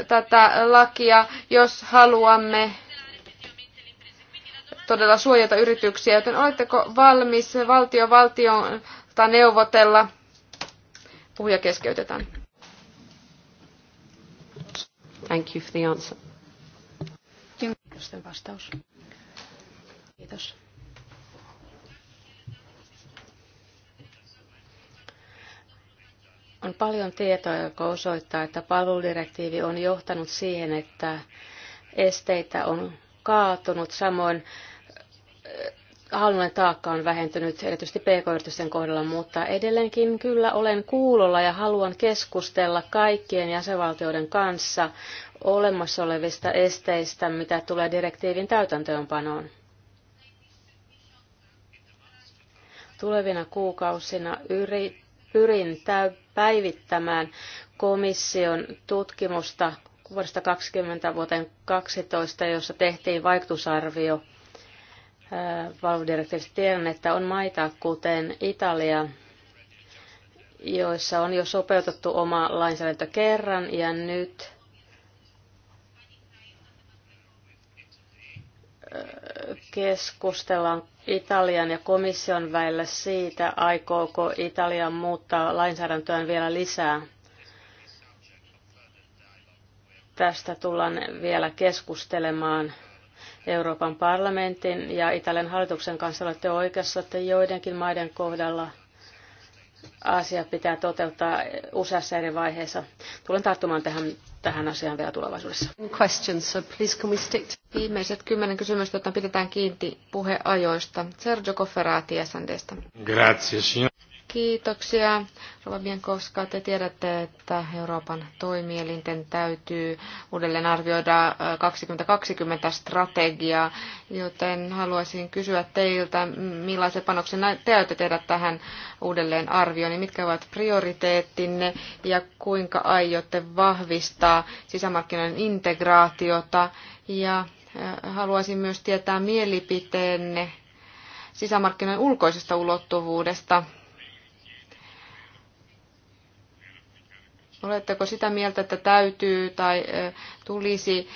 tätä lakia, jos haluamme todella suojata yrityksiä. Joten oletteko valmis valtio valtiota neuvotella? Puhuja keskeytetään. Thank you for the answer. Kiitos. Vastaus. Kiitos. On paljon tietoa, joka osoittaa, että palveludirektiivi on johtanut siihen, että esteitä on kaatunut. Samoin eh, hallinnollinen taakka on vähentynyt erityisesti pk-yritysten kohdalla, mutta edelleenkin kyllä olen kuulolla ja haluan keskustella kaikkien jäsenvaltioiden kanssa olemassa olevista esteistä, mitä tulee direktiivin täytäntöönpanoon. Tulevina kuukausina yrit pyrin päivittämään komission tutkimusta vuodesta 20 vuoteen 12, jossa tehtiin vaikutusarvio äh, valvodirektiivistä. Tiedän, että on maita, kuten Italia, joissa on jo sopeutettu oma lainsäädäntö kerran ja nyt keskustellaan Italian ja komission välillä siitä, aikooko Italia muuttaa lainsäädäntöään vielä lisää. Tästä tullaan vielä keskustelemaan Euroopan parlamentin ja Italian hallituksen kanssa. Olette oikeassa, että joidenkin maiden kohdalla asia pitää toteuttaa useassa eri vaiheessa. Tulen tarttumaan tähän tähän asiaan vielä tulevaisuudessa. Questions, so please can we stick to... Viimeiset kymmenen kysymystä, jotta pidetään kiinti puheajoista. Sergio Cofferati SNDstä. Grazie, signor. Kiitoksia, Rova Bienkowska, Te tiedätte, että Euroopan toimielinten täytyy uudelleen arvioida 2020-strategiaa, äh, joten haluaisin kysyä teiltä, millaisen panoksen te aiotte tehdä tähän uudelleen arvioon, niin mitkä ovat prioriteettinne ja kuinka aiotte vahvistaa sisämarkkinoiden integraatiota ja äh, haluaisin myös tietää mielipiteenne sisämarkkinoiden ulkoisesta ulottuvuudesta – Oletteko sitä mieltä, että täytyy tai tulisi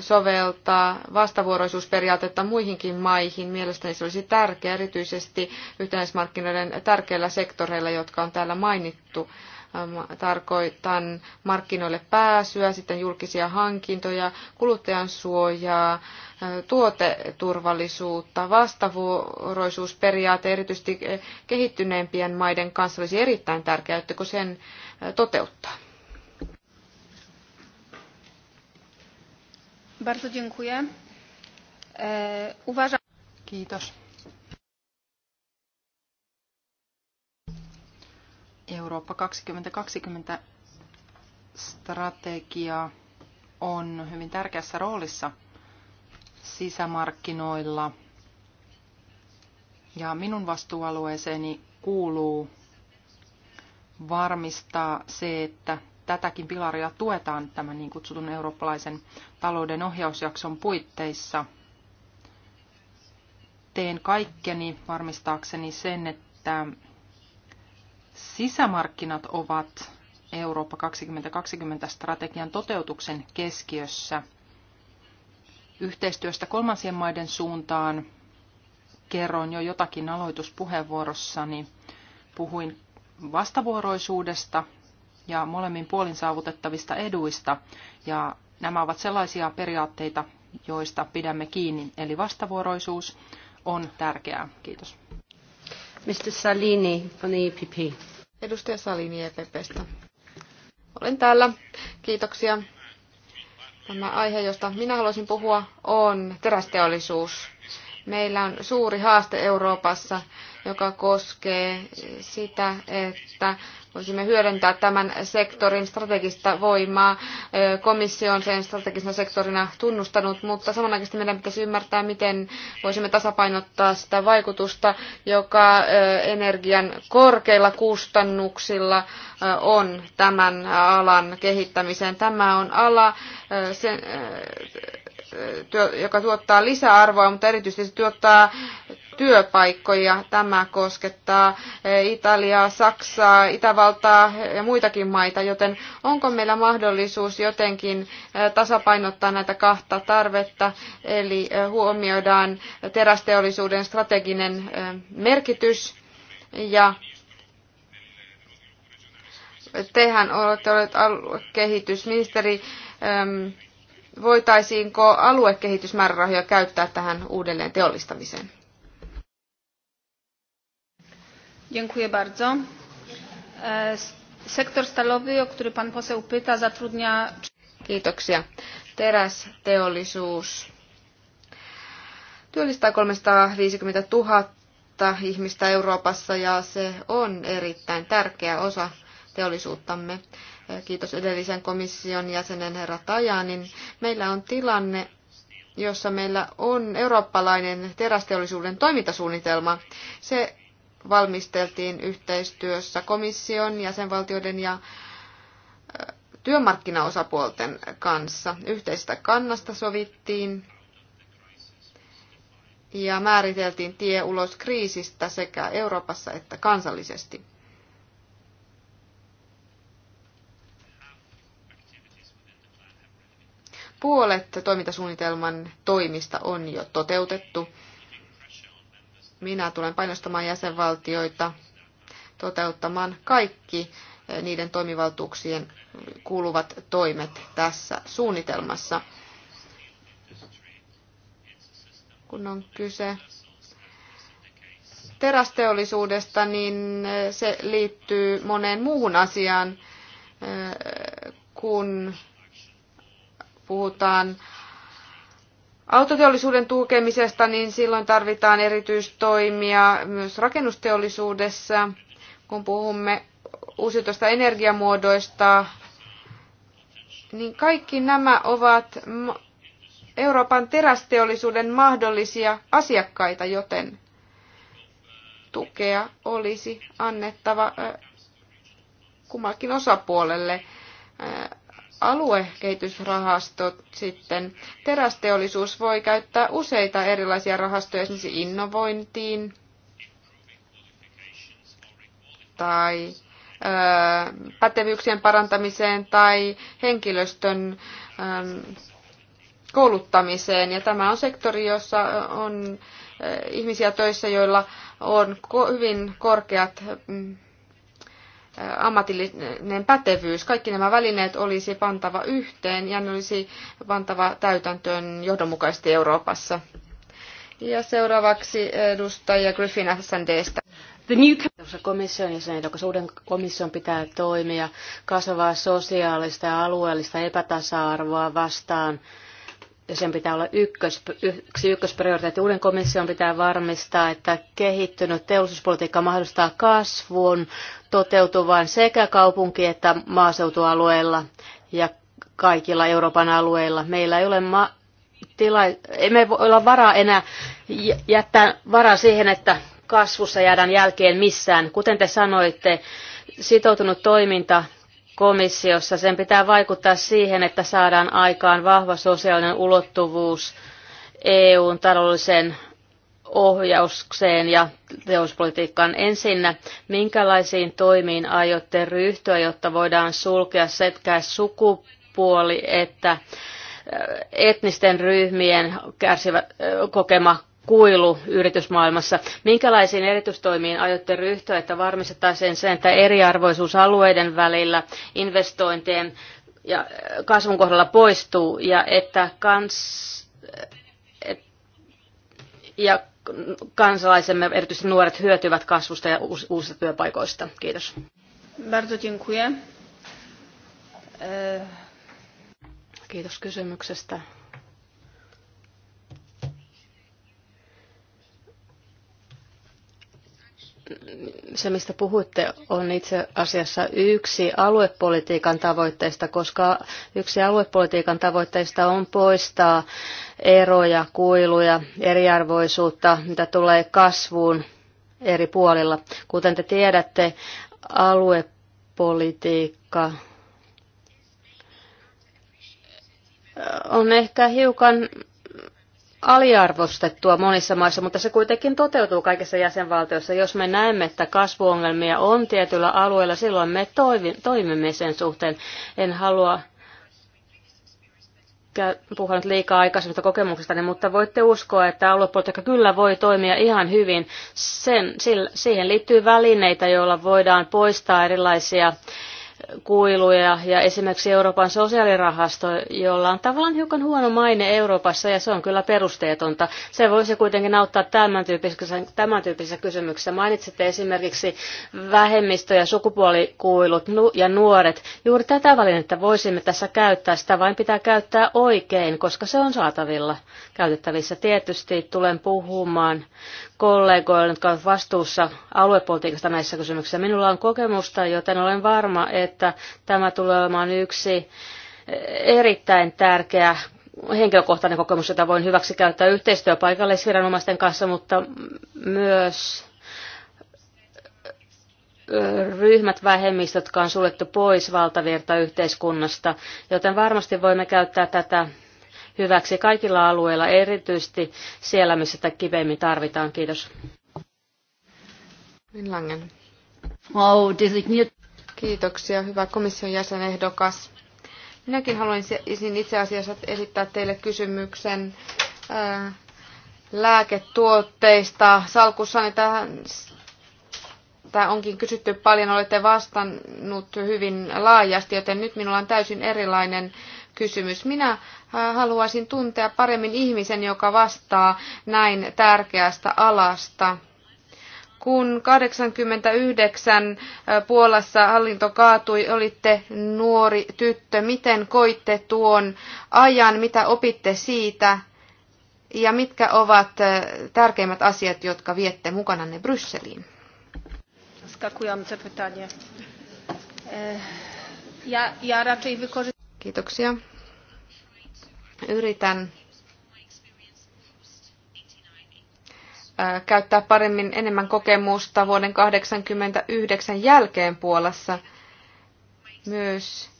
soveltaa vastavuoroisuusperiaatetta muihinkin maihin? Mielestäni se olisi tärkeää erityisesti yhtenäismarkkinoiden tärkeillä sektoreilla, jotka on täällä mainittu. Tarkoitan markkinoille pääsyä, sitten julkisia hankintoja, kuluttajan suojaa, tuoteturvallisuutta, vastavuoroisuusperiaate erityisesti kehittyneempien maiden kanssa olisi erittäin tärkeää, että sen toteuttaa? Bardzo dziękuję. E, uważam... Kiitos. Eurooppa 2020 strategia on hyvin tärkeässä roolissa sisämarkkinoilla. Ja minun vastuualueeseeni kuuluu varmistaa se, että tätäkin pilaria tuetaan tämän niin kutsutun eurooppalaisen talouden ohjausjakson puitteissa. Teen kaikkeni varmistaakseni sen, että sisämarkkinat ovat Eurooppa 2020 strategian toteutuksen keskiössä. Yhteistyöstä kolmansien maiden suuntaan kerroin jo jotakin aloituspuheenvuorossani. Puhuin vastavuoroisuudesta ja molemmin puolin saavutettavista eduista. Ja nämä ovat sellaisia periaatteita, joista pidämme kiinni. Eli vastavuoroisuus on tärkeää. Kiitos. Mr. Salini from EPP. Edustaja Salini EPPstä. Olen täällä. Kiitoksia. Tämä aihe, josta minä haluaisin puhua, on terästeollisuus. Meillä on suuri haaste Euroopassa, joka koskee sitä, että voisimme hyödyntää tämän sektorin strategista voimaa. Komissio on sen strategisena sektorina tunnustanut, mutta samanaikaisesti meidän pitäisi ymmärtää, miten voisimme tasapainottaa sitä vaikutusta, joka energian korkeilla kustannuksilla on tämän alan kehittämiseen. Tämä on ala, sen, joka tuottaa lisäarvoa, mutta erityisesti se tuottaa työpaikkoja. Tämä koskettaa eh, Italiaa, Saksaa, Itävaltaa ja muitakin maita, joten onko meillä mahdollisuus jotenkin eh, tasapainottaa näitä kahta tarvetta, eli eh, huomioidaan terästeollisuuden strateginen merkitys ja tehän olette olleet kehitysministeri ehm, voitaisiinko aluekehitysmäärärahoja käyttää tähän uudelleen teollistamiseen? Dziękuję bardzo. E, sektor stalowy, o który pan poseł pyta, zatrudnia... Kiitoksia. Terästeollisuus työllistää 350 000 ihmistä Euroopassa ja se on erittäin tärkeä osa teollisuuttamme kiitos edellisen komission jäsenen herra Tajanin, meillä on tilanne, jossa meillä on eurooppalainen terästeollisuuden toimintasuunnitelma. Se valmisteltiin yhteistyössä komission, jäsenvaltioiden ja työmarkkinaosapuolten kanssa. Yhteistä kannasta sovittiin ja määriteltiin tie ulos kriisistä sekä Euroopassa että kansallisesti. puolet toimintasuunnitelman toimista on jo toteutettu. Minä tulen painostamaan jäsenvaltioita toteuttamaan kaikki eh, niiden toimivaltuuksien kuuluvat toimet tässä suunnitelmassa. Kun on kyse terästeollisuudesta, niin eh, se liittyy moneen muuhun asiaan, eh, kun puhutaan autoteollisuuden tukemisesta, niin silloin tarvitaan erityistoimia myös rakennusteollisuudessa. Kun puhumme uusiutuista energiamuodoista, niin kaikki nämä ovat Euroopan terästeollisuuden mahdollisia asiakkaita, joten tukea olisi annettava äh, kummallakin osapuolelle. Äh, aluekehitysrahastot sitten. Terästeollisuus voi käyttää useita erilaisia rahastoja esimerkiksi innovointiin tai pätevyyksien parantamiseen tai henkilöstön kouluttamiseen. Ja tämä on sektori, jossa on ihmisiä töissä, joilla on hyvin korkeat mm, ammatillinen pätevyys. Kaikki nämä välineet olisi pantava yhteen ja ne olisi pantava täytäntöön johdonmukaisesti Euroopassa. Ja seuraavaksi edustaja Griffin SNDstä. The new komission jäsenet, koska uuden komission pitää toimia kasvavaa sosiaalista ja alueellista epätasa-arvoa vastaan, ja sen pitää olla ykkös, yksi ykkösprioriteetti. Uuden komission pitää varmistaa, että kehittynyt teollisuuspolitiikka mahdollistaa kasvun, toteutuvan sekä kaupunki- että maaseutualueilla ja kaikilla Euroopan alueilla. Meillä ei ole ma- tila- emme voi olla varaa enää jättää varaa siihen, että kasvussa jäädään jälkeen missään. Kuten te sanoitte, sitoutunut toiminta komissiossa, sen pitää vaikuttaa siihen, että saadaan aikaan vahva sosiaalinen ulottuvuus EUn taloudellisen ohjaukseen ja teollisuuspolitiikkaan. Ensinnä, minkälaisiin toimiin aiotte ryhtyä, jotta voidaan sulkea sekä sukupuoli että äh, etnisten ryhmien kärsivä, äh, kokema kuilu yritysmaailmassa. Minkälaisiin erityistoimiin aiotte ryhtyä, että varmistettaisiin sen, että eriarvoisuus alueiden välillä investointien ja äh, kasvun kohdalla poistuu ja että kans, et, ja kansalaisemme, erityisesti nuoret, hyötyvät kasvusta ja uusista työpaikoista. Kiitos. Bardzo dziękuję. E, Kiitos kysymyksestä. se, mistä puhuitte, on itse asiassa yksi aluepolitiikan tavoitteista, koska yksi aluepolitiikan tavoitteista on poistaa eroja, kuiluja, eriarvoisuutta, mitä tulee kasvuun eri puolilla. Kuten te tiedätte, aluepolitiikka on ehkä hiukan aliarvostettua monissa maissa, mutta se kuitenkin toteutuu kaikissa jäsenvaltioissa. Jos me näemme, että kasvuongelmia on tietyllä alueella, silloin me toimimme sen suhteen. En halua puhua nyt liikaa aikaisemmista kokemuksistani, mutta voitte uskoa, että aluepolitiikka kyllä voi toimia ihan hyvin. Sen, siihen liittyy välineitä, joilla voidaan poistaa erilaisia kuiluja ja esimerkiksi Euroopan sosiaalirahasto, jolla on tavallaan hiukan huono maine Euroopassa ja se on kyllä perusteetonta. Se voisi kuitenkin auttaa tämän tyyppisissä, tämän tyyppisissä kysymyksissä. Mainitsitte esimerkiksi vähemmistö- ja sukupuolikuilut ja nuoret. Juuri tätä välinettä voisimme tässä käyttää. Sitä vain pitää käyttää oikein, koska se on saatavilla käytettävissä. Tietysti tulen puhumaan kollegoille, jotka ovat vastuussa aluepolitiikasta näissä kysymyksissä. Minulla on kokemusta, joten olen varma, että että tämä tulee olemaan yksi erittäin tärkeä henkilökohtainen kokemus, jota voin hyväksi käyttää yhteistyöpaikallisviranomaisten kanssa, mutta myös ryhmät vähemmistöt, jotka on suljettu pois valtavirta yhteiskunnasta, joten varmasti voimme käyttää tätä hyväksi kaikilla alueilla, erityisesti siellä, missä sitä kipeimmin tarvitaan. Kiitos. Langen. Frau Kiitoksia, hyvä komission jäsenehdokas. Minäkin haluaisin itse asiassa esittää teille kysymyksen äh, lääketuotteista. salkussa tähän Tämä onkin kysytty paljon, olette vastannut hyvin laajasti, joten nyt minulla on täysin erilainen kysymys. Minä äh, haluaisin tuntea paremmin ihmisen, joka vastaa näin tärkeästä alasta kun 89 Puolassa hallinto kaatui, olitte nuori tyttö. Miten koitte tuon ajan, mitä opitte siitä ja mitkä ovat tärkeimmät asiat, jotka viette mukananne Brysseliin? E, Kiitoksia. Yritän Äh, käyttää paremmin enemmän kokemusta vuoden 1989 jälkeen Puolassa. Myös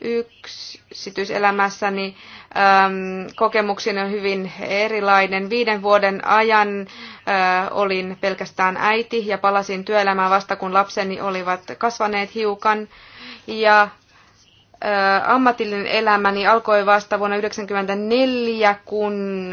yksityiselämässäni äm, kokemukseni on hyvin erilainen. Viiden vuoden ajan ä, äh, olin pelkästään äiti ja palasin työelämään vasta kun lapseni olivat kasvaneet hiukan. Ja ammatillinen elämäni alkoi vasta vuonna 1994, kun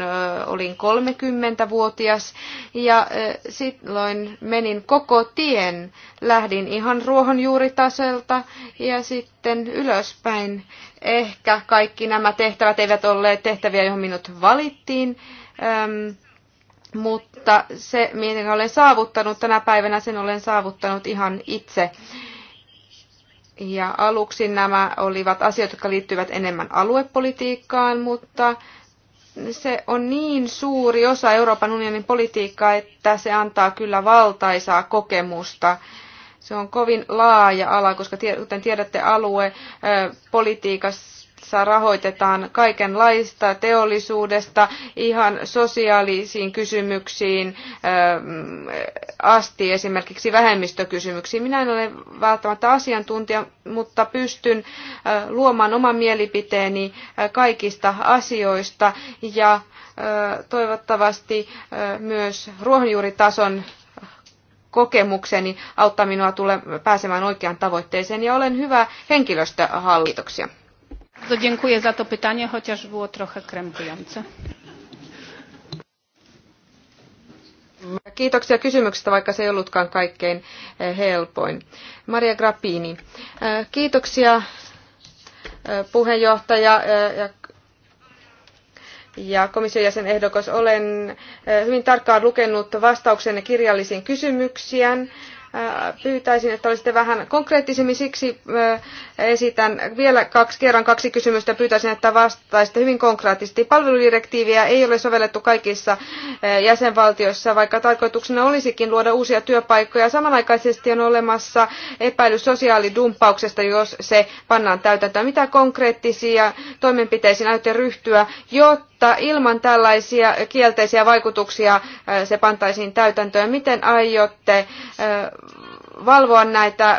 olin 30-vuotias. Ja silloin menin koko tien. Lähdin ihan ruohonjuuritaselta ja sitten ylöspäin. Ehkä kaikki nämä tehtävät eivät olleet tehtäviä, joihin minut valittiin. mutta se, miten olen saavuttanut tänä päivänä, sen olen saavuttanut ihan itse. Ja aluksi nämä olivat asiat, jotka liittyvät enemmän aluepolitiikkaan, mutta se on niin suuri osa Euroopan unionin politiikkaa, että se antaa kyllä valtaisaa kokemusta. Se on kovin laaja ala, koska kuten tiedätte, aluepolitiikassa jossa rahoitetaan kaikenlaista teollisuudesta ihan sosiaalisiin kysymyksiin asti, esimerkiksi vähemmistökysymyksiin. Minä en ole välttämättä asiantuntija, mutta pystyn luomaan oman mielipiteeni kaikista asioista ja toivottavasti myös ruohonjuuritason kokemukseni auttaa minua tule, pääsemään oikeaan tavoitteeseen ja olen hyvä henkilöstöhallituksia. Bardzo dziękuję za to pytanie, chociaż było trochę krępujące. Kiitoksia kysymyksestä, vaikka se ei ollutkaan kaikkein eh, helpoin. Maria Grappini. Eh, kiitoksia eh, puheenjohtaja ja komission jäsen ehdokas, olen hyvin tarkkaan lukenut vastauksenne kirjallisiin kysymyksiin. Äh, pyytäisin, että olisitte vähän konkreettisemmin. Siksi äh, esitän vielä kaksi, kerran kaksi kysymystä. Pyytäisin, että vastaisitte hyvin konkreettisesti. Palveludirektiiviä ei ole sovellettu kaikissa äh, jäsenvaltioissa, vaikka tarkoituksena olisikin luoda uusia työpaikkoja. Samanaikaisesti on olemassa epäily sosiaalidumppauksesta, jos se pannaan täytäntöön. Mitä konkreettisia toimenpiteisiin aiotte ryhtyä, jotta mutta ilman tällaisia kielteisiä vaikutuksia äh, se pantaisiin täytäntöön. Miten aiotte äh, valvoa näitä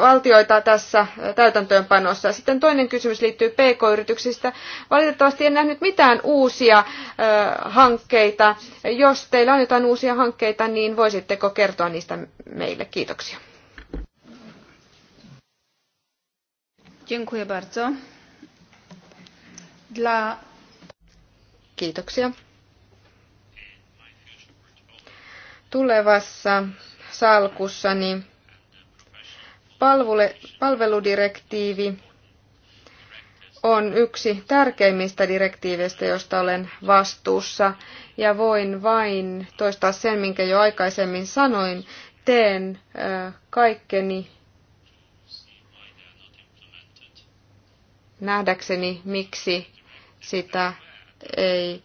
valtioita tässä äh, täytäntöönpanossa. Sitten toinen kysymys liittyy PK-yrityksistä. Valitettavasti en nähnyt mitään uusia hankkeita. Jos teillä on jotain uusia hankkeita, niin voisitteko kertoa niistä meille? Kiitoksia. Dziękuję bardzo. Dla Kiitoksia. Tulevassa salkussani palvule, palveludirektiivi on yksi tärkeimmistä direktiiveistä, josta olen vastuussa. Ja voin vain toistaa sen, minkä jo aikaisemmin sanoin. Teen kaikkeni nähdäkseni, miksi sitä ei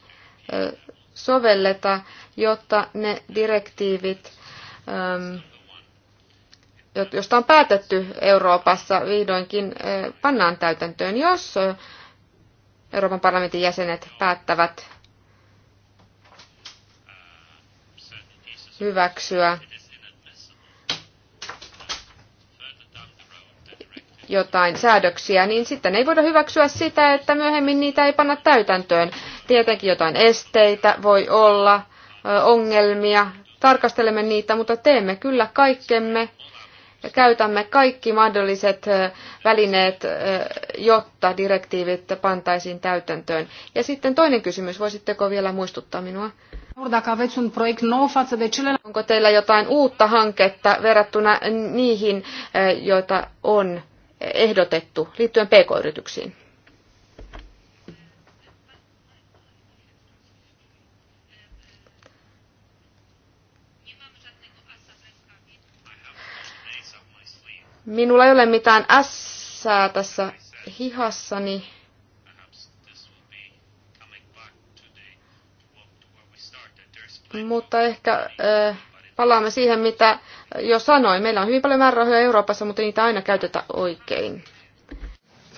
sovelleta, jotta ne direktiivit, josta on päätetty Euroopassa, vihdoinkin pannaan täytäntöön, jos Euroopan parlamentin jäsenet päättävät hyväksyä jotain säädöksiä, niin sitten ei voida hyväksyä sitä, että myöhemmin niitä ei panna täytäntöön. Tietenkin jotain esteitä voi olla, ongelmia, tarkastelemme niitä, mutta teemme kyllä kaikkemme, ja käytämme kaikki mahdolliset välineet, jotta direktiivit pantaisiin täytäntöön. Ja sitten toinen kysymys, voisitteko vielä muistuttaa minua? Onko teillä jotain uutta hanketta verrattuna niihin, joita on ehdotettu liittyen pk-yrityksiin? Minulla ei ole mitään ässää tässä hihassani. Mutta ehkä äh, palaamme siihen, mitä jo sanoin, meillä on hyvin paljon määrärahoja Euroopassa, mutta niitä aina käytetä oikein.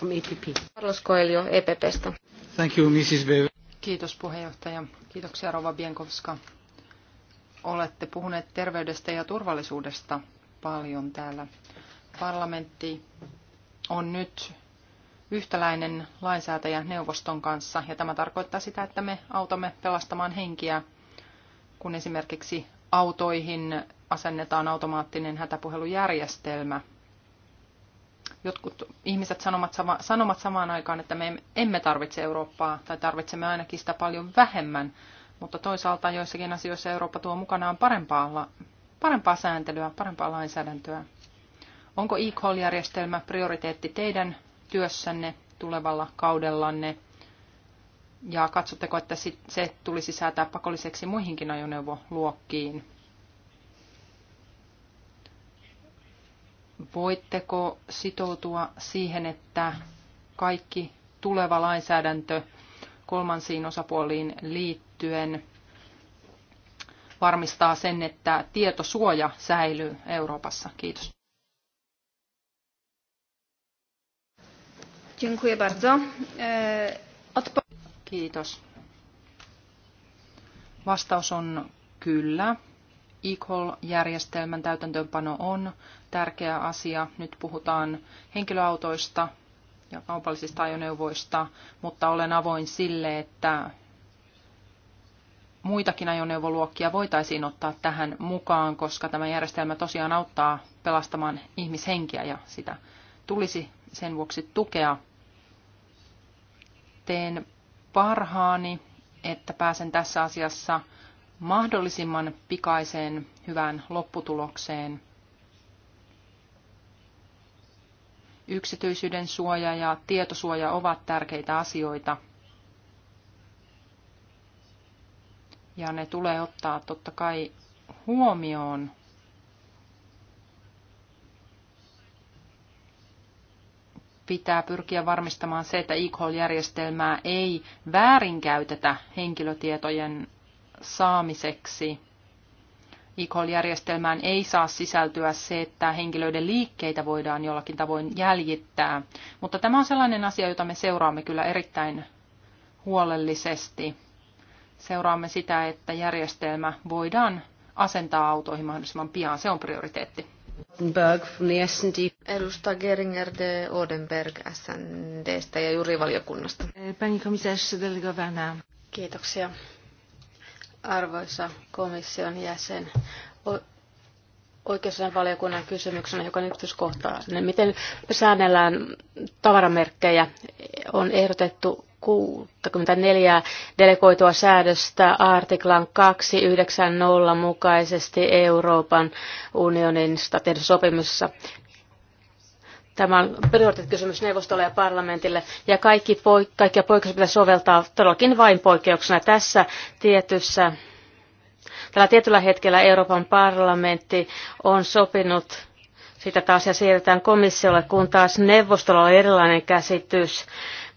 E Carlos Coelho, EPPstä. Thank you, Mrs. Kiitos puheenjohtaja. Kiitoksia Rova Bienkovska. Olette puhuneet terveydestä ja turvallisuudesta paljon täällä. Parlamentti on nyt yhtäläinen lainsäätäjä neuvoston kanssa ja tämä tarkoittaa sitä, että me autamme pelastamaan henkiä, kun esimerkiksi autoihin asennetaan automaattinen hätäpuhelujärjestelmä. Jotkut ihmiset sanomat, sanomat samaan aikaan, että me emme tarvitse Eurooppaa tai tarvitsemme ainakin sitä paljon vähemmän, mutta toisaalta joissakin asioissa Eurooppa tuo mukanaan parempaa, parempaa sääntelyä, parempaa lainsäädäntöä. Onko e-call-järjestelmä prioriteetti teidän työssänne tulevalla kaudellanne? Ja katsotteko, että se tulisi säätää pakolliseksi muihinkin ajoneuvoluokkiin? voitteko sitoutua siihen, että kaikki tuleva lainsäädäntö kolmansiin osapuoliin liittyen varmistaa sen, että tietosuoja säilyy Euroopassa? Kiitos. Dziękuję bardzo. E, Kiitos. Vastaus on kyllä. e järjestelmän täytäntöönpano on tärkeä asia. Nyt puhutaan henkilöautoista ja kaupallisista ajoneuvoista, mutta olen avoin sille, että muitakin ajoneuvoluokkia voitaisiin ottaa tähän mukaan, koska tämä järjestelmä tosiaan auttaa pelastamaan ihmishenkiä ja sitä tulisi sen vuoksi tukea. Teen parhaani, että pääsen tässä asiassa mahdollisimman pikaiseen hyvään lopputulokseen. Yksityisyyden suoja ja tietosuoja ovat tärkeitä asioita. Ja ne tulee ottaa totta kai huomioon. Pitää pyrkiä varmistamaan se, että e-call-järjestelmää ei väärinkäytetä henkilötietojen saamiseksi e-call-järjestelmään ei saa sisältyä se, että henkilöiden liikkeitä voidaan jollakin tavoin jäljittää. Mutta tämä on sellainen asia, jota me seuraamme kyllä erittäin huolellisesti. Seuraamme sitä, että järjestelmä voidaan asentaa autoihin mahdollisimman pian. Se on prioriteetti. Berg from the S&D. Edustaa Geringer de Odenberg SNDstä ja juurivaliokunnasta. Pani komisarz Kiitoksia Arvoisa komission jäsen, oikeusasian valiokunnan kysymyksenä, joka on yksityiskohtainen. Miten säännellään tavaramerkkejä? On ehdotettu 64 delegoitua säädöstä artiklan 290 mukaisesti Euroopan unionin tehdyssä sopimuksessa. Tämä on prioriteettikysymys neuvostolle ja parlamentille, ja kaikki poik- kaikkia poikkeuksia pitää soveltaa todellakin vain poikkeuksena. Tässä tietyssä, tällä tietyllä hetkellä Euroopan parlamentti on sopinut sitä taas ja siirretään komissiolle, kun taas neuvostolla on erilainen käsitys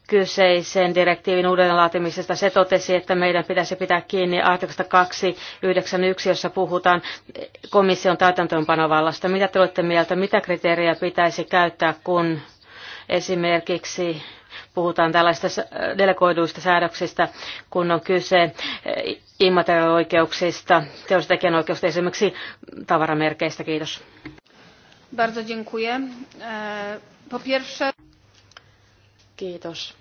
kyseisen direktiivin uuden laatimisesta. Se totesi, että meidän pitäisi pitää kiinni artiklasta 291, jossa puhutaan komission täytäntöönpanovallasta. Mitä te olette mieltä, mitä kriteerejä pitäisi käyttää, kun esimerkiksi puhutaan tällaista delegoiduista säädöksistä, kun on kyse immateriaalioikeuksista, teollisuuden tekijänoikeuksista, esimerkiksi tavaramerkeistä. Kiitos. Bardzo dziękuję. E, po pierwsze... Kiitos.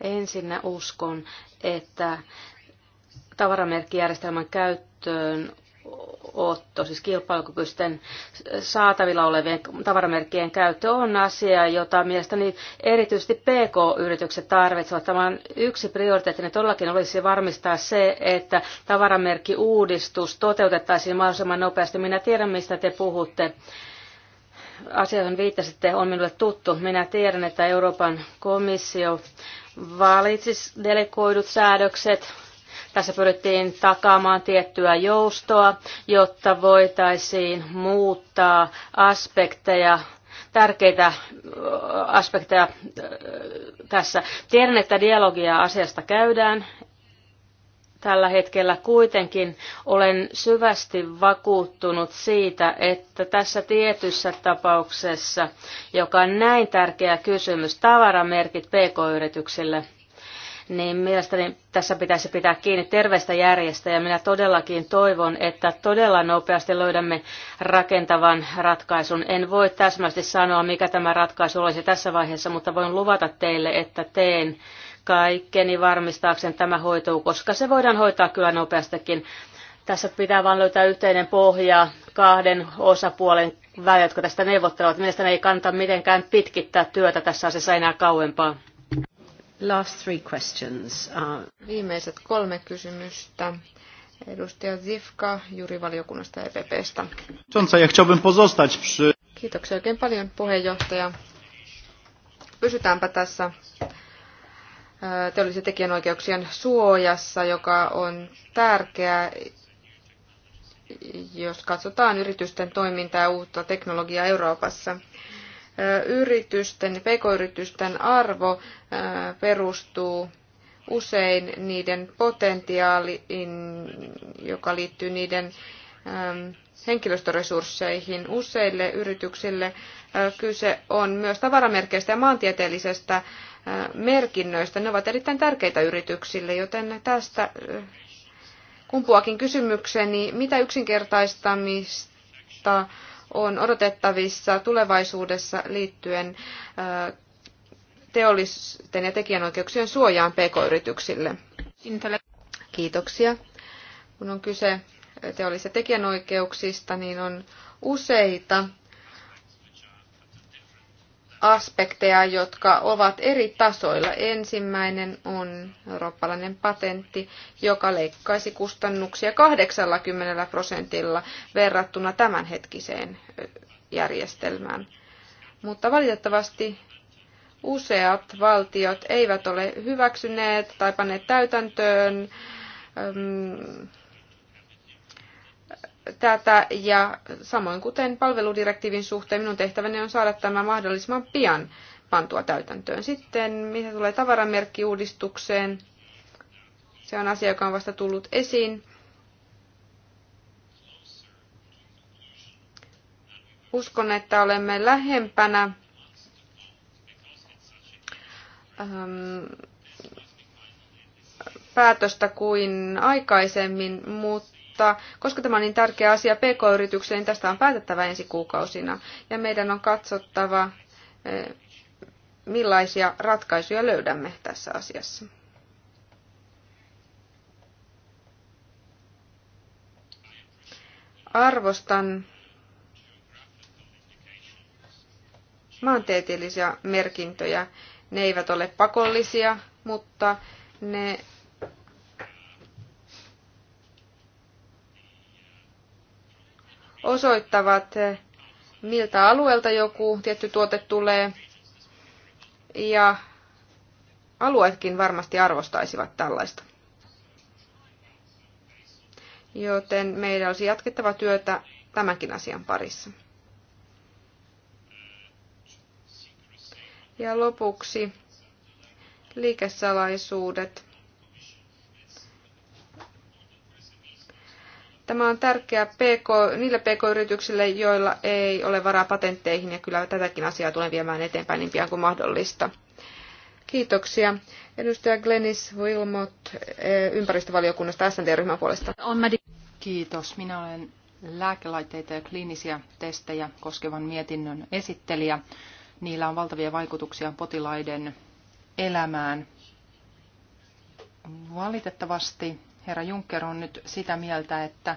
Ensinnä uskon, että tavaramerkkijärjestelmän käyttöön otto, siis kilpailukykyisten saatavilla olevien tavaramerkkien käyttö on asia, jota mielestäni erityisesti PK-yritykset tarvitsevat. Tämä on yksi prioriteetti, niin todellakin olisi varmistaa se, että tavaramerkkiuudistus toteutettaisiin mahdollisimman nopeasti. Minä tiedän, mistä te puhutte asia, johon viittasitte, on minulle tuttu. Minä tiedän, että Euroopan komissio valitsi delegoidut säädökset. Tässä pyrittiin takaamaan tiettyä joustoa, jotta voitaisiin muuttaa aspekteja tärkeitä aspekteja tässä. Tiedän, että dialogia asiasta käydään tällä hetkellä kuitenkin olen syvästi vakuuttunut siitä, että tässä tietyssä tapauksessa, joka on näin tärkeä kysymys, tavaramerkit pk-yrityksille, niin mielestäni tässä pitäisi pitää kiinni terveestä järjestä ja minä todellakin toivon, että todella nopeasti löydämme rakentavan ratkaisun. En voi täsmästi sanoa, mikä tämä ratkaisu olisi tässä vaiheessa, mutta voin luvata teille, että teen kaikkeni varmistaakseni tämä hoituu, koska se voidaan hoitaa kyllä nopeastikin. Tässä pitää vain löytää yhteinen pohja kahden osapuolen välillä, jotka tästä neuvottelevat. Mielestäni ei kannata mitenkään pitkittää työtä tässä asiassa enää kauempaa. Last three questions. Uh... Viimeiset kolme kysymystä. Edustaja Zifka, valiokunnasta EPPstä. Kiitoksia oikein paljon puheenjohtaja. Pysytäänpä tässä teollisen tekijänoikeuksien suojassa, joka on tärkeää, jos katsotaan yritysten toimintaa ja uutta teknologiaa Euroopassa. Yritysten, pk-yritysten arvo perustuu usein niiden potentiaaliin, joka liittyy niiden henkilöstöresursseihin. Useille yrityksille kyse on myös tavaramerkeistä ja maantieteellisestä merkinnöistä. Ne ovat erittäin tärkeitä yrityksille, joten tästä eh, kumpuakin kysymykseni, mitä yksinkertaistamista on odotettavissa tulevaisuudessa liittyen eh, teollisten ja tekijänoikeuksien suojaan pk-yrityksille? Kiitoksia. Kun on kyse teollisista tekijänoikeuksista, niin on useita aspekteja, jotka ovat eri tasoilla. Ensimmäinen on eurooppalainen patentti, joka leikkaisi kustannuksia 80 prosentilla verrattuna tämänhetkiseen järjestelmään. Mutta valitettavasti useat valtiot eivät ole hyväksyneet tai panneet täytäntöön tätä ja samoin kuten palveludirektiivin suhteen minun tehtäväni on saada tämä mahdollisimman pian pantua täytäntöön. Sitten mitä tulee tavaramerkkiuudistukseen, se on asia, joka on vasta tullut esiin. Uskon, että olemme lähempänä ähm, päätöstä kuin aikaisemmin, mutta mutta koska tämä on niin tärkeä asia PK-yrityksille, niin tästä on päätettävä ensi kuukausina. Ja meidän on katsottava, eh, millaisia ratkaisuja löydämme tässä asiassa. Arvostan maantieteellisiä merkintöjä. Ne eivät ole pakollisia, mutta ne osoittavat, miltä alueelta joku tietty tuote tulee. Ja alueetkin varmasti arvostaisivat tällaista. Joten meidän olisi jatkettava työtä tämänkin asian parissa. Ja lopuksi liikesalaisuudet. Tämä on tärkeää PK, niille PK-yrityksille, joilla ei ole varaa patentteihin, ja kyllä tätäkin asiaa tulen viemään eteenpäin niin pian kuin mahdollista. Kiitoksia. Edustaja Glenis Wilmot eh, ympäristövaliokunnasta SNT-ryhmän puolesta. Kiitos. Minä olen lääkelaitteita ja kliinisiä testejä koskevan mietinnön esittelijä. Niillä on valtavia vaikutuksia potilaiden elämään. Valitettavasti herra Juncker on nyt sitä mieltä, että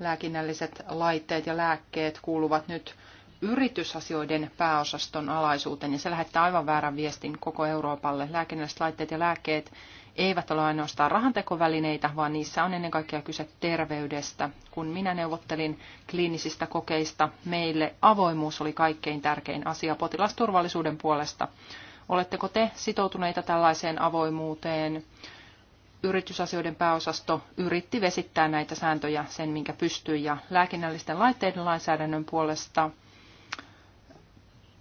lääkinnälliset laitteet ja lääkkeet kuuluvat nyt yritysasioiden pääosaston alaisuuteen, ja se lähettää aivan väärän viestin koko Euroopalle. Lääkinnälliset laitteet ja lääkkeet eivät ole ainoastaan rahantekovälineitä, vaan niissä on ennen kaikkea kyse terveydestä. Kun minä neuvottelin kliinisistä kokeista, meille avoimuus oli kaikkein tärkein asia potilasturvallisuuden puolesta. Oletteko te sitoutuneita tällaiseen avoimuuteen? yritysasioiden pääosasto yritti vesittää näitä sääntöjä sen, minkä pystyi, ja lääkinnällisten laitteiden lainsäädännön puolesta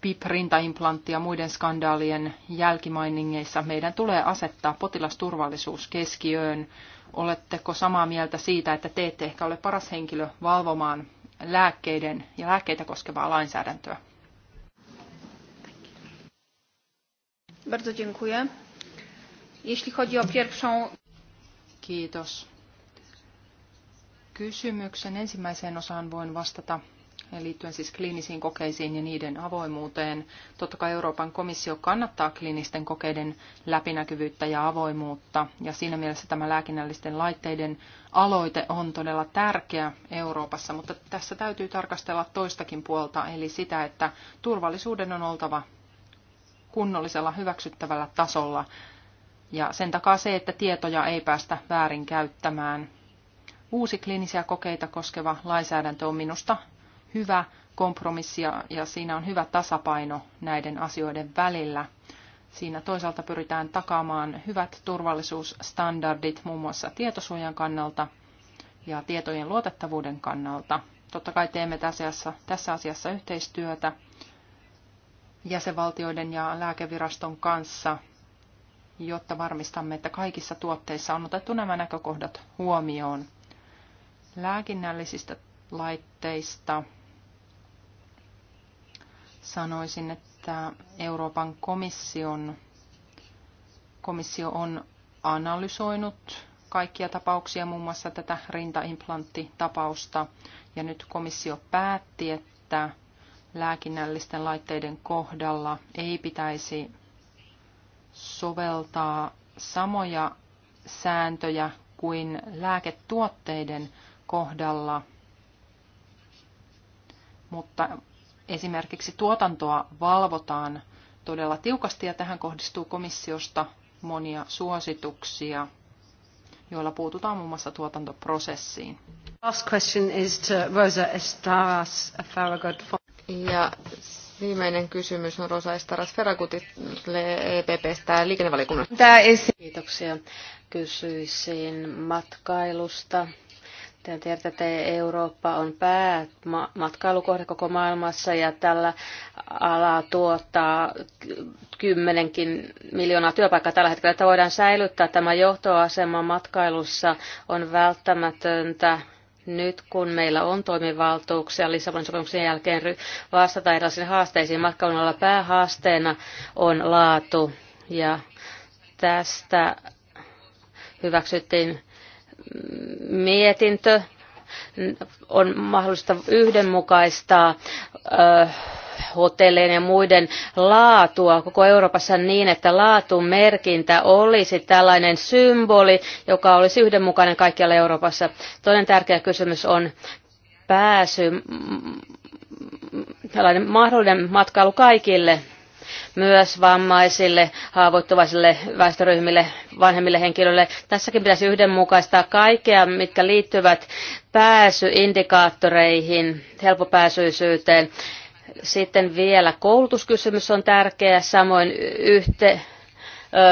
PIP-rintaimplantti ja muiden skandaalien jälkimainingeissa meidän tulee asettaa potilasturvallisuus keskiöön. Oletteko samaa mieltä siitä, että te ette ehkä ole paras henkilö valvomaan lääkkeiden ja lääkkeitä koskevaa lainsäädäntöä? Bardzo dziękuję. Jeśli chodzi o pierwszą... Kiitos. Kysymyksen ensimmäiseen osaan voin vastata liittyen siis kliinisiin kokeisiin ja niiden avoimuuteen. Totta kai Euroopan komissio kannattaa kliinisten kokeiden läpinäkyvyyttä ja avoimuutta, ja siinä mielessä tämä lääkinnällisten laitteiden aloite on todella tärkeä Euroopassa, mutta tässä täytyy tarkastella toistakin puolta, eli sitä, että turvallisuuden on oltava kunnollisella hyväksyttävällä tasolla. Ja sen takaa se, että tietoja ei päästä väärin käyttämään. Uusi kliinisiä kokeita koskeva lainsäädäntö on minusta hyvä kompromissi ja siinä on hyvä tasapaino näiden asioiden välillä. Siinä toisaalta pyritään takaamaan hyvät turvallisuusstandardit muun muassa tietosuojan kannalta ja tietojen luotettavuuden kannalta. Totta kai teemme tässä asiassa, tässä asiassa yhteistyötä jäsenvaltioiden ja lääkeviraston kanssa jotta varmistamme, että kaikissa tuotteissa on otettu nämä näkökohdat huomioon. Lääkinnällisistä laitteista sanoisin, että Euroopan komission, komissio on analysoinut kaikkia tapauksia, muun muassa tätä rintaimplanttitapausta, ja nyt komissio päätti, että lääkinnällisten laitteiden kohdalla ei pitäisi soveltaa samoja sääntöjä kuin lääketuotteiden kohdalla, mutta esimerkiksi tuotantoa valvotaan todella tiukasti ja tähän kohdistuu komissiosta monia suosituksia, joilla puututaan muun muassa tuotantoprosessiin. Last question is to Rosa Estaras, Ja Viimeinen kysymys on Rosa Estaras Ferragutille EPPstä liikennevaliokunnan. Kiitoksia. Kysyisin matkailusta. Te tiedätte, että Eurooppa on päämatkailukohde koko maailmassa ja tällä ala tuottaa kymmenenkin miljoonaa työpaikkaa tällä hetkellä, että voidaan säilyttää tämä johtoasema matkailussa on välttämätöntä nyt kun meillä on toimivaltuuksia Lissabonin sopimuksen jälkeen vastata erilaisiin haasteisiin, matkailun alla päähaasteena on laatu. Ja tästä hyväksyttiin mietintö on mahdollista yhdenmukaistaa hotellien ja muiden laatua koko Euroopassa niin, että laatumerkintä olisi tällainen symboli, joka olisi yhdenmukainen kaikkialla Euroopassa. Toinen tärkeä kysymys on pääsy, tällainen mahdollinen matkailu kaikille myös vammaisille, haavoittuvaisille väestöryhmille, vanhemmille henkilöille. Tässäkin pitäisi yhdenmukaistaa kaikkea, mitkä liittyvät pääsyindikaattoreihin, helpopääsyisyyteen. Sitten vielä koulutuskysymys on tärkeä, samoin yhte,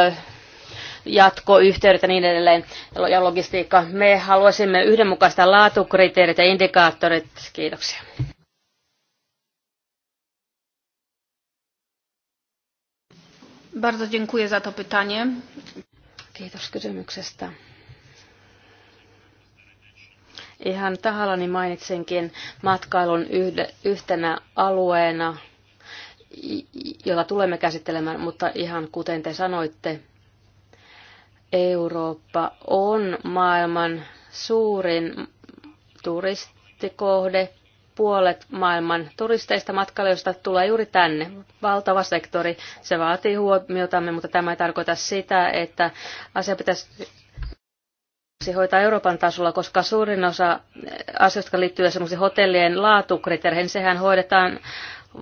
ö, jatkoyhteydet ja niin edelleen ja logistiikka. Me haluaisimme yhdenmukaista laatukriteerit ja indikaattorit. Kiitoksia. Bardzo dziękuję za to pytanie. Kiitos kysymyksestä. Ihan tahallani mainitsenkin matkailun yhtenä alueena, jota tulemme käsittelemään, mutta ihan kuten te sanoitte, Eurooppa on maailman suurin turistikohde puolet maailman turisteista matkailijoista tulee juuri tänne. Valtava sektori, se vaatii huomiotamme, mutta tämä ei tarkoita sitä, että asia pitäisi hoitaa Euroopan tasolla, koska suurin osa asioista, jotka liittyy semmoisiin hotellien laatukriteereihin, sehän hoidetaan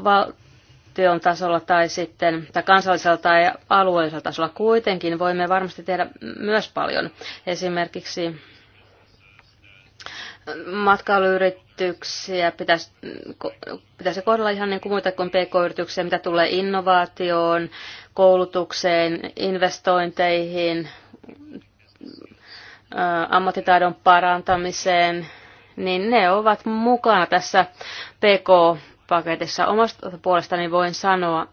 valtion tasolla tai sitten tai kansallisella tai alueellisella tasolla. Kuitenkin voimme varmasti tehdä myös paljon. Esimerkiksi matkailuyrityksiä pitäisi, pitäisi kohdella ihan niin kuin muita kuin pk-yrityksiä, mitä tulee innovaatioon, koulutukseen, investointeihin, ammattitaidon parantamiseen, niin ne ovat mukana tässä PK-paketissa. Omasta puolestani voin sanoa,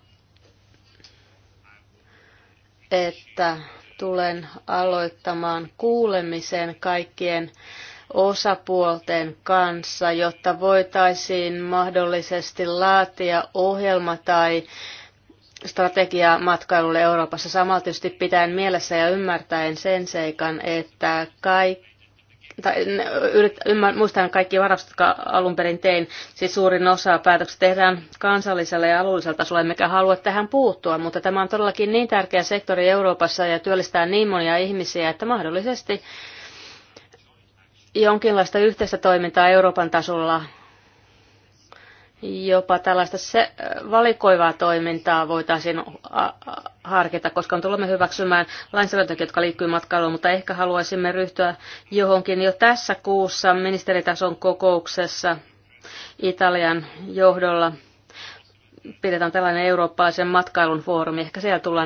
että tulen aloittamaan kuulemisen kaikkien osapuolten kanssa, jotta voitaisiin mahdollisesti laatia ohjelma tai strategia matkailulle Euroopassa. Samalla tietysti pitäen mielessä ja ymmärtäen sen seikan, että kaikki tai yrit, ymmär, muistan kaikki varastot, jotka alun perin tein, siis suurin osa päätöksistä tehdään kansallisella ja alueellisella tasolla, emmekä halua tähän puuttua, mutta tämä on todellakin niin tärkeä sektori Euroopassa ja työllistää niin monia ihmisiä, että mahdollisesti jonkinlaista yhteistä toimintaa Euroopan tasolla, jopa tällaista se, äh, valikoivaa toimintaa voitaisiin harkita, koska tulemme hyväksymään lainsäädäntöjä, jotka liittyy matkailuun, mutta ehkä haluaisimme ryhtyä johonkin jo tässä kuussa ministeritason kokouksessa Italian johdolla. Pidetään tällainen eurooppalaisen matkailun foorumi. Ehkä siellä tullaan